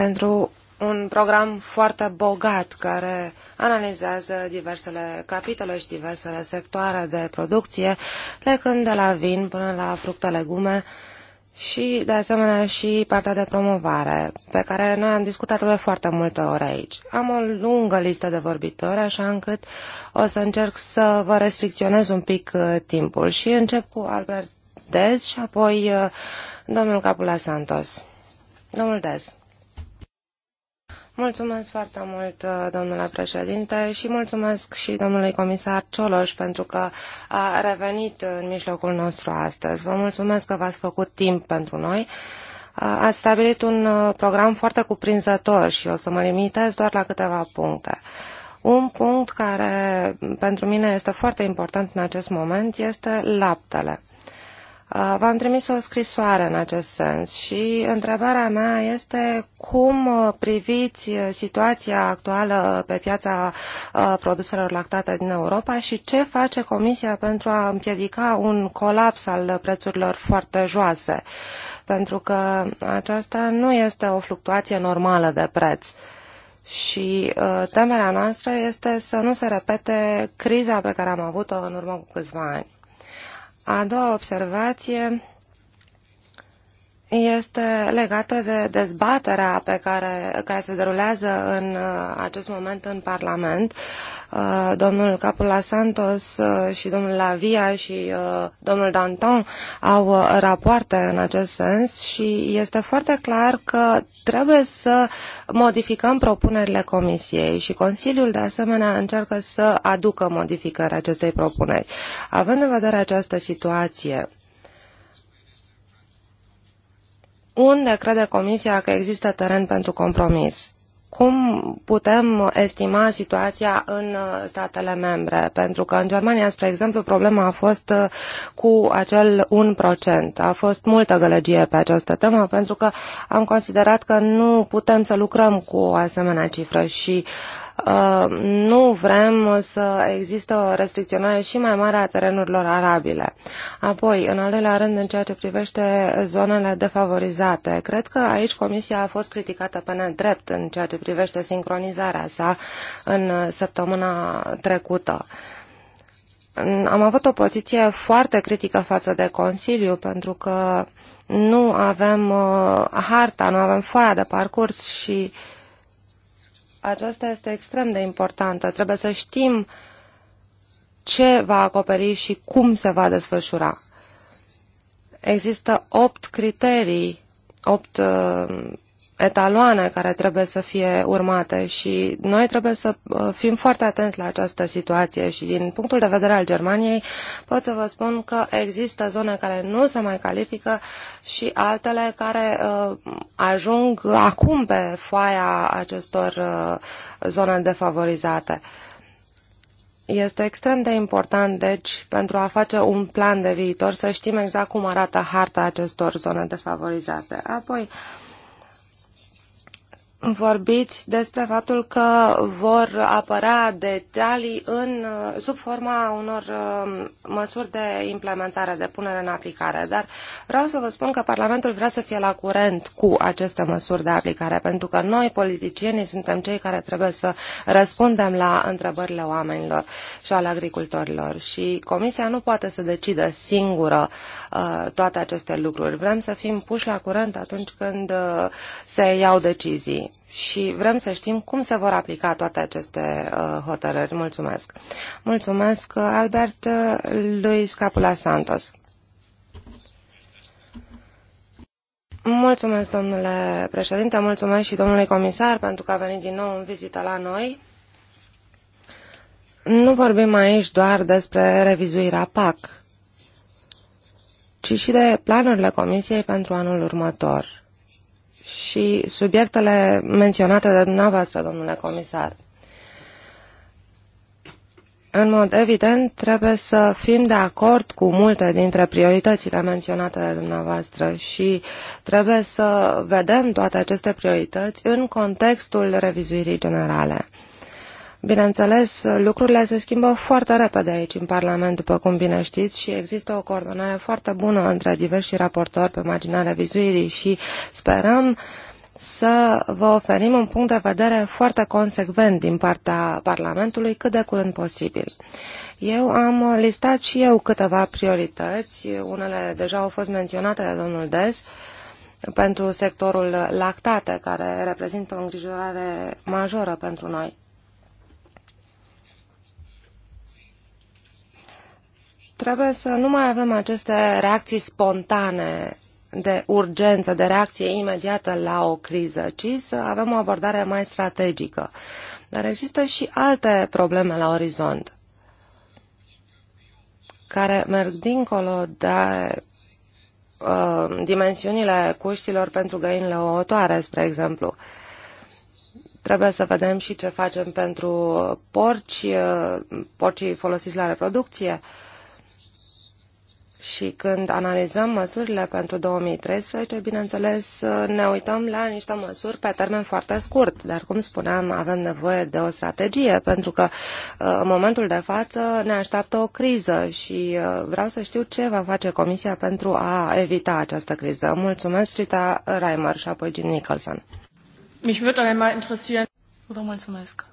pentru un program foarte bogat care analizează diversele capitole și diversele sectoare de producție, plecând de la vin până la fructe, legume și, de asemenea, și partea de promovare, pe care noi am discutat-o de foarte multe ori aici. Am o lungă listă de vorbitori, așa încât o să încerc să vă restricționez un pic uh, timpul și încep cu Albert Dez și apoi uh, domnul Capula Santos. Domnul Dez. Mulțumesc foarte mult, uh, domnule președinte, și mulțumesc și domnului comisar Cioloș pentru că a revenit în mijlocul nostru astăzi. Vă mulțumesc că v-ați făcut timp pentru noi. Ați stabilit un uh, program foarte cuprinzător și o să mă limitez doar la câteva puncte. Un punct care pentru mine este foarte important în acest moment este laptele. V-am trimis o scrisoare în acest sens și întrebarea mea este cum uh, priviți uh, situația actuală pe piața uh, produselor lactate din Europa și ce face Comisia pentru a împiedica un colaps al prețurilor foarte joase, pentru că aceasta nu este o fluctuație normală de preț. Și temerea noastră este să nu se repete criza pe care am avut-o în urmă cu câțiva ani. A doua observație este legată de dezbaterea pe care, care se derulează în uh, acest moment în Parlament. Uh, domnul Capula Santos uh, și domnul Lavia și domnul Danton au rapoarte în acest sens și este foarte clar că trebuie să modificăm propunerile Comisiei și Consiliul de asemenea încearcă să aducă modificări acestei propuneri. Având în vedere această situație, unde crede Comisia că există teren pentru compromis? Cum putem estima situația în uh, statele membre? Pentru că în Germania, spre exemplu, problema a fost uh, cu acel 1%. A fost multă gălăgie pe această temă pentru că am considerat că nu putem să lucrăm cu o asemenea cifră și uh, Uh, nu vrem să existe o restricționare și mai mare a terenurilor arabile. Apoi, în al doilea rând, în ceea ce privește zonele defavorizate, cred că aici Comisia a fost criticată pe nedrept în ceea ce privește sincronizarea sa în săptămâna trecută am avut o poziție foarte critică față de Consiliu pentru că nu avem uh, harta, nu avem foaia de parcurs și uh, aceasta este extrem de importantă. Trebuie să știm ce va acoperi și cum se va desfășura. Există opt criterii, opt uh, etaloane care trebuie să fie urmate și noi trebuie să uh, fim foarte atenți la această situație și din punctul de vedere al Germaniei pot să vă spun că există zone care nu se mai califică și altele care uh, ajung acum pe foaia acestor uh, zone defavorizate. Este extrem de important, deci, pentru a face un plan de viitor, să știm exact cum arată harta acestor zone defavorizate. Apoi, uh, vorbiți despre faptul că vor apărea detalii în, sub forma unor um, măsuri de implementare, de punere în aplicare. Dar vreau să vă spun că Parlamentul vrea să fie la curent cu aceste măsuri de aplicare, pentru că noi, politicienii, suntem cei care trebuie să răspundem la întrebările oamenilor și ale agricultorilor. Și Comisia nu poate să decidă singură uh, toate aceste lucruri. Vrem să fim puși la curent atunci când uh, se iau decizii și vrem să știm cum se vor aplica toate aceste uh, hotărâri. Mulțumesc. Mulțumesc, uh, Albert uh, Luis Capula Santos. Mulțumesc, domnule președinte, mulțumesc și domnului comisar pentru că a venit din nou în vizită la noi. Nu vorbim aici doar despre revizuirea PAC, ci și de planurile Comisiei pentru anul următor și subiectele menționate de dumneavoastră, domnule comisar. În mod evident, trebuie să fim de acord cu multe dintre prioritățile menționate de dumneavoastră și trebuie să vedem toate aceste priorități în contextul revizuirii generale. Bineînțeles, lucrurile se schimbă foarte repede aici în Parlament, după cum bine știți, și există o coordonare foarte bună între diversi raportori pe marginea revizuirii și sperăm să vă oferim un punct de vedere foarte consecvent din partea Parlamentului cât de curând posibil. Eu am listat și eu câteva priorități, unele deja au fost menționate de domnul Des, pentru sectorul lactate, care reprezintă o îngrijorare majoră pentru noi. Trebuie să nu mai avem aceste reacții spontane de urgență, de reacție imediată la o criză, ci să avem o abordare mai strategică. Dar există și alte probleme la orizont care merg dincolo de uh, dimensiunile cuștilor pentru găinile ouătoare, spre exemplu. Trebuie să vedem și ce facem pentru porci, uh, porcii folosiți la reproducție, uh, și când analizăm măsurile pentru 2013, bineînțeles, ne uităm la niște măsuri pe termen foarte scurt. Dar, cum spuneam, avem nevoie de o strategie, pentru că uh, în momentul de față ne așteaptă o criză și uh, vreau să știu ce va face Comisia pentru a evita această criză. Mulțumesc, Rita Reimer și apoi Jim Nicholson. Mich würde einmal interessieren. Vă mulțumesc.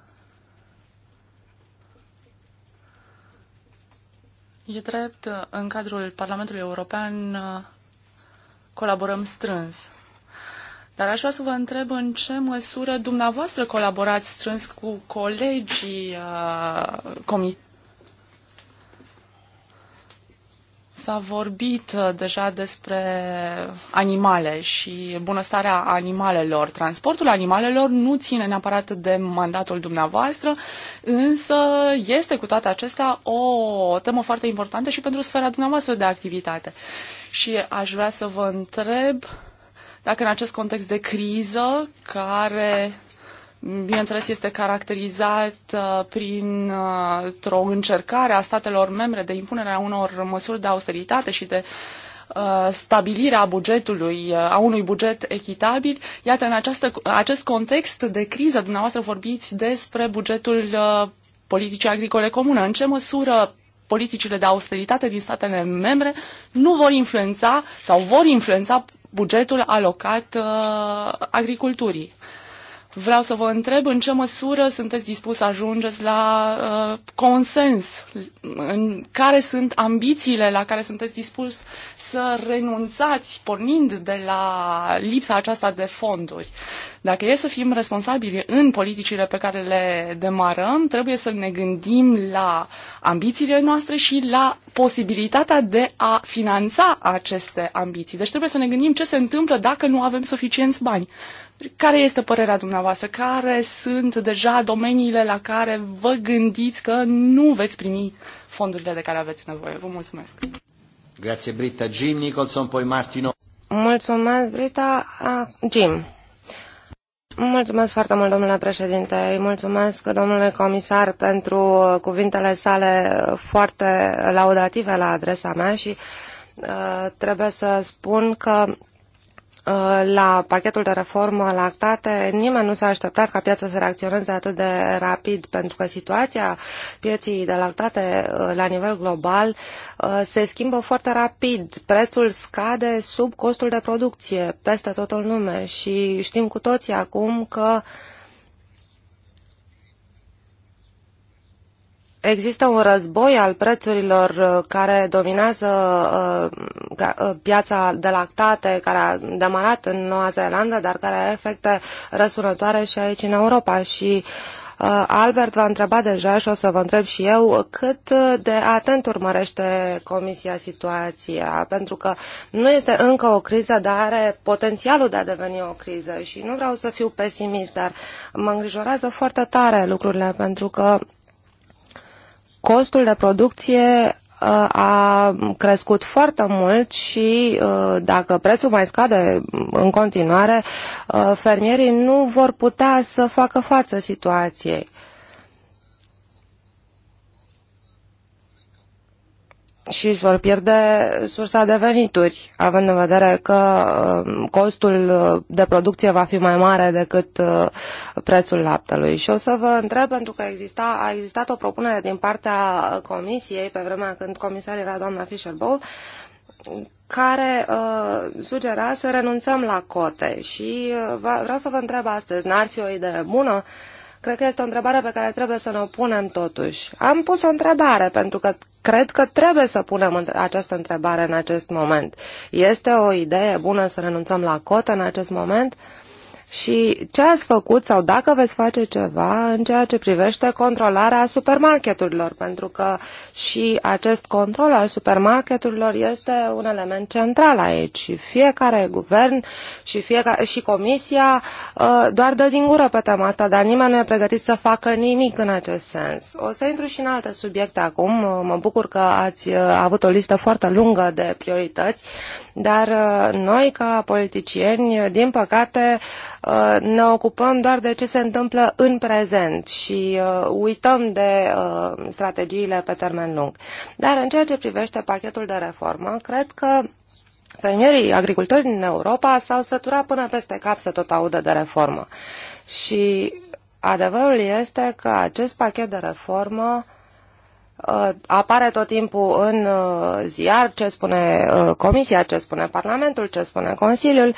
E drept, în cadrul Parlamentului European colaborăm strâns. Dar aș vrea să vă întreb în ce măsură dumneavoastră colaborați strâns cu colegii uh, comit- S-a vorbit uh, deja despre animale și bunăstarea animalelor. Transportul animalelor nu ține neapărat de mandatul dumneavoastră, însă este cu toate acestea o temă foarte importantă și pentru sfera dumneavoastră de activitate. Și aș vrea să vă întreb dacă în acest context de criză care bineînțeles, este caracterizat uh, prin uh, o încercare a statelor membre de impunerea unor măsuri de austeritate și de uh, stabilirea bugetului, a unui buget echitabil. Iată, în această, acest context de criză, dumneavoastră vorbiți despre bugetul politicii agricole comune. În ce măsură politicile de austeritate din statele membre nu vor influența sau vor influența bugetul alocat uh, agriculturii? Uh, Vreau să vă întreb în ce măsură sunteți dispus să ajungeți la uh, consens, în care sunt ambițiile la care sunteți dispus să renunțați pornind de la lipsa aceasta de fonduri. Dacă e să fim responsabili în politicile pe care le demarăm, trebuie să ne gândim la ambițiile noastre și la posibilitatea de a finanța aceste ambiții. Deci trebuie să ne gândim ce se întâmplă dacă nu avem suficienți bani. Care este părerea dumneavoastră? Care sunt deja domeniile la care vă gândiți că nu veți primi fondurile de care aveți nevoie? Vă mulțumesc! Grazie Brita. Jim Nicholson, poi Martino. Mulțumesc, Brita. Jim. Mulțumesc foarte mult, domnule președinte. Îi mulțumesc, domnule comisar, pentru cuvintele sale foarte laudative la adresa mea și uh, trebuie să spun că Uh, la pachetul de reformă lactate, nimeni nu s-a așteptat ca piața să reacționeze atât de rapid, pentru că situația pieții de lactate uh, la nivel global uh, se schimbă foarte rapid. Prețul scade sub costul de producție peste tot în lume și știm cu toții acum că uh, există un război al prețurilor uh, care dominează uh, uh, piața de lactate, care a demarat în Noua Zeelandă, dar care are efecte răsunătoare și aici în Europa. Și Albert v-a întrebat deja și o să vă întreb și eu cât de atent urmărește Comisia situația, pentru că nu este încă o criză, dar are potențialul de a deveni o criză și nu vreau să fiu pesimist, dar mă îngrijorează foarte tare lucrurile, pentru că costul de producție uh, a crescut foarte mult și uh, dacă prețul mai scade în continuare, uh, fermierii nu vor putea să facă față situației. și își vor pierde sursa de venituri, având în vedere că uh, costul uh, de producție va fi mai mare decât uh, prețul laptelui. Și o să vă întreb, pentru că exista, a existat o propunere din partea Comisiei, pe vremea când comisar era doamna Fischer-Bowl, care uh, sugera să renunțăm la cote și uh, vreau să vă întreb astăzi, n-ar fi o idee bună? Cred că este o întrebare pe care trebuie să ne o punem totuși. Am pus o întrebare pentru că cred că trebuie să punem această întrebare în acest moment. Este o idee bună să renunțăm la cotă în acest moment? Și ce ați făcut sau dacă veți face ceva în ceea ce privește controlarea supermarketurilor, pentru că și acest control al supermarketurilor este un element central aici. Și fiecare guvern și, fiecare, și comisia uh, doar dă din gură pe tema asta, dar nimeni nu e pregătit să facă nimic în acest sens. O să intru și în alte subiecte acum. Uh, mă bucur că ați uh, avut o listă foarte lungă de priorități, dar noi ca politicieni, din păcate, Uh, ne ocupăm doar de ce se întâmplă în prezent și uh, uităm de uh, strategiile pe termen lung. Dar în ceea ce privește pachetul de reformă, cred că fermierii agricultori din Europa s-au săturat până peste cap să tot audă de reformă. Și adevărul este că acest pachet de reformă apare tot timpul în ziar ce spune Comisia, ce spune Parlamentul, ce spune Consiliul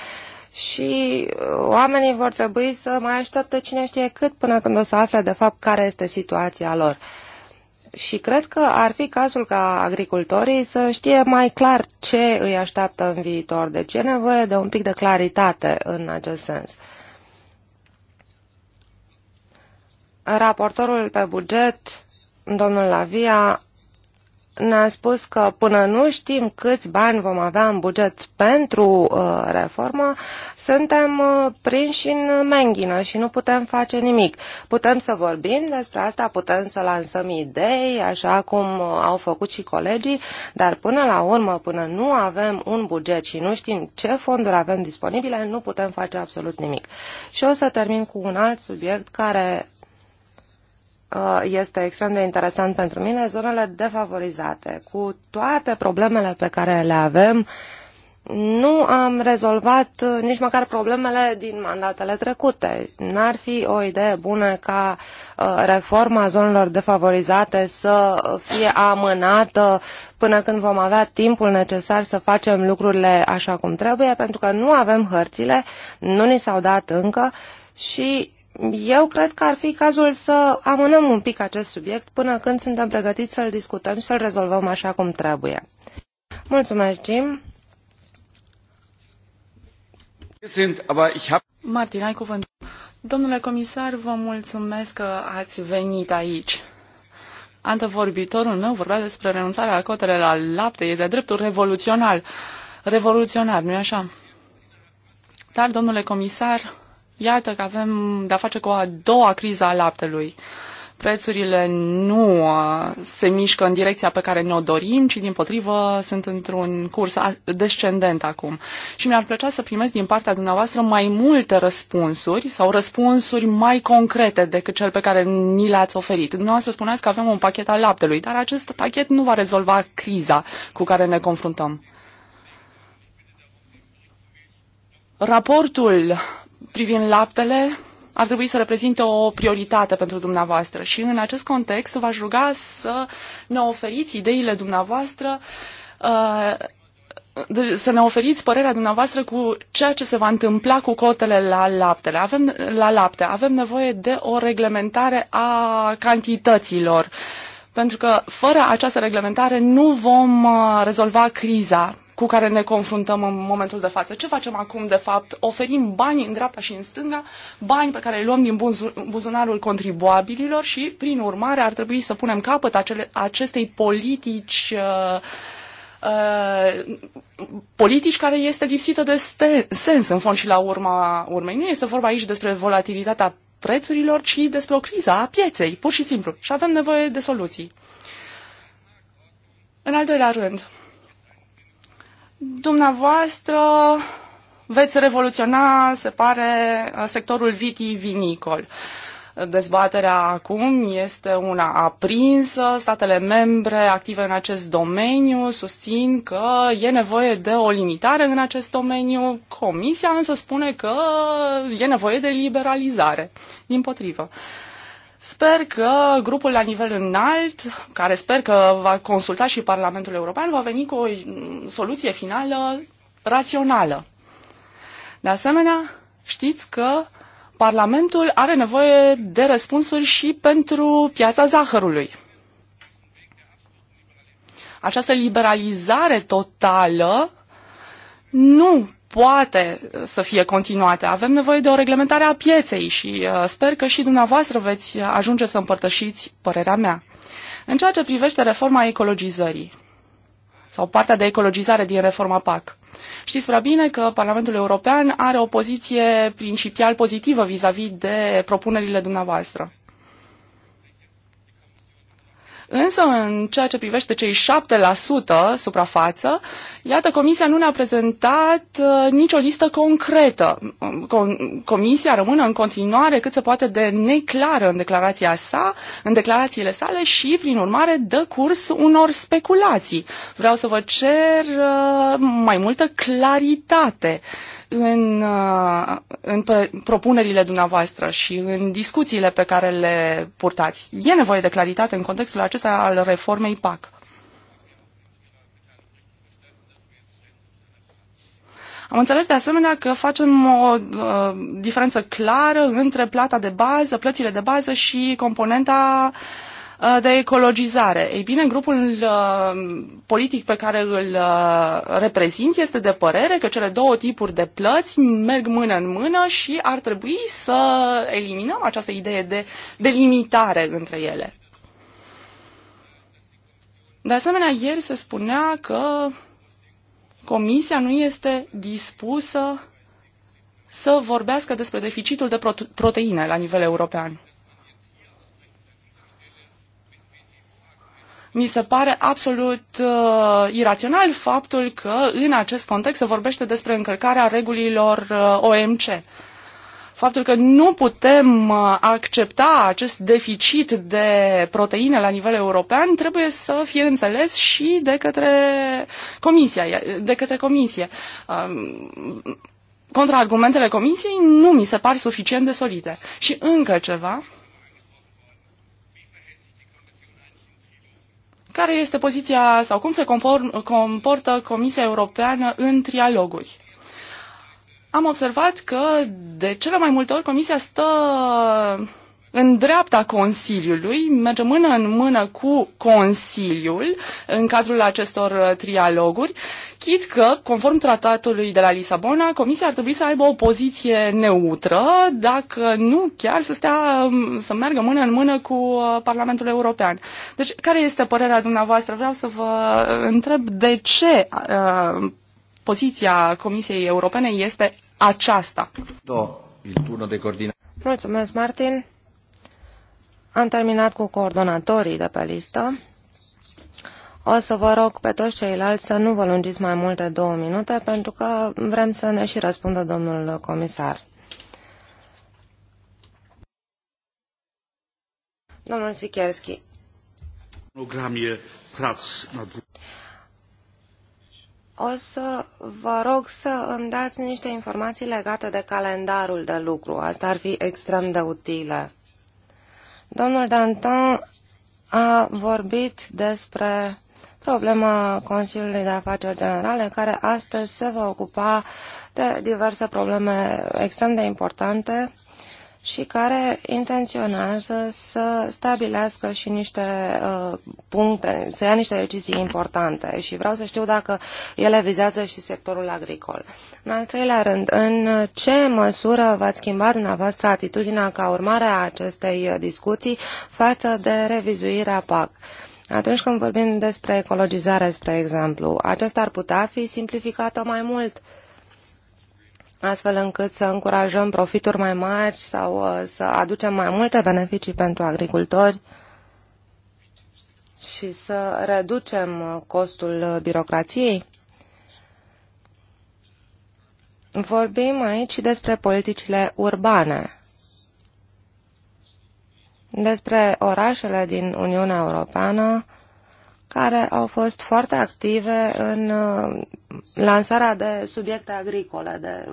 și uh, oamenii vor trebui să mai aștepte cine știe cât până când o să afle de fapt care este situația lor. Și cred că ar fi cazul ca agricultorii să știe mai clar ce îi așteaptă în viitor. Deci e nevoie de un pic de claritate în acest sens. Raportorul pe buget, domnul Lavia, ne-a spus că până nu știm câți bani vom avea în buget pentru uh, reformă, suntem uh, prinși în menghină și nu putem face nimic. Putem să vorbim despre asta, putem să lansăm idei, așa cum uh, au făcut și colegii, dar până la urmă, până nu avem un buget și nu știm ce fonduri avem disponibile, nu putem face absolut nimic. Și o să termin cu un alt subiect care Uh, este extrem de interesant pentru mine, zonele defavorizate. Cu toate problemele pe care le avem, nu am rezolvat uh, nici măcar problemele din mandatele trecute. N-ar fi o idee bună ca uh, reforma zonelor defavorizate să fie amânată până când vom avea timpul necesar să facem lucrurile așa cum trebuie, pentru că nu avem hărțile, nu ni s-au dat încă și eu cred că ar fi cazul să amânăm un pic acest subiect până când suntem pregătiți să-l discutăm și să-l rezolvăm așa cum trebuie. Mulțumesc, Jim. Martin, ai cuvânt. Domnule comisar, vă mulțumesc că ați venit aici. Antevorbitorul meu vorbea despre renunțarea la cotele la lapte. E de dreptul revoluțional. Revoluționar, nu-i așa? Dar, domnule comisar, Iată că avem de-a face cu a doua criză a laptelui. Prețurile nu uh, se mișcă în direcția pe care ne-o dorim, ci din potrivă sunt într-un curs descendent acum. Și mi-ar plăcea să primesc din partea dumneavoastră mai multe răspunsuri sau răspunsuri mai concrete decât cel pe care ni le-ați oferit. Dumneavoastră spuneați că avem un pachet al laptelui, dar acest pachet nu va rezolva criza cu care ne confruntăm. Raportul privind laptele ar trebui să reprezinte o prioritate pentru dumneavoastră și în acest context v-aș ruga să ne oferiți ideile dumneavoastră uh, să ne oferiți părerea dumneavoastră cu ceea ce se va întâmpla cu cotele la, laptele. Avem, la lapte. Avem nevoie de o reglementare a cantităților. Pentru că fără această reglementare nu vom uh, rezolva criza cu care ne confruntăm în momentul de față. Ce facem acum, de fapt? Oferim bani în dreapta și în stânga, bani pe care îi luăm din buzunarul contribuabililor și, prin urmare, ar trebui să punem capăt acele, acestei politici uh, Uh, politici care este lipsită de sens în fond și la urma urmei. Nu este vorba aici despre volatilitatea prețurilor, ci despre o criză a pieței, pur și simplu. Și avem nevoie de soluții. În al doilea rând, Dumneavoastră veți revoluționa, se pare, sectorul vitivinicol. Dezbaterea acum este una aprinsă, statele membre active în acest domeniu susțin că e nevoie de o limitare în acest domeniu, Comisia însă spune că e nevoie de liberalizare. Din potrivă. Uh, Sper că grupul la nivel înalt, care sper că va consulta și Parlamentul European, va veni cu o soluție finală rațională. De asemenea, știți că Parlamentul are nevoie de răspunsuri și pentru piața zahărului. Această liberalizare totală nu poate să fie continuate. Avem nevoie de o reglementare a pieței și uh, sper că și dumneavoastră veți ajunge să împărtășiți părerea mea. În ceea ce privește reforma ecologizării sau partea de ecologizare din reforma PAC, știți prea bine că Parlamentul European are o poziție principial pozitivă vis-a-vis -vis de propunerile dumneavoastră. Însă, în ceea ce privește cei 7% suprafață, iată, Comisia nu ne-a prezentat uh, nicio listă concretă. Um, comisia rămâne în continuare cât se poate de neclară în declarația sa, în declarațiile sale și, prin urmare, dă curs unor speculații. Vreau să vă cer uh, mai multă claritate în, uh, în propunerile dumneavoastră și în discuțiile pe care le purtați. E nevoie de claritate în contextul acesta al reformei PAC. Am înțeles de asemenea că facem o uh, diferență clară între plata de bază, plățile de bază și componenta uh, Uh, de ecologizare. Ei bine, grupul uh, politic pe care îl uh, reprezint este de părere că cele două tipuri de plăți merg mână în mână și ar trebui să eliminăm această idee de delimitare între ele. De asemenea, ieri se spunea că Comisia nu este dispusă să vorbească despre deficitul de proteine la nivel european. mi se pare absolut uh, irațional faptul că în acest context se vorbește despre încălcarea regulilor uh, OMC. Faptul că nu putem uh, accepta acest deficit de proteine la nivel european trebuie să fie înțeles și de către Comisia. De către comisie. Um, Contraargumentele Comisiei nu mi se par suficient de solide. Și încă ceva Care este poziția sau cum se comportă Comisia Europeană în trialoguri? Am observat că de cele mai multe ori Comisia stă în dreapta Consiliului, merge mână în mână cu Consiliul în cadrul acestor uh, trialoguri, chit că, conform tratatului de la Lisabona, Comisia ar trebui să aibă o poziție neutră, dacă nu chiar să, stea, um, să meargă mână în mână cu uh, Parlamentul European. Deci, care este părerea dumneavoastră? Vreau să vă uh, întreb de ce uh, poziția Comisiei Europene este aceasta. Do, il turno de coordinare. Mulțumesc, Martin. Am terminat cu coordonatorii de pe listă. O să vă rog pe toți ceilalți să nu vă lungiți mai mult de două minute, pentru că vrem să ne și răspundă domnul comisar. Domnul Sikierski. O să vă rog să îmi dați niște informații legate de calendarul de lucru. Asta ar fi extrem de utilă. Domnul Danton a vorbit despre problema Consiliului de Afaceri Generale, care astăzi se va ocupa de diverse probleme extrem de importante și care intenționează să stabilească și niște uh, puncte, să ia niște decizii importante și vreau să știu dacă ele vizează și sectorul agricol. În al treilea rând, în ce măsură v-ați schimbat dumneavoastră atitudinea ca urmare a acestei discuții față de revizuirea PAC? Atunci când vorbim despre ecologizare, spre exemplu, acesta ar putea fi simplificată mai mult uh, astfel încât să încurajăm profituri mai mari sau uh, să aducem mai multe beneficii pentru agricultori și să reducem uh, costul uh, birocrației? Vorbim aici despre politicile urbane, despre orașele din Uniunea Europeană care au fost foarte active în uh, lansarea de subiecte agricole, de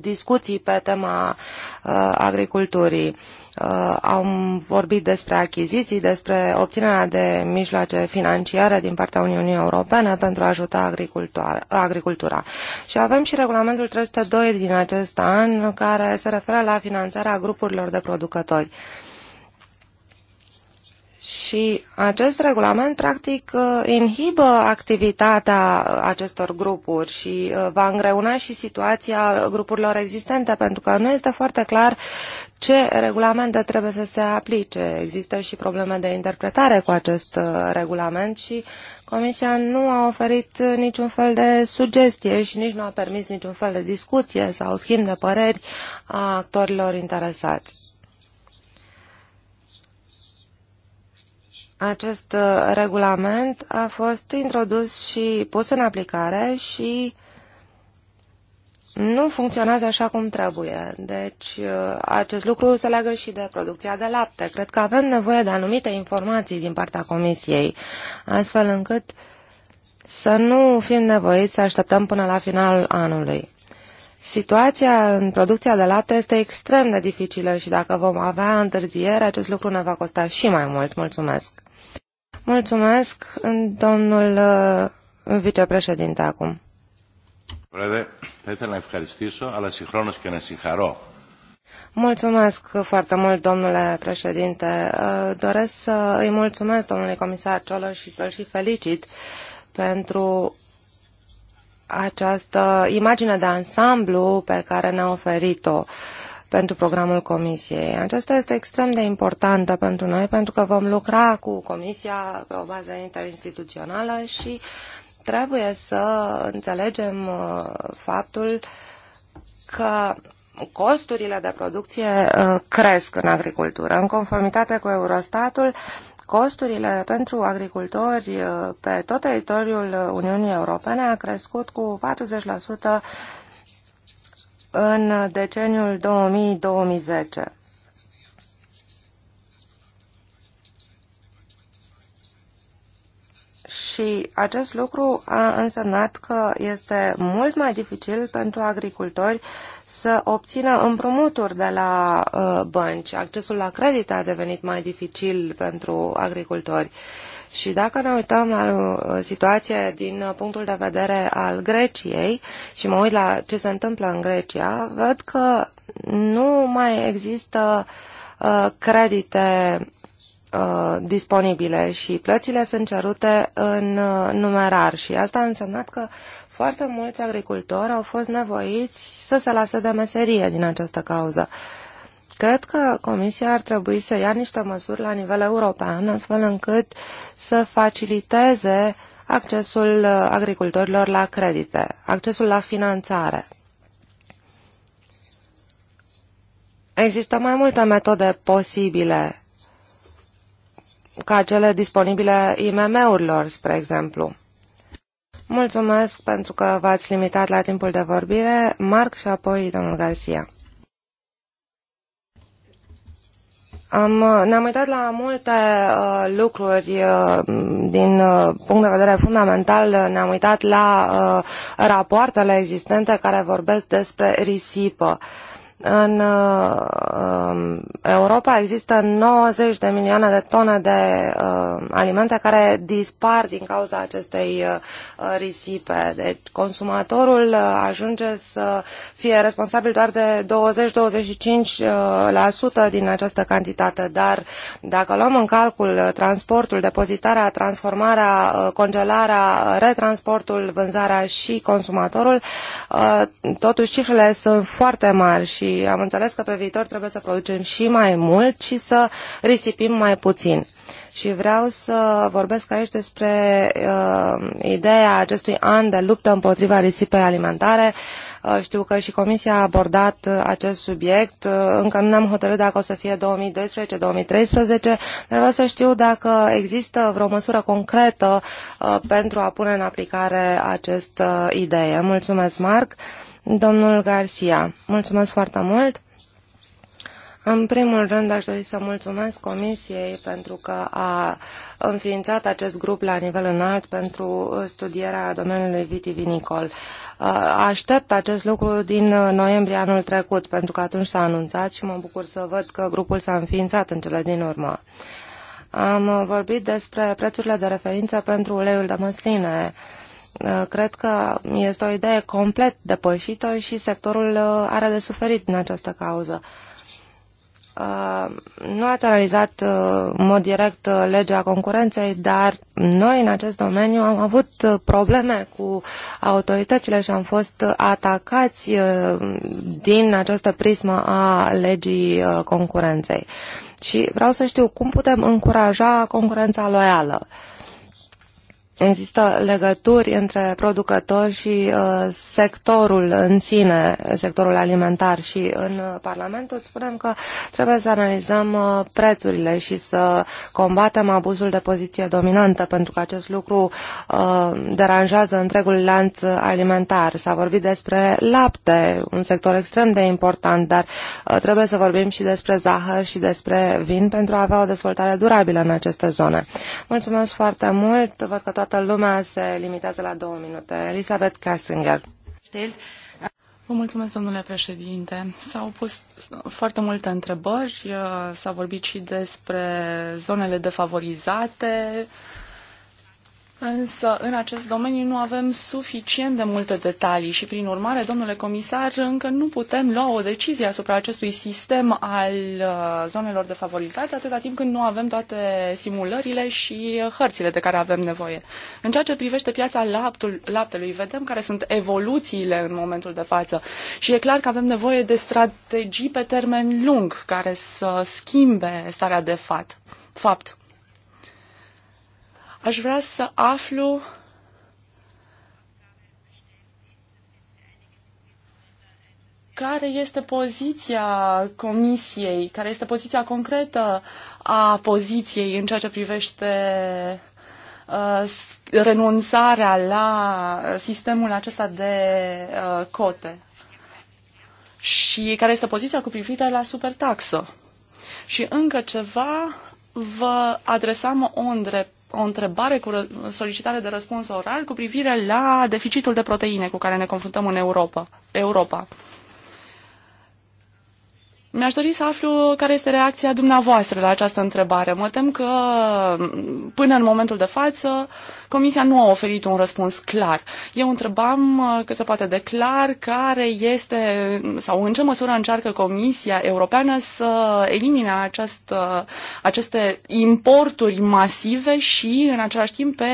discuții pe tema uh, agriculturii. Uh, am vorbit despre achiziții, despre obținerea de mijloace financiare din partea Uniunii Europene pentru a ajuta agricultura. Și avem și regulamentul 302 din acest an care se referă la finanțarea grupurilor de producători. Uh, și acest regulament, practic, uh, inhibă activitatea acestor grupuri și uh, va îngreuna și situația grupurilor existente, pentru că nu este foarte clar ce regulamente trebuie să se aplice. Există și probleme de interpretare cu acest uh, regulament și Comisia nu a oferit niciun fel de sugestie și nici nu a permis niciun fel de discuție sau schimb de păreri a actorilor interesați. Acest uh, regulament a fost introdus și pus în aplicare și nu funcționează așa cum trebuie. Deci uh, acest lucru se leagă și de producția de lapte. Cred că avem nevoie de anumite informații din partea Comisiei, astfel încât să nu fim nevoiți să așteptăm până la finalul anului. Situația în producția de lapte este extrem de dificilă și dacă vom avea întârziere, acest lucru ne va costa și mai mult. Mulțumesc! Mulțumesc, domnul uh, vicepreședinte, acum. Mulțumesc foarte mult, domnule președinte. Uh, doresc să îi mulțumesc domnului comisar Cioloș și să-l și felicit pentru această imagine de ansamblu pe care ne-a oferit-o pentru programul Comisiei. Aceasta este extrem de importantă pentru noi pentru că vom lucra cu Comisia pe o bază interinstituțională și trebuie să înțelegem uh, faptul că costurile de producție uh, cresc în agricultură. În conformitate cu Eurostatul, Costurile pentru agricultori uh, pe tot teritoriul Uniunii Europene a crescut cu 40% în deceniul 2000-2010. Și acest lucru a însemnat că este mult mai dificil pentru agricultori să obțină împrumuturi de la uh, bănci. Accesul la credit a devenit mai dificil pentru agricultori. Și dacă ne uităm la uh, situația din punctul de vedere al Greciei și mă uit la ce se întâmplă în Grecia, văd că nu mai există uh, credite uh, disponibile și plățile sunt cerute în uh, numerar și asta a însemnat că foarte mulți agricultori au fost nevoiți să se lase de meserie din această cauză. Cred că Comisia ar trebui să ia niște măsuri la nivel european, astfel încât să faciliteze accesul uh, agricultorilor la credite, accesul la finanțare. Există mai multe metode posibile ca cele disponibile IMM-urilor, spre exemplu. Mulțumesc pentru că v-ați limitat la timpul de vorbire. Marc și apoi domnul Garcia. Am, ne-am uitat la multe uh, lucruri uh, din uh, punct de vedere fundamental. Ne-am uitat la uh, rapoartele existente care vorbesc despre risipă. Uh, în uh, um, Europa există 90 de milioane de tone de uh, alimente care dispar din cauza acestei uh, risipe. Deci consumatorul ajunge să fie responsabil doar de 20-25% din această cantitate, dar dacă luăm în calcul transportul, depozitarea, transformarea, congelarea, retransportul, vânzarea și consumatorul, totuși cifrele sunt foarte mari și am înțeles că pe viitor trebuie să producem și mai mult și să risipim mai puțin. Și vreau să vorbesc aici despre uh, ideea acestui an de luptă împotriva risipei alimentare. Uh, știu că și Comisia a abordat uh, acest subiect. Uh, încă nu ne-am hotărât dacă o să fie 2012-2013, dar vreau să știu dacă există vreo măsură concretă uh, pentru a pune în aplicare această uh, idee. Mulțumesc, Marc. Uh, Domnul Garcia, mulțumesc foarte mult. În primul rând, aș dori să mulțumesc Comisiei pentru că a înființat acest grup la nivel înalt pentru studierea domeniului vitivinicol. Uh, aștept acest lucru din noiembrie anul trecut, pentru că atunci s-a anunțat și mă bucur să văd că grupul s-a înființat în cele din urmă. Am vorbit despre prețurile de referință pentru uleiul de măsline Uh, cred că este o idee complet depășită și sectorul uh, are de suferit din această cauză. Uh, nu ați analizat în mod direct legea concurenței, dar noi în acest domeniu am avut probleme cu autoritățile și am fost atacați din această prismă a legii concurenței. Și vreau să știu cum putem încuraja concurența loială. Uh, Există legături între producători și uh, sectorul în sine, sectorul alimentar și în uh, Parlament îți spunem că trebuie să analizăm uh, prețurile și să combatem abuzul de poziție dominantă pentru că acest lucru uh, deranjează întregul lanț alimentar. S-a vorbit despre lapte, un sector extrem de important, dar uh, trebuie să vorbim și despre zahăr și despre vin pentru a avea o dezvoltare durabilă în aceste zone. Mulțumesc foarte mult, văd că toată toată lumea se limitează la două minute. Elisabeth Kassinger. Vă mulțumesc, domnule președinte. S-au pus foarte multe întrebări, s-a vorbit și despre zonele defavorizate, Însă, în acest domeniu nu avem suficient de multe detalii și, prin urmare, domnule comisar, încă nu putem lua o decizie asupra acestui sistem al uh, zonelor defavorizate, atâta timp când nu avem toate simulările și hărțile de care avem nevoie. În ceea ce privește piața laptul, laptelui, vedem care sunt evoluțiile în momentul de față și e clar că avem nevoie de strategii pe termen lung care să schimbe starea de fapt. fapt. Aș vrea să aflu care este poziția Comisiei, care este poziția concretă a poziției în ceea ce privește uh, renunțarea la sistemul acesta de uh, cote și care este poziția cu privire la supertaxă. Și încă ceva vă adresam o, îndre- o întrebare cu solicitare de răspuns oral cu privire la deficitul de proteine cu care ne confruntăm în Europa. Europa. Mi-aș dori să aflu care este reacția dumneavoastră la această întrebare. Mă tem că până în momentul de față Comisia nu a oferit un răspuns clar. Eu întrebam cât se poate de clar care este sau în ce măsură încearcă Comisia Europeană să elimine acest, aceste importuri masive și în același timp pe,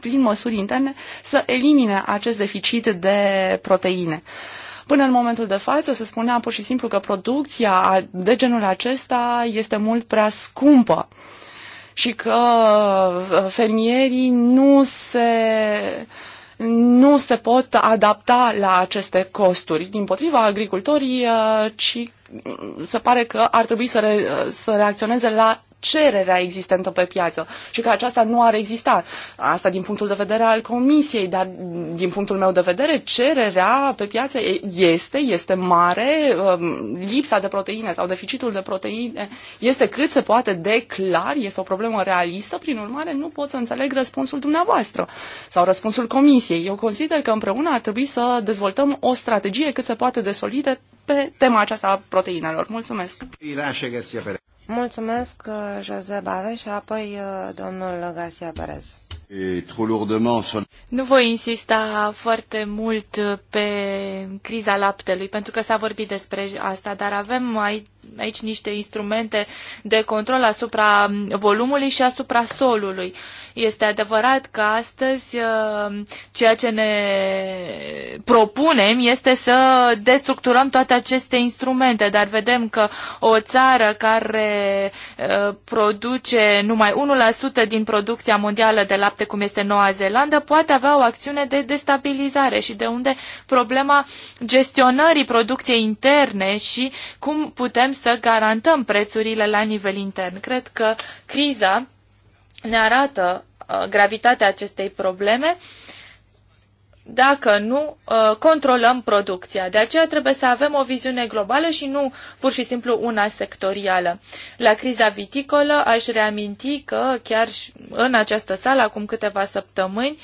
prin măsuri interne să elimine acest deficit de proteine. Uh, Până în momentul de față se spunea pur și simplu că producția de genul acesta este mult prea scumpă și că uh, fermierii nu se nu se pot adapta la aceste costuri. Din potriva, agricultorii uh, ci mm, se pare că ar trebui să, re, să reacționeze la cererea existentă pe piață și că aceasta nu ar exista. Asta din punctul de vedere al Comisiei, dar din punctul meu de vedere, cererea pe piață este, este mare, um, lipsa de proteine sau deficitul de proteine este cât se poate de clar, este o problemă realistă, prin urmare nu pot să înțeleg răspunsul dumneavoastră sau răspunsul Comisiei. Eu consider că împreună ar trebui să dezvoltăm o strategie cât se poate de solide pe tema aceasta a proteinelor. Mulțumesc! Mulțumesc, uh, josé Bave, și apoi uh, domnul Garcia Perez. Nu voi insista foarte mult uh, pe criza laptelui, pentru că s-a vorbit despre asta, dar avem aici niște instrumente de control asupra mm, volumului și asupra solului. Este adevărat că astăzi uh, ceea ce ne propunem este să destructurăm toate aceste instrumente, dar vedem că o țară care uh, produce numai 1% din producția mondială de lapte, cum este Noua Zeelandă, poate avea o acțiune de destabilizare și de unde problema gestionării producției interne și cum putem să garantăm prețurile la nivel intern. Cred că criza ne arată Uh, gravitatea acestei probleme dacă nu uh, controlăm producția. De aceea trebuie să avem o viziune globală și nu pur și simplu una sectorială. La criza viticolă aș reaminti că chiar în această sală, acum câteva săptămâni,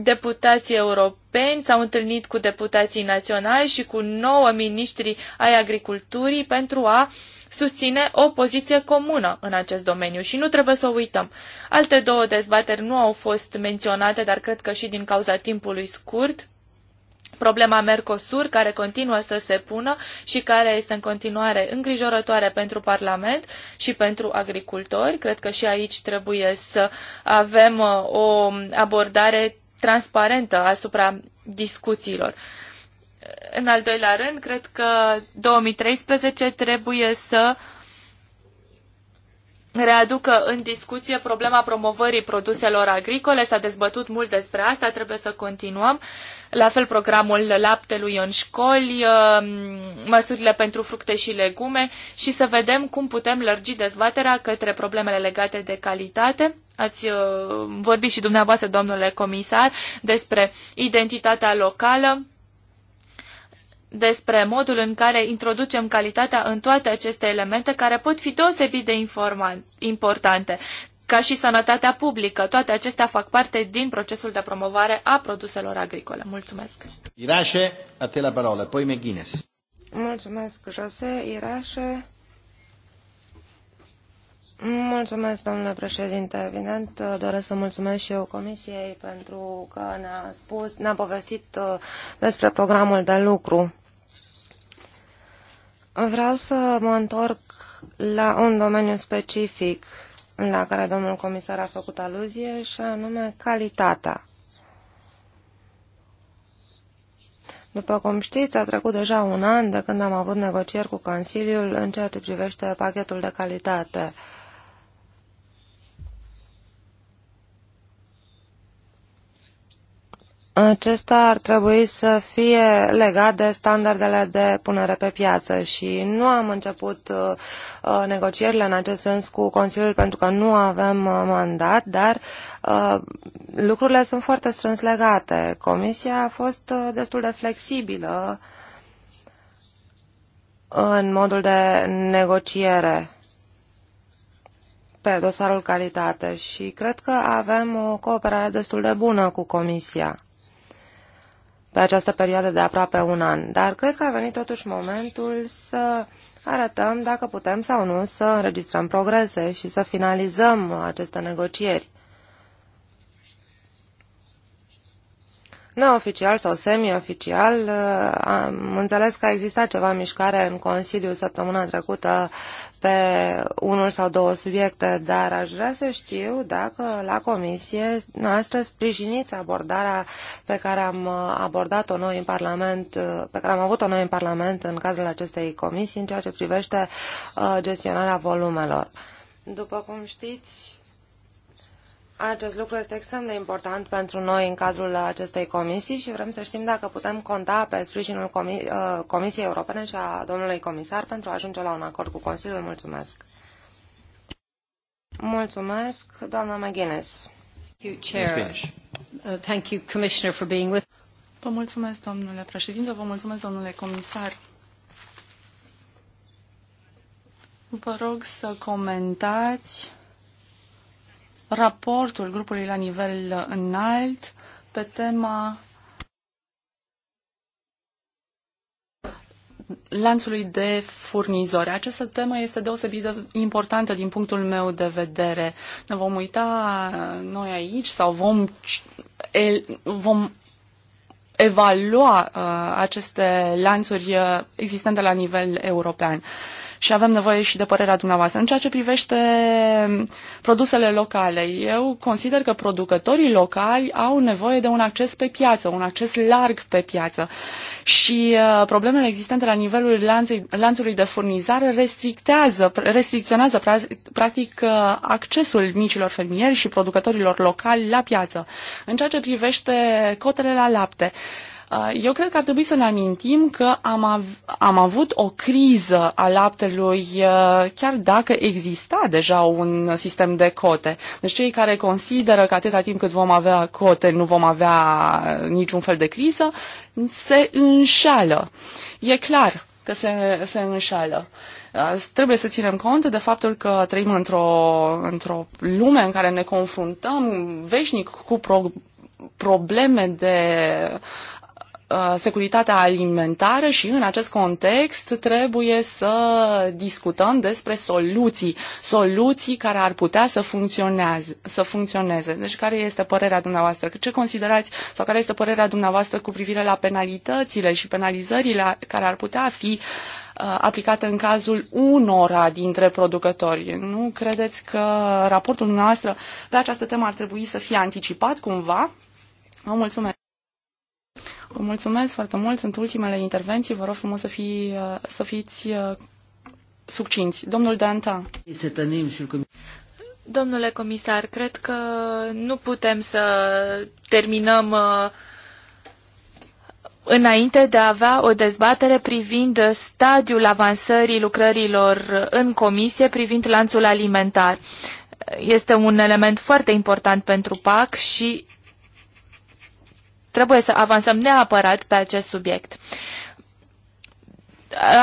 deputații europeni s-au întâlnit cu deputații naționali și cu nouă miniștri ai agriculturii pentru a susține o poziție comună în acest domeniu și nu trebuie să o uităm. Alte două dezbateri nu au fost menționate, dar cred că și din cauza timpului scurt, problema Mercosur, care continuă să se pună și care este în continuare îngrijorătoare pentru Parlament și pentru agricultori. Cred că și aici trebuie să avem uh, o abordare transparentă asupra discuțiilor. În al doilea rând, cred că 2013 trebuie să readucă în discuție problema promovării produselor agricole. S-a dezbătut mult despre asta, trebuie să continuăm la fel programul laptelui în școli, um, măsurile pentru fructe și legume și să vedem cum putem lărgi dezbaterea către problemele legate de calitate. Ați uh, vorbit și dumneavoastră, domnule comisar, despre identitatea locală despre modul în care introducem calitatea în toate aceste elemente care pot fi deosebit de importante ca și sănătatea publică. Toate acestea fac parte din procesul de promovare a produselor agricole. Mulțumesc! Irașe, a te la parola, poi McGuinness. Mulțumesc, Jose, Irașe. Mulțumesc, domnule președinte. Evident, doresc să mulțumesc și eu Comisiei pentru că ne-a spus, ne-a povestit uh, despre programul de lucru. Vreau să mă întorc la un domeniu specific la care domnul comisar a făcut aluzie și anume calitatea. După cum știți, a trecut deja un an de când am avut negocieri cu Consiliul în ceea ce privește pachetul de calitate. Uh, acesta ar trebui să fie legat de standardele de punere pe piață și nu am început uh, uh, negocierile în acest sens cu Consiliul pentru că nu avem uh, mandat, dar lucrurile sunt foarte strâns legate. Comisia a fost destul de flexibilă în modul de negociere pe dosarul calitate și cred că avem o cooperare destul de bună cu Comisia pe această perioadă de aproape un an, dar cred că a venit totuși momentul să arătăm dacă putem sau nu să înregistrăm progrese și să finalizăm aceste negocieri. neoficial sau semi-oficial. Uh, am înțeles că a existat ceva mișcare în Consiliu săptămâna trecută pe unul sau două subiecte, dar aș vrea să știu dacă la comisie noastră sprijiniți abordarea pe care am uh, abordat-o noi în Parlament, uh, pe care am avut-o noi în Parlament în cadrul acestei comisii în ceea ce privește gestionarea volumelor. După cum știți, acest lucru este extrem de important pentru noi în cadrul acestei comisii și vrem să știm dacă putem conta pe sprijinul Comi uh, Comisiei Europene și a domnului comisar pentru a ajunge la un acord cu Consiliul. Mulțumesc! Mulțumesc, doamna McGuinness. Thank you, uh, Commissioner, for being with Vă mulțumesc, domnule președinte, vă mulțumesc, domnule comisar. Vă rog să comentați raportul grupului la nivel înalt pe tema lanțului de furnizori. Această temă este deosebit de importantă din punctul meu de vedere. Ne vom uita uh, noi aici sau vom, el, vom evalua uh, aceste lanțuri uh, existente la nivel european. Uh, și avem nevoie și de părerea dumneavoastră. În ceea ce privește produsele locale, eu consider că producătorii locali au nevoie de un acces pe piață, un acces larg pe piață și uh, problemele existente la nivelul lanței, lanțului de furnizare restrictează, restricționează practic uh, accesul micilor fermieri și producătorilor locali la piață. În ceea ce privește cotele la lapte, Uh, eu cred că ar trebui să ne amintim că am, av- am avut o criză a laptelui, uh, chiar dacă exista deja un sistem de cote. Deci cei care consideră că atâta timp cât vom avea cote nu vom avea niciun fel de criză, se înșală. E clar că se, se înșală. Uh, trebuie să ținem cont de faptul că trăim într-o, într-o lume în care ne confruntăm veșnic cu pro- probleme de Uh, securitatea alimentară și în acest context trebuie să discutăm despre soluții, soluții care ar putea să, funcționeze, să funcționeze. Deci care este părerea dumneavoastră? Ce considerați sau care este părerea dumneavoastră cu privire la penalitățile și penalizările care ar putea fi uh, aplicate în cazul unora dintre producători. Nu credeți că raportul noastră pe această temă ar trebui să fie anticipat cumva? Vă mulțumesc! Vă mulțumesc foarte mult, sunt ultimele intervenții, vă rog frumos să, fi, uh, să fiți uh, succinți. Domnul Danta. Domnule comisar, cred că nu putem să terminăm uh, înainte de a avea o dezbatere privind stadiul avansării lucrărilor în comisie privind lanțul alimentar. Este un element foarte important pentru PAC și trebuie să avansăm neapărat pe acest subiect.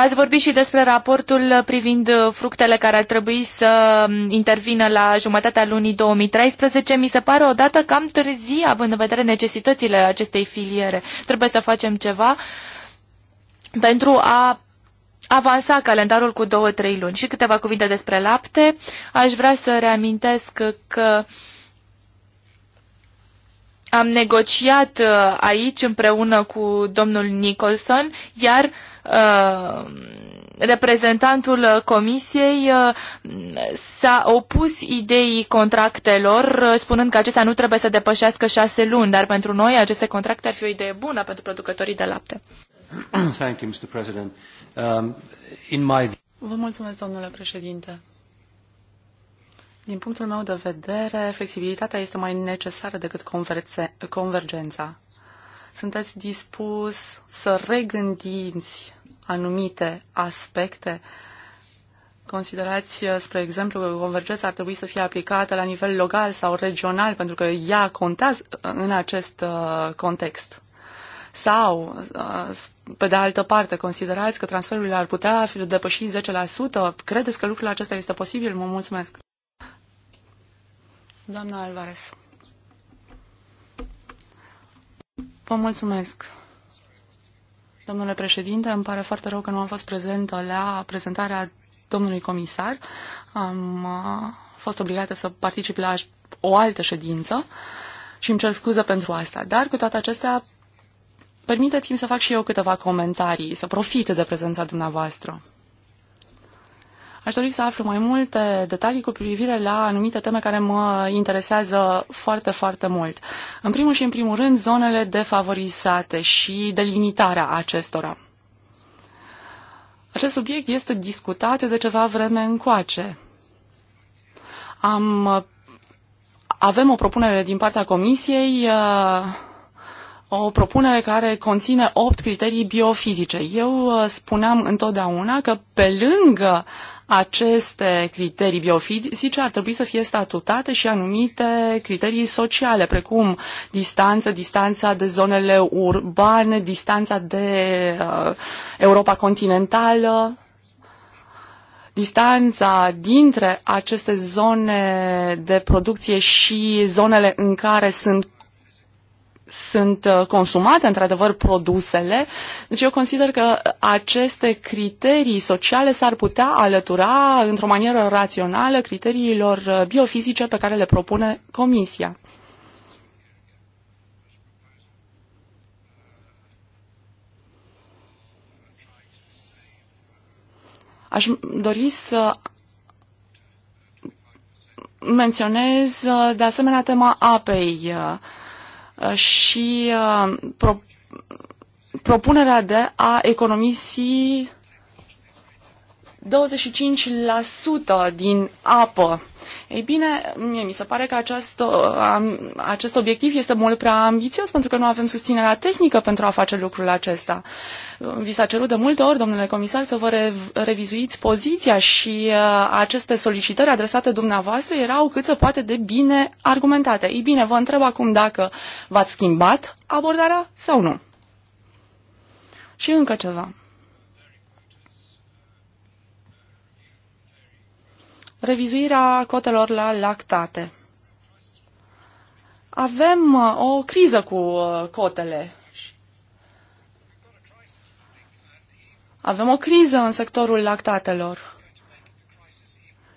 Ați vorbit și despre raportul privind fructele care ar trebui să intervină la jumătatea lunii 2013. Mi se pare o dată cam târziu, având în vedere necesitățile acestei filiere. Trebuie să facem ceva pentru a avansa calendarul cu două-trei luni. Și câteva cuvinte despre lapte. Aș vrea să reamintesc că am negociat uh, aici împreună cu domnul Nicholson, iar uh, reprezentantul comisiei uh, s-a opus ideii contractelor, uh, spunând că acestea nu trebuie să depășească șase luni, dar pentru noi aceste contracte ar fi o idee bună pentru producătorii de lapte. Thank you, Mr. President. Um, in my... Vă mulțumesc, domnule președinte. Din punctul meu de vedere, flexibilitatea este mai necesară decât convergența. Sunteți dispus să regândiți anumite aspecte? Considerați, spre exemplu, că convergența ar trebui să fie aplicată la nivel local sau regional, pentru că ea contează în acest uh, context? Sau, uh, pe de altă parte, considerați că transferurile ar putea fi depăși 10%? Credeți că lucrul acesta este posibil? Mă mulțumesc! doamna Alvarez. Vă mulțumesc. Domnule președinte, îmi pare foarte rău că nu am fost prezentă la prezentarea domnului comisar. Am fost obligată să particip la o altă ședință și îmi cer scuze pentru asta. Dar, cu toate acestea, permiteți-mi să fac și eu câteva comentarii, să profit de prezența dumneavoastră. Aș dori să aflu mai multe detalii cu privire la anumite teme care mă interesează foarte, foarte mult. În primul și în primul rând, zonele defavorizate și delimitarea acestora. Acest subiect este discutat de ceva vreme încoace. Am, avem o propunere din partea Comisiei uh, o propunere care conține opt criterii biofizice. Eu uh, spuneam întotdeauna că pe lângă aceste criterii biofizice ar trebui să fie statutate și anumite criterii sociale, precum distanță, distanța de zonele urbane, distanța de uh, Europa continentală, distanța dintre aceste zone de producție și zonele în care sunt sunt uh, consumate într-adevăr produsele. Deci eu consider că aceste criterii sociale s-ar putea alătura într-o manieră rațională criteriilor uh, biofizice pe care le propune Comisia. Aș dori să menționez uh, de asemenea tema apei și uh, pro, propunerea de a economisi 25% din apă ei bine, mie mi se pare că acest, acest obiectiv este mult prea ambițios pentru că nu avem susținerea tehnică pentru a face lucrul acesta. Vi s-a cerut de multe ori, domnule comisar, să vă revizuiți poziția și uh, aceste solicitări adresate dumneavoastră erau cât se poate de bine argumentate. Ei bine, vă întreb acum dacă v-ați schimbat abordarea sau nu. Și încă ceva. revizuirea cotelor la lactate. Avem uh, o criză cu uh, cotele. Avem o criză în sectorul lactatelor.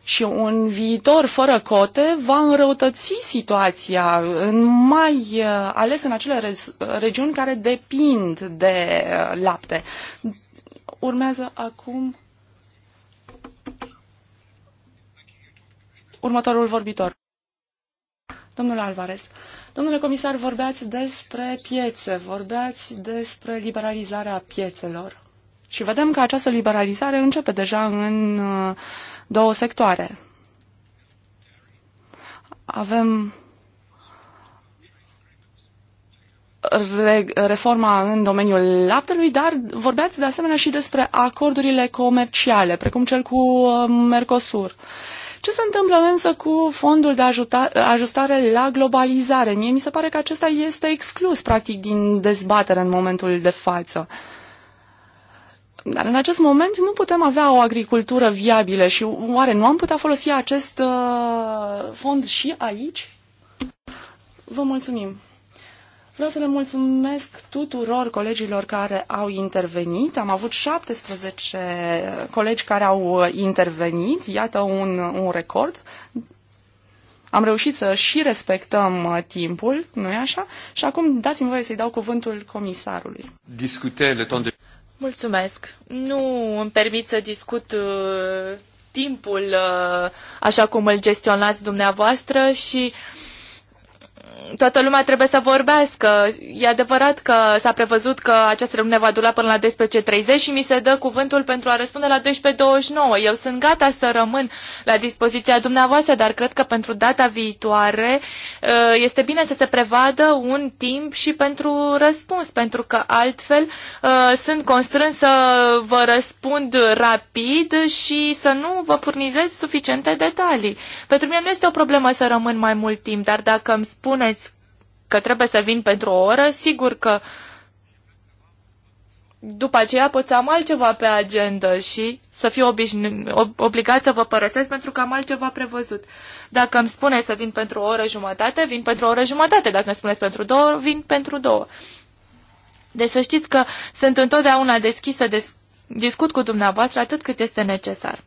Și un viitor fără cote va înrăutăți situația, în mai uh, ales în acele regiuni care depind de lapte. Urmează acum următorul vorbitor. domnule Alvarez, domnule comisar, vorbeați despre piețe, vorbeați despre liberalizarea piețelor. Și vedem că această liberalizare începe deja în uh, două sectoare. Avem reforma în domeniul laptelui, dar vorbeați de asemenea și despre acordurile comerciale, precum cel cu uh, Mercosur. Ce se întâmplă însă cu fondul de ajuta, ajustare la globalizare? Mie mi se pare că acesta este exclus, practic, din dezbatere în momentul de față. Dar în acest moment nu putem avea o agricultură viabilă și oare nu am putea folosi acest uh, fond și aici? Vă mulțumim. Vreau să le mulțumesc tuturor colegilor care au intervenit. Am avut 17 colegi care au intervenit. Iată un, un record. Am reușit să și respectăm uh, timpul, nu-i așa? Și acum dați-mi voie să-i dau cuvântul comisarului. de... Mulțumesc. Nu îmi permit să discut uh, timpul uh, așa cum îl gestionați dumneavoastră și uh, toată lumea trebuie să vorbească. E adevărat că s-a prevăzut că această reuniune va dura până la 12.30 și mi se dă cuvântul pentru a răspunde la 12.29. Eu sunt gata să rămân la dispoziția dumneavoastră, dar cred că pentru data viitoare uh, este bine să se prevadă un timp și pentru răspuns, pentru că altfel uh, sunt constrâns să vă răspund rapid și să nu vă furnizez suficiente detalii. Pentru mine nu este o problemă să rămân mai mult timp, dar dacă îmi spune spuneți că trebuie să vin pentru o oră, sigur că după aceea pot să am altceva pe agenda și să fiu obișnu- obligat să vă părăsesc pentru că am altceva prevăzut. Dacă îmi spuneți să vin pentru o oră jumătate, vin pentru o oră jumătate. Dacă îmi spuneți pentru două, vin pentru două. Deci să știți că sunt întotdeauna deschisă, de discut cu dumneavoastră atât cât este necesar.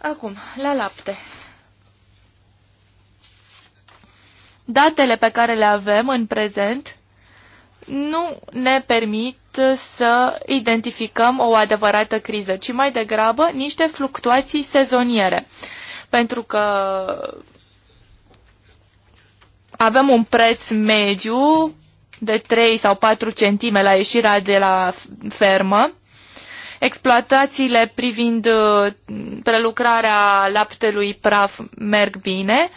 Acum, la lapte. datele pe care le avem în prezent nu ne permit să identificăm o adevărată criză, ci mai degrabă niște fluctuații sezoniere. Pentru că avem un preț mediu de 3 sau 4 centime la ieșirea de la fermă. Exploatațiile privind uh, prelucrarea laptelui praf merg bine,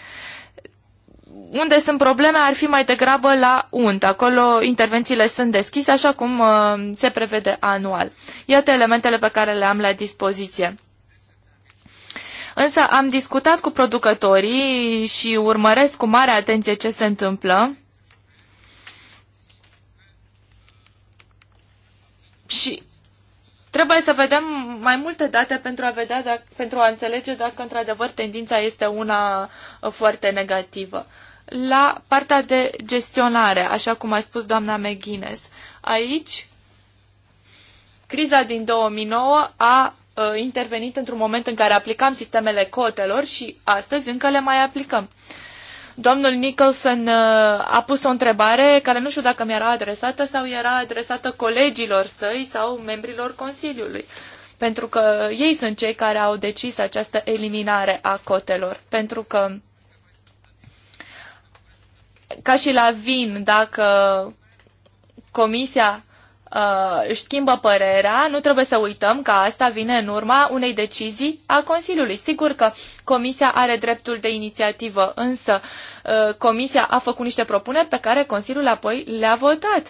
unde sunt probleme ar fi mai degrabă la unt. Acolo intervențiile sunt deschise așa cum uh, se prevede anual. Iată elementele pe care le am la dispoziție. Însă am discutat cu producătorii și urmăresc cu mare atenție ce se întâmplă. Și trebuie să vedem mai multe date pentru a, vedea dacă, pentru a înțelege dacă într-adevăr tendința este una uh, foarte negativă la partea de gestionare, așa cum a spus doamna McGuinness. Aici, criza din 2009 a uh, intervenit într-un moment în care aplicam sistemele cotelor și astăzi încă le mai aplicăm. Domnul Nicholson uh, a pus o întrebare care nu știu dacă mi-era adresată sau era adresată colegilor săi sau membrilor Consiliului. Pentru că ei sunt cei care au decis această eliminare a cotelor. Pentru că ca și la vin, dacă comisia uh, își schimbă părerea, nu trebuie să uităm că asta vine în urma unei decizii a Consiliului. Sigur că comisia are dreptul de inițiativă, însă uh, comisia a făcut niște propuneri pe care Consiliul apoi le-a votat.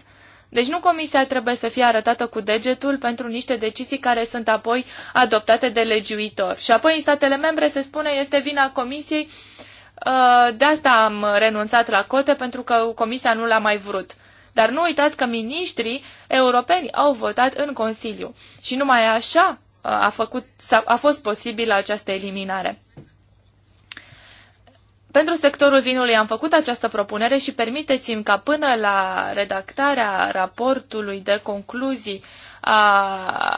Deci nu comisia trebuie să fie arătată cu degetul pentru niște decizii care sunt apoi adoptate de legiuitor. Și apoi în statele membre se spune este vina comisiei uh, Uh, de asta am renunțat la cote pentru că Comisia nu l-a mai vrut. Dar nu uitați că miniștrii europeni au votat în Consiliu și numai așa uh, a, făcut, a fost posibilă această eliminare. Pentru sectorul vinului am făcut această propunere și permiteți-mi ca până la redactarea raportului de concluzii a,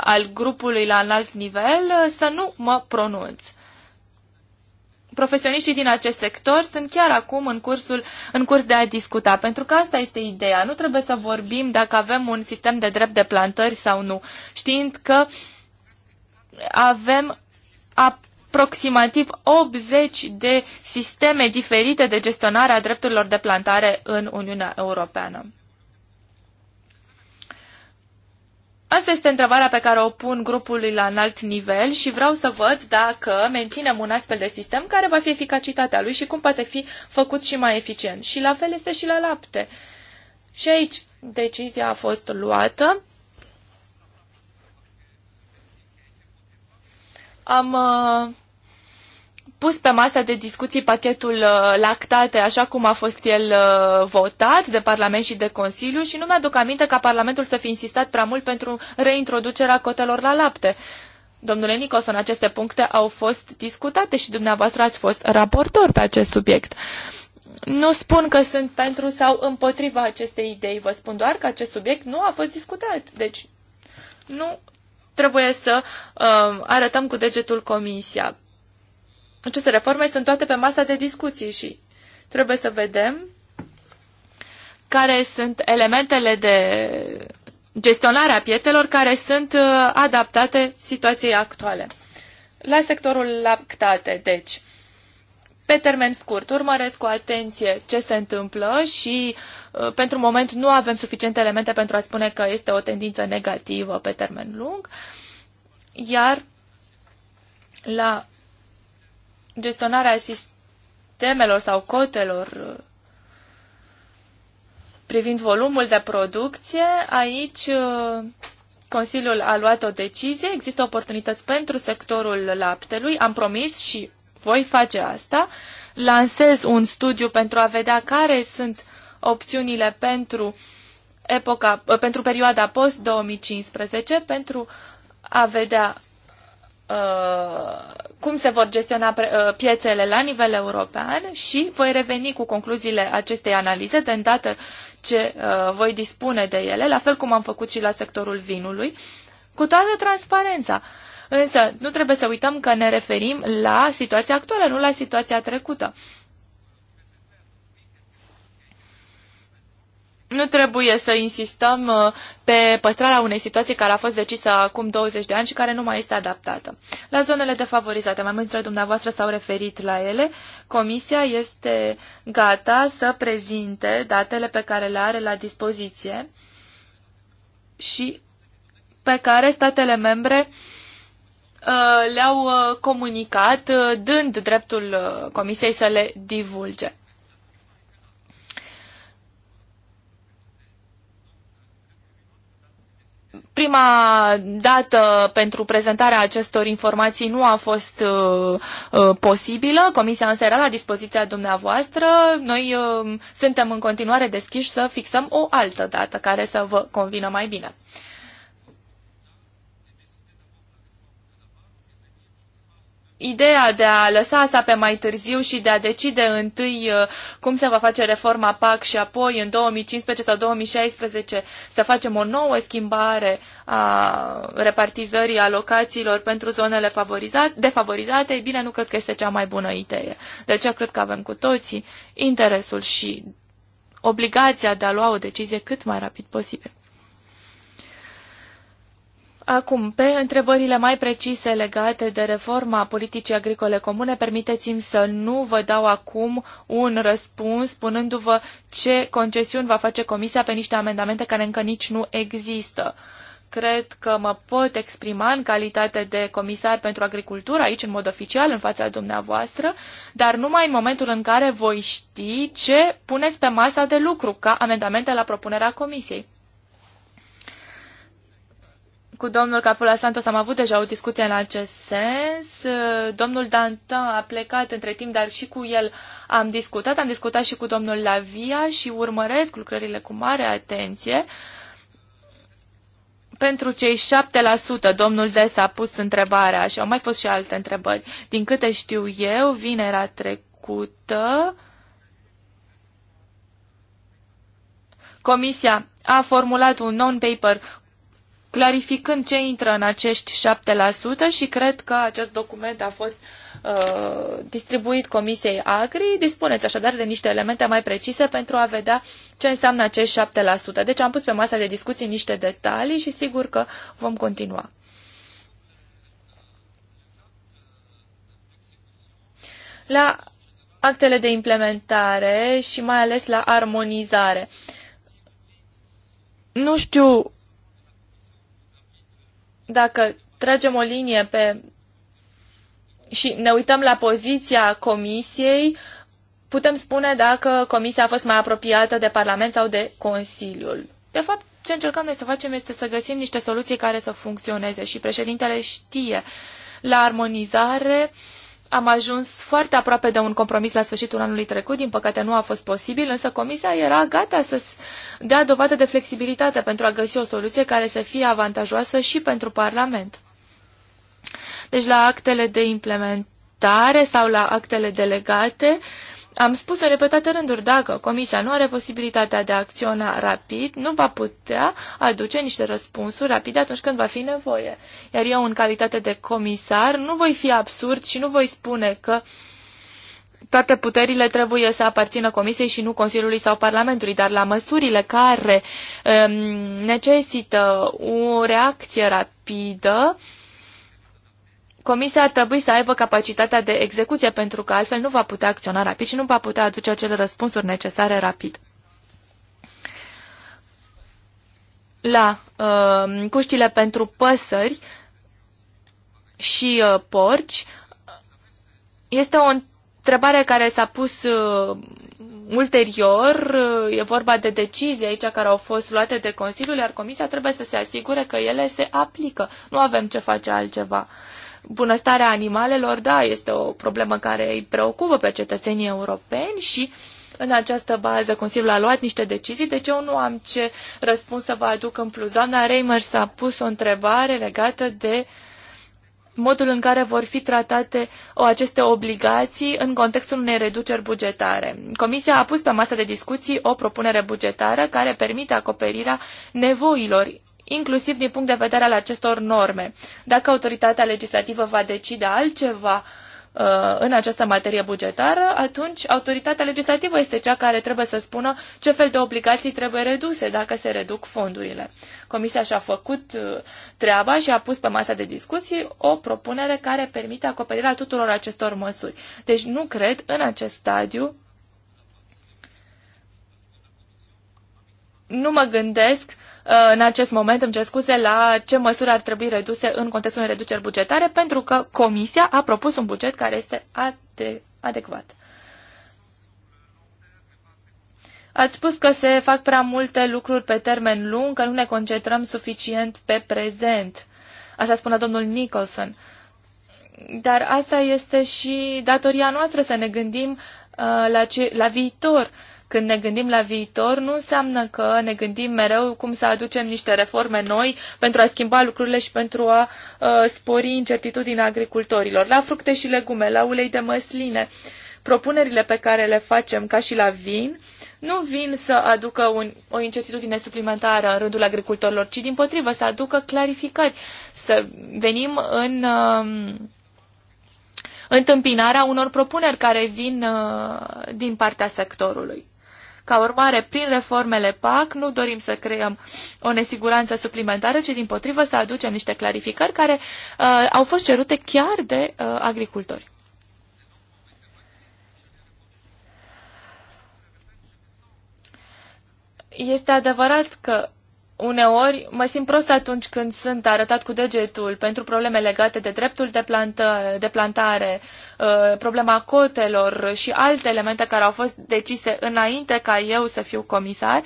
al grupului la înalt nivel uh, să nu mă pronunț profesioniștii din acest sector sunt chiar acum în, cursul, în curs de a discuta, pentru că asta este ideea. Nu trebuie să vorbim dacă avem un sistem de drept de plantări sau nu, știind că avem aproximativ 80 de sisteme diferite de gestionare a drepturilor de plantare în Uniunea Europeană. Asta este întrebarea pe care o pun grupului la înalt nivel și vreau să văd dacă menținem un astfel de sistem care va fi eficacitatea lui și cum poate fi făcut și mai eficient. Și la fel este și la lapte. Și aici decizia a fost luată. Am uh, pus pe masa de discuții pachetul uh, lactate așa cum a fost el uh, votat de Parlament și de Consiliu și nu mi-aduc aminte ca Parlamentul să fi insistat prea mult pentru reintroducerea cotelor la lapte. Domnule Nicoson, aceste puncte au fost discutate și dumneavoastră ați fost raportor pe acest subiect. Nu spun că sunt pentru sau împotriva acestei idei, vă spun doar că acest subiect nu a fost discutat. Deci nu trebuie să uh, arătăm cu degetul comisia. Aceste reforme sunt toate pe masa de discuții și trebuie să vedem care sunt elementele de gestionare a piețelor care sunt uh, adaptate situației actuale. La sectorul lactate, deci, pe termen scurt, urmăresc cu atenție ce se întâmplă și uh, pentru moment nu avem suficiente elemente pentru a spune că este o tendință negativă pe termen lung, iar la gestionarea sistemelor sau cotelor uh, privind volumul de producție, aici uh, Consiliul a luat o decizie, există oportunități pentru sectorul laptelui, am promis și voi face asta, lansez un studiu pentru a vedea care sunt opțiunile pentru, epoca, uh, pentru perioada post-2015, pentru a vedea uh, cum se vor gestiona uh, piețele la nivel european și voi reveni cu concluziile acestei analize de îndată ce uh, voi dispune de ele, la fel cum am făcut și la sectorul vinului, cu toată transparența. Însă, nu trebuie să uităm că ne referim la situația actuală, nu la situația trecută. nu trebuie să insistăm uh, pe păstrarea unei situații care a fost decisă acum 20 de ani și care nu mai este adaptată. La zonele defavorizate, mai mulți dintre dumneavoastră s-au referit la ele, Comisia este gata să prezinte datele pe care le are la dispoziție și pe care statele membre uh, le-au uh, comunicat, dând dreptul Comisiei să le divulge. Prima dată pentru prezentarea acestor informații nu a fost uh, uh, posibilă. Comisia însă era la dispoziția dumneavoastră. Noi uh, suntem în continuare deschiși să fixăm o altă dată care să vă convină mai bine. ideea de a lăsa asta pe mai târziu și de a decide întâi uh, cum se va face reforma PAC și apoi în 2015 sau 2016 să facem o nouă schimbare a repartizării alocațiilor pentru zonele defavorizate, e bine, nu cred că este cea mai bună idee. De deci, aceea cred că avem cu toții interesul și obligația de a lua o decizie cât mai rapid posibil. Acum, pe întrebările mai precise legate de reforma politicii agricole comune, permiteți-mi să nu vă dau acum un răspuns spunându-vă ce concesiuni va face Comisia pe niște amendamente care încă nici nu există. Cred că mă pot exprima în calitate de comisar pentru agricultură aici în mod oficial în fața dumneavoastră, dar numai în momentul în care voi ști ce puneți pe masa de lucru ca amendamente la propunerea Comisiei. Cu domnul Capula Santos am avut deja o discuție în acest sens. Domnul Dantin a plecat între timp, dar și cu el am discutat. Am discutat și cu domnul Lavia și urmăresc lucrările cu mare atenție. Pentru cei 7%, domnul Des a pus întrebarea și au mai fost și alte întrebări. Din câte știu eu, vinerea trecută, Comisia a formulat un non-paper clarificând ce intră în acești 7% și cred că acest document a fost uh, distribuit Comisiei Agri. Dispuneți așadar de niște elemente mai precise pentru a vedea ce înseamnă acești 7%. Deci am pus pe masa de discuții niște detalii și sigur că vom continua. La actele de implementare și mai ales la armonizare. Nu știu dacă tragem o linie pe și ne uităm la poziția comisiei, putem spune dacă comisia a fost mai apropiată de Parlament sau de Consiliul. De fapt, ce încercăm noi să facem este să găsim niște soluții care să funcționeze și președintele știe la armonizare uh, am ajuns foarte aproape de un compromis la sfârșitul anului trecut, din păcate nu a fost posibil, însă comisia era gata să dea dovadă de flexibilitate pentru a găsi o soluție care să fie avantajoasă și pentru Parlament. Deci la actele de implementare sau la actele delegate, uh, am spus în repetate rânduri, dacă Comisia nu are posibilitatea de a acționa rapid, nu va putea aduce niște răspunsuri rapide atunci când va fi nevoie. Iar eu, în calitate de comisar, nu voi fi absurd și nu voi spune că toate puterile trebuie să aparțină Comisiei și nu Consiliului sau Parlamentului, dar la măsurile care um, necesită o reacție rapidă, uh, Comisia ar trebui să aibă capacitatea de execuție, pentru că altfel nu va putea acționa rapid și nu va putea aduce acele răspunsuri necesare rapid. La uh, cuștile pentru păsări și uh, porci este o întrebare care s-a pus uh, ulterior. e vorba de decizii aici care au fost luate de Consiliul, iar Comisia trebuie să se asigure că ele se aplică. Nu avem ce face altceva. Uh, bunăstarea animalelor, da, este o problemă care îi preocupă pe cetățenii europeni și în această bază Consiliul a luat niște decizii, deci eu nu am ce răspuns să vă aduc în plus. Doamna Reimer s-a pus o întrebare legată de modul în care vor fi tratate o, aceste obligații în contextul unei reduceri bugetare. Comisia a pus pe masă de discuții o propunere bugetară care permite acoperirea nevoilor inclusiv din punct de vedere al acestor norme. Dacă autoritatea legislativă va decide altceva uh, în această materie bugetară, atunci autoritatea legislativă este cea care trebuie să spună ce fel de obligații trebuie reduse dacă se reduc fondurile. Comisia și-a făcut uh, treaba și a pus pe masa de discuții o propunere care permite acoperirea tuturor acestor măsuri. Deci nu cred în acest stadiu nu mă gândesc Uh, în acest moment, îmi cer scuze, la ce măsuri ar trebui reduse în contextul unei reduceri bugetare, pentru că Comisia a propus un buget care este ade- adecvat. Ați spus că se fac prea multe lucruri pe termen lung, că nu ne concentrăm suficient pe prezent. Asta spune domnul Nicholson. Dar asta este și datoria noastră să ne gândim uh, la, ce, la viitor. Când ne gândim la viitor, nu înseamnă că ne gândim mereu cum să aducem niște reforme noi pentru a schimba lucrurile și pentru a uh, spori incertitudinea agricultorilor. La fructe și legume, la ulei de măsline, propunerile pe care le facem ca și la vin, nu vin să aducă un, o incertitudine suplimentară în rândul agricultorilor, ci din potrivă să aducă clarificări, să venim în uh, întâmpinarea unor propuneri care vin uh, din partea sectorului. Ca urmare, prin reformele PAC nu dorim să creăm o nesiguranță suplimentară, ci din potrivă să aducem niște clarificări care uh, au fost cerute chiar de uh, agricultori. Este adevărat că uneori mă simt prost atunci când sunt arătat cu degetul pentru probleme legate de dreptul de, plantă, de plantare, uh, problema cotelor și alte elemente care au fost decise înainte ca eu să fiu comisar,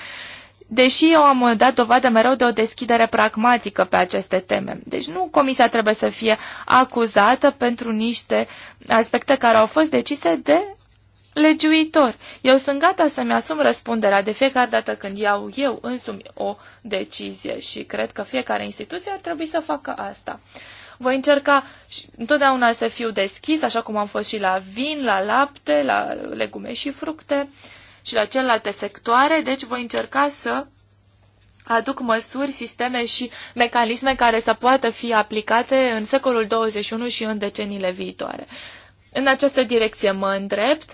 deși eu am dat dovadă mereu de o deschidere pragmatică pe aceste teme. Deci nu comisia trebuie să fie acuzată pentru niște aspecte care au fost decise de legiuitor. Eu sunt gata să-mi asum răspunderea de fiecare dată când iau eu însumi o decizie și cred că fiecare instituție ar trebui să facă asta. Voi încerca întotdeauna să fiu deschis, așa cum am fost și la vin, la lapte, la legume și fructe și la celelalte sectoare, deci voi încerca să aduc măsuri, sisteme și mecanisme care să poată fi aplicate în secolul 21 și în deceniile viitoare. În această direcție mă îndrept.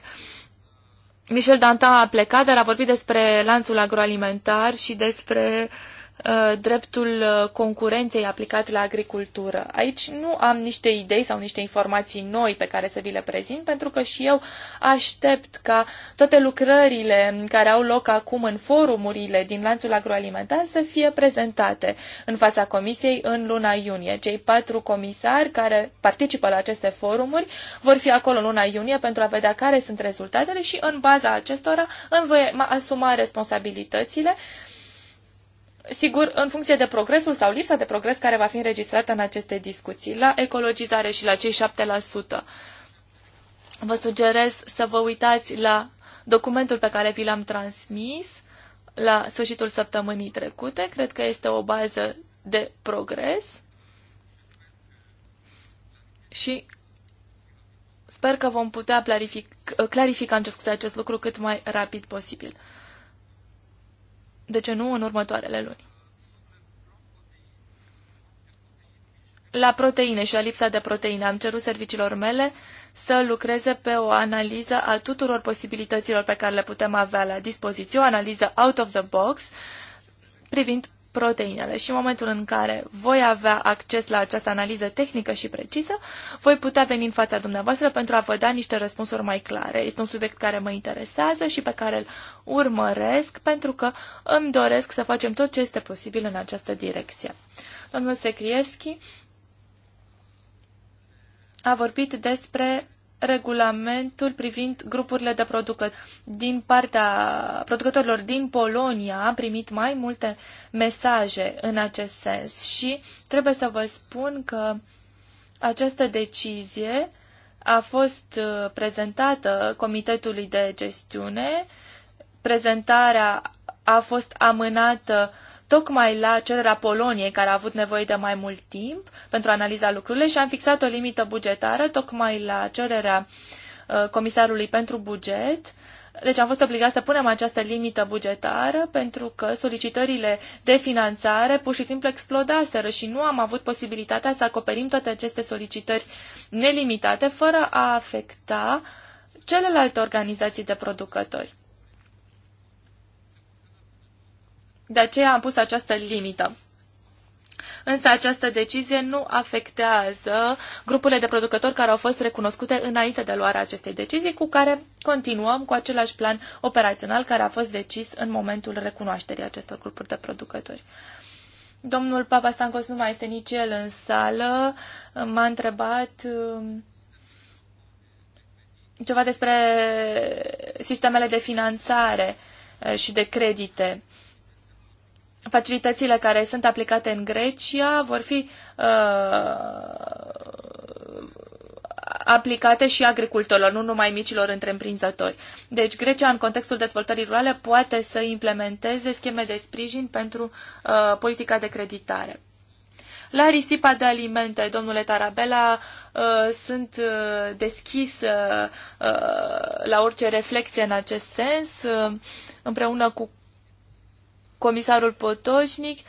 Michel Dantin a plecat, dar a vorbit despre lanțul agroalimentar și despre uh, Uh, dreptul uh, concurenței aplicat la agricultură. Aici nu am niște idei sau niște informații noi pe care să vi le prezint, pentru că și eu aștept ca toate lucrările care au loc acum în forumurile din lanțul agroalimentar să fie prezentate în fața comisiei în luna iunie. Cei patru comisari care participă la aceste forumuri vor fi acolo în luna iunie pentru a vedea care sunt rezultatele și în baza acestora îmi voi asuma responsabilitățile uh, sigur, în funcție de progresul sau lipsa de progres care va fi înregistrată în aceste discuții, la ecologizare și la cei 7%. Vă sugerez să vă uitați la documentul pe care vi l-am transmis la sfârșitul săptămânii trecute. Cred că este o bază de progres și sper că vom putea clarific, clarifica acest lucru cât mai rapid posibil de ce nu în următoarele luni. La proteine și la lipsa de proteine am cerut serviciilor mele să lucreze pe o analiză a tuturor posibilităților pe care le putem avea la dispoziție, o analiză out of the box privind proteinele și în momentul în care voi avea acces la această analiză tehnică și precisă, voi putea veni în fața dumneavoastră pentru a vă da niște răspunsuri mai clare. Este un subiect care mă interesează și pe care îl urmăresc pentru că îmi doresc să facem tot ce este posibil în această direcție. Domnul Secrieschi a vorbit despre regulamentul privind grupurile de producători. Din partea producătorilor din Polonia am primit mai multe mesaje în acest sens și trebuie să vă spun că această decizie a fost uh, prezentată Comitetului de Gestiune. Prezentarea a fost amânată uh, tocmai la cererea Poloniei, care a avut nevoie de mai mult timp pentru analiza lucrurilor și am fixat o limită bugetară tocmai la cererea uh, comisarului pentru buget. Deci am fost obligat să punem această limită bugetară pentru că solicitările de finanțare pur și simplu explodaseră și nu am avut posibilitatea să acoperim toate aceste solicitări nelimitate fără a afecta celelalte organizații de producători. De aceea am pus această limită. Însă această decizie nu afectează grupurile de producători care au fost recunoscute înainte de luarea acestei decizii, cu care continuăm cu același plan operațional care a fost decis în momentul recunoașterii acestor grupuri de producători. Domnul Papa Stancos nu mai este nici el în sală. M-a întrebat um, ceva despre sistemele de finanțare uh, și de credite facilitățile care sunt aplicate în Grecia vor fi uh, aplicate și agricultorilor, nu numai micilor întreprinzători. Deci Grecia, în contextul dezvoltării rurale, poate să implementeze scheme de sprijin pentru uh, politica de creditare. La risipa de alimente, domnule Tarabela, uh, sunt uh, deschis uh, la orice reflexie în acest sens, împreună cu comisarul Potoșnic.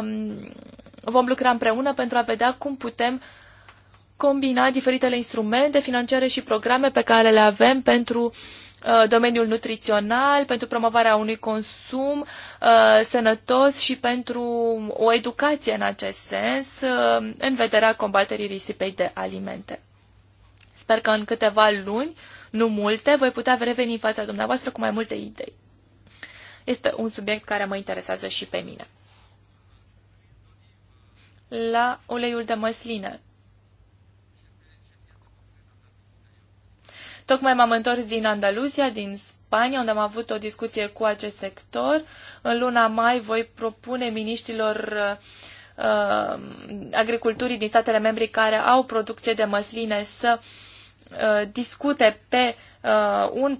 Um, vom lucra împreună pentru a vedea cum putem combina diferitele instrumente financiare și programe pe care le avem pentru uh, domeniul nutrițional, pentru promovarea unui consum uh, sănătos și pentru o educație în acest sens, uh, în vederea combaterii risipei de alimente. Sper că în câteva luni, nu multe, voi putea reveni în fața dumneavoastră cu mai multe idei. Este un subiect care mă interesează și pe mine. La uleiul de măsline. Tocmai m-am întors din Andaluzia, din Spania, unde am avut o discuție cu acest sector. În luna mai voi propune miniștilor uh, agriculturii din statele membri care au producție de măsline să uh, discute pe uh, un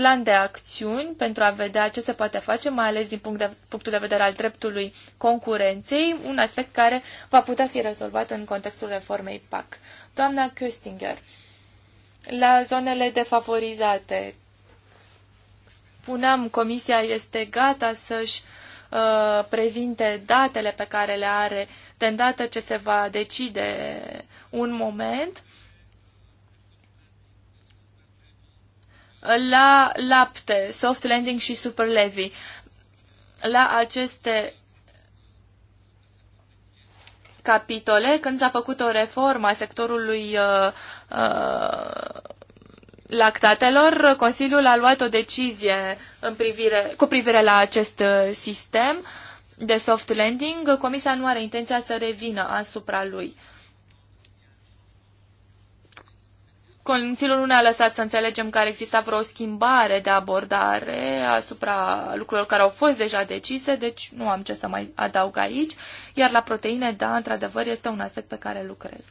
plan de acțiuni pentru a vedea ce se poate face, mai ales din punct de, punctul de vedere al dreptului concurenței, un aspect care va putea fi rezolvat în contextul reformei PAC. Doamna Köstinger, la zonele defavorizate, spuneam, Comisia este gata să-și uh, prezinte datele pe care le are de îndată ce se va decide un moment la lapte, soft landing și super levy. La aceste capitole, când s-a făcut o reformă a sectorului uh, uh, lactatelor, Consiliul a luat o decizie în privire, cu privire la acest uh, sistem de soft landing. Comisia nu are intenția să revină asupra lui. Consiliul nu ne-a lăsat să înțelegem că ar exista vreo schimbare de abordare asupra lucrurilor care au fost deja decise, deci nu am ce să mai adaug aici. Iar la proteine, da, într-adevăr, este un aspect pe care lucrez.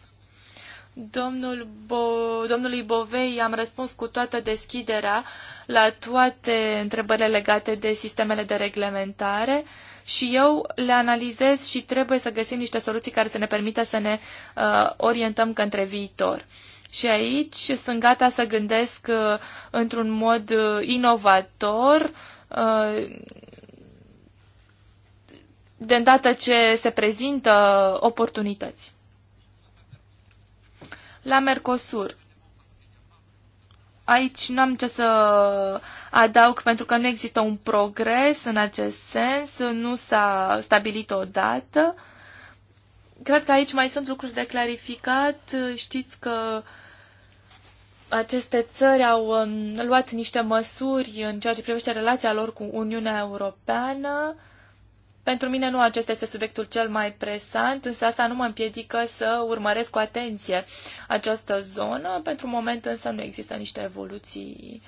Domnul Bo- domnului Bovei am răspuns cu toată deschiderea la toate întrebările legate de sistemele de reglementare și eu le analizez și trebuie să găsim niște soluții care să ne permită să ne uh, orientăm către viitor. Uh, și aici sunt gata să gândesc uh, într-un mod uh, inovator, uh, de îndată ce se prezintă oportunități. La Mercosur. Aici nu am ce să adaug pentru că nu există un progres în acest sens, nu s-a stabilit o dată. Uh, Cred că aici mai sunt lucruri de clarificat. Știți că aceste țări au um, luat niște măsuri în ceea ce privește relația lor cu Uniunea Europeană. Pentru mine nu acesta este subiectul cel mai presant, însă asta nu mă împiedică să urmăresc cu atenție această zonă. Pentru moment însă nu există niște evoluții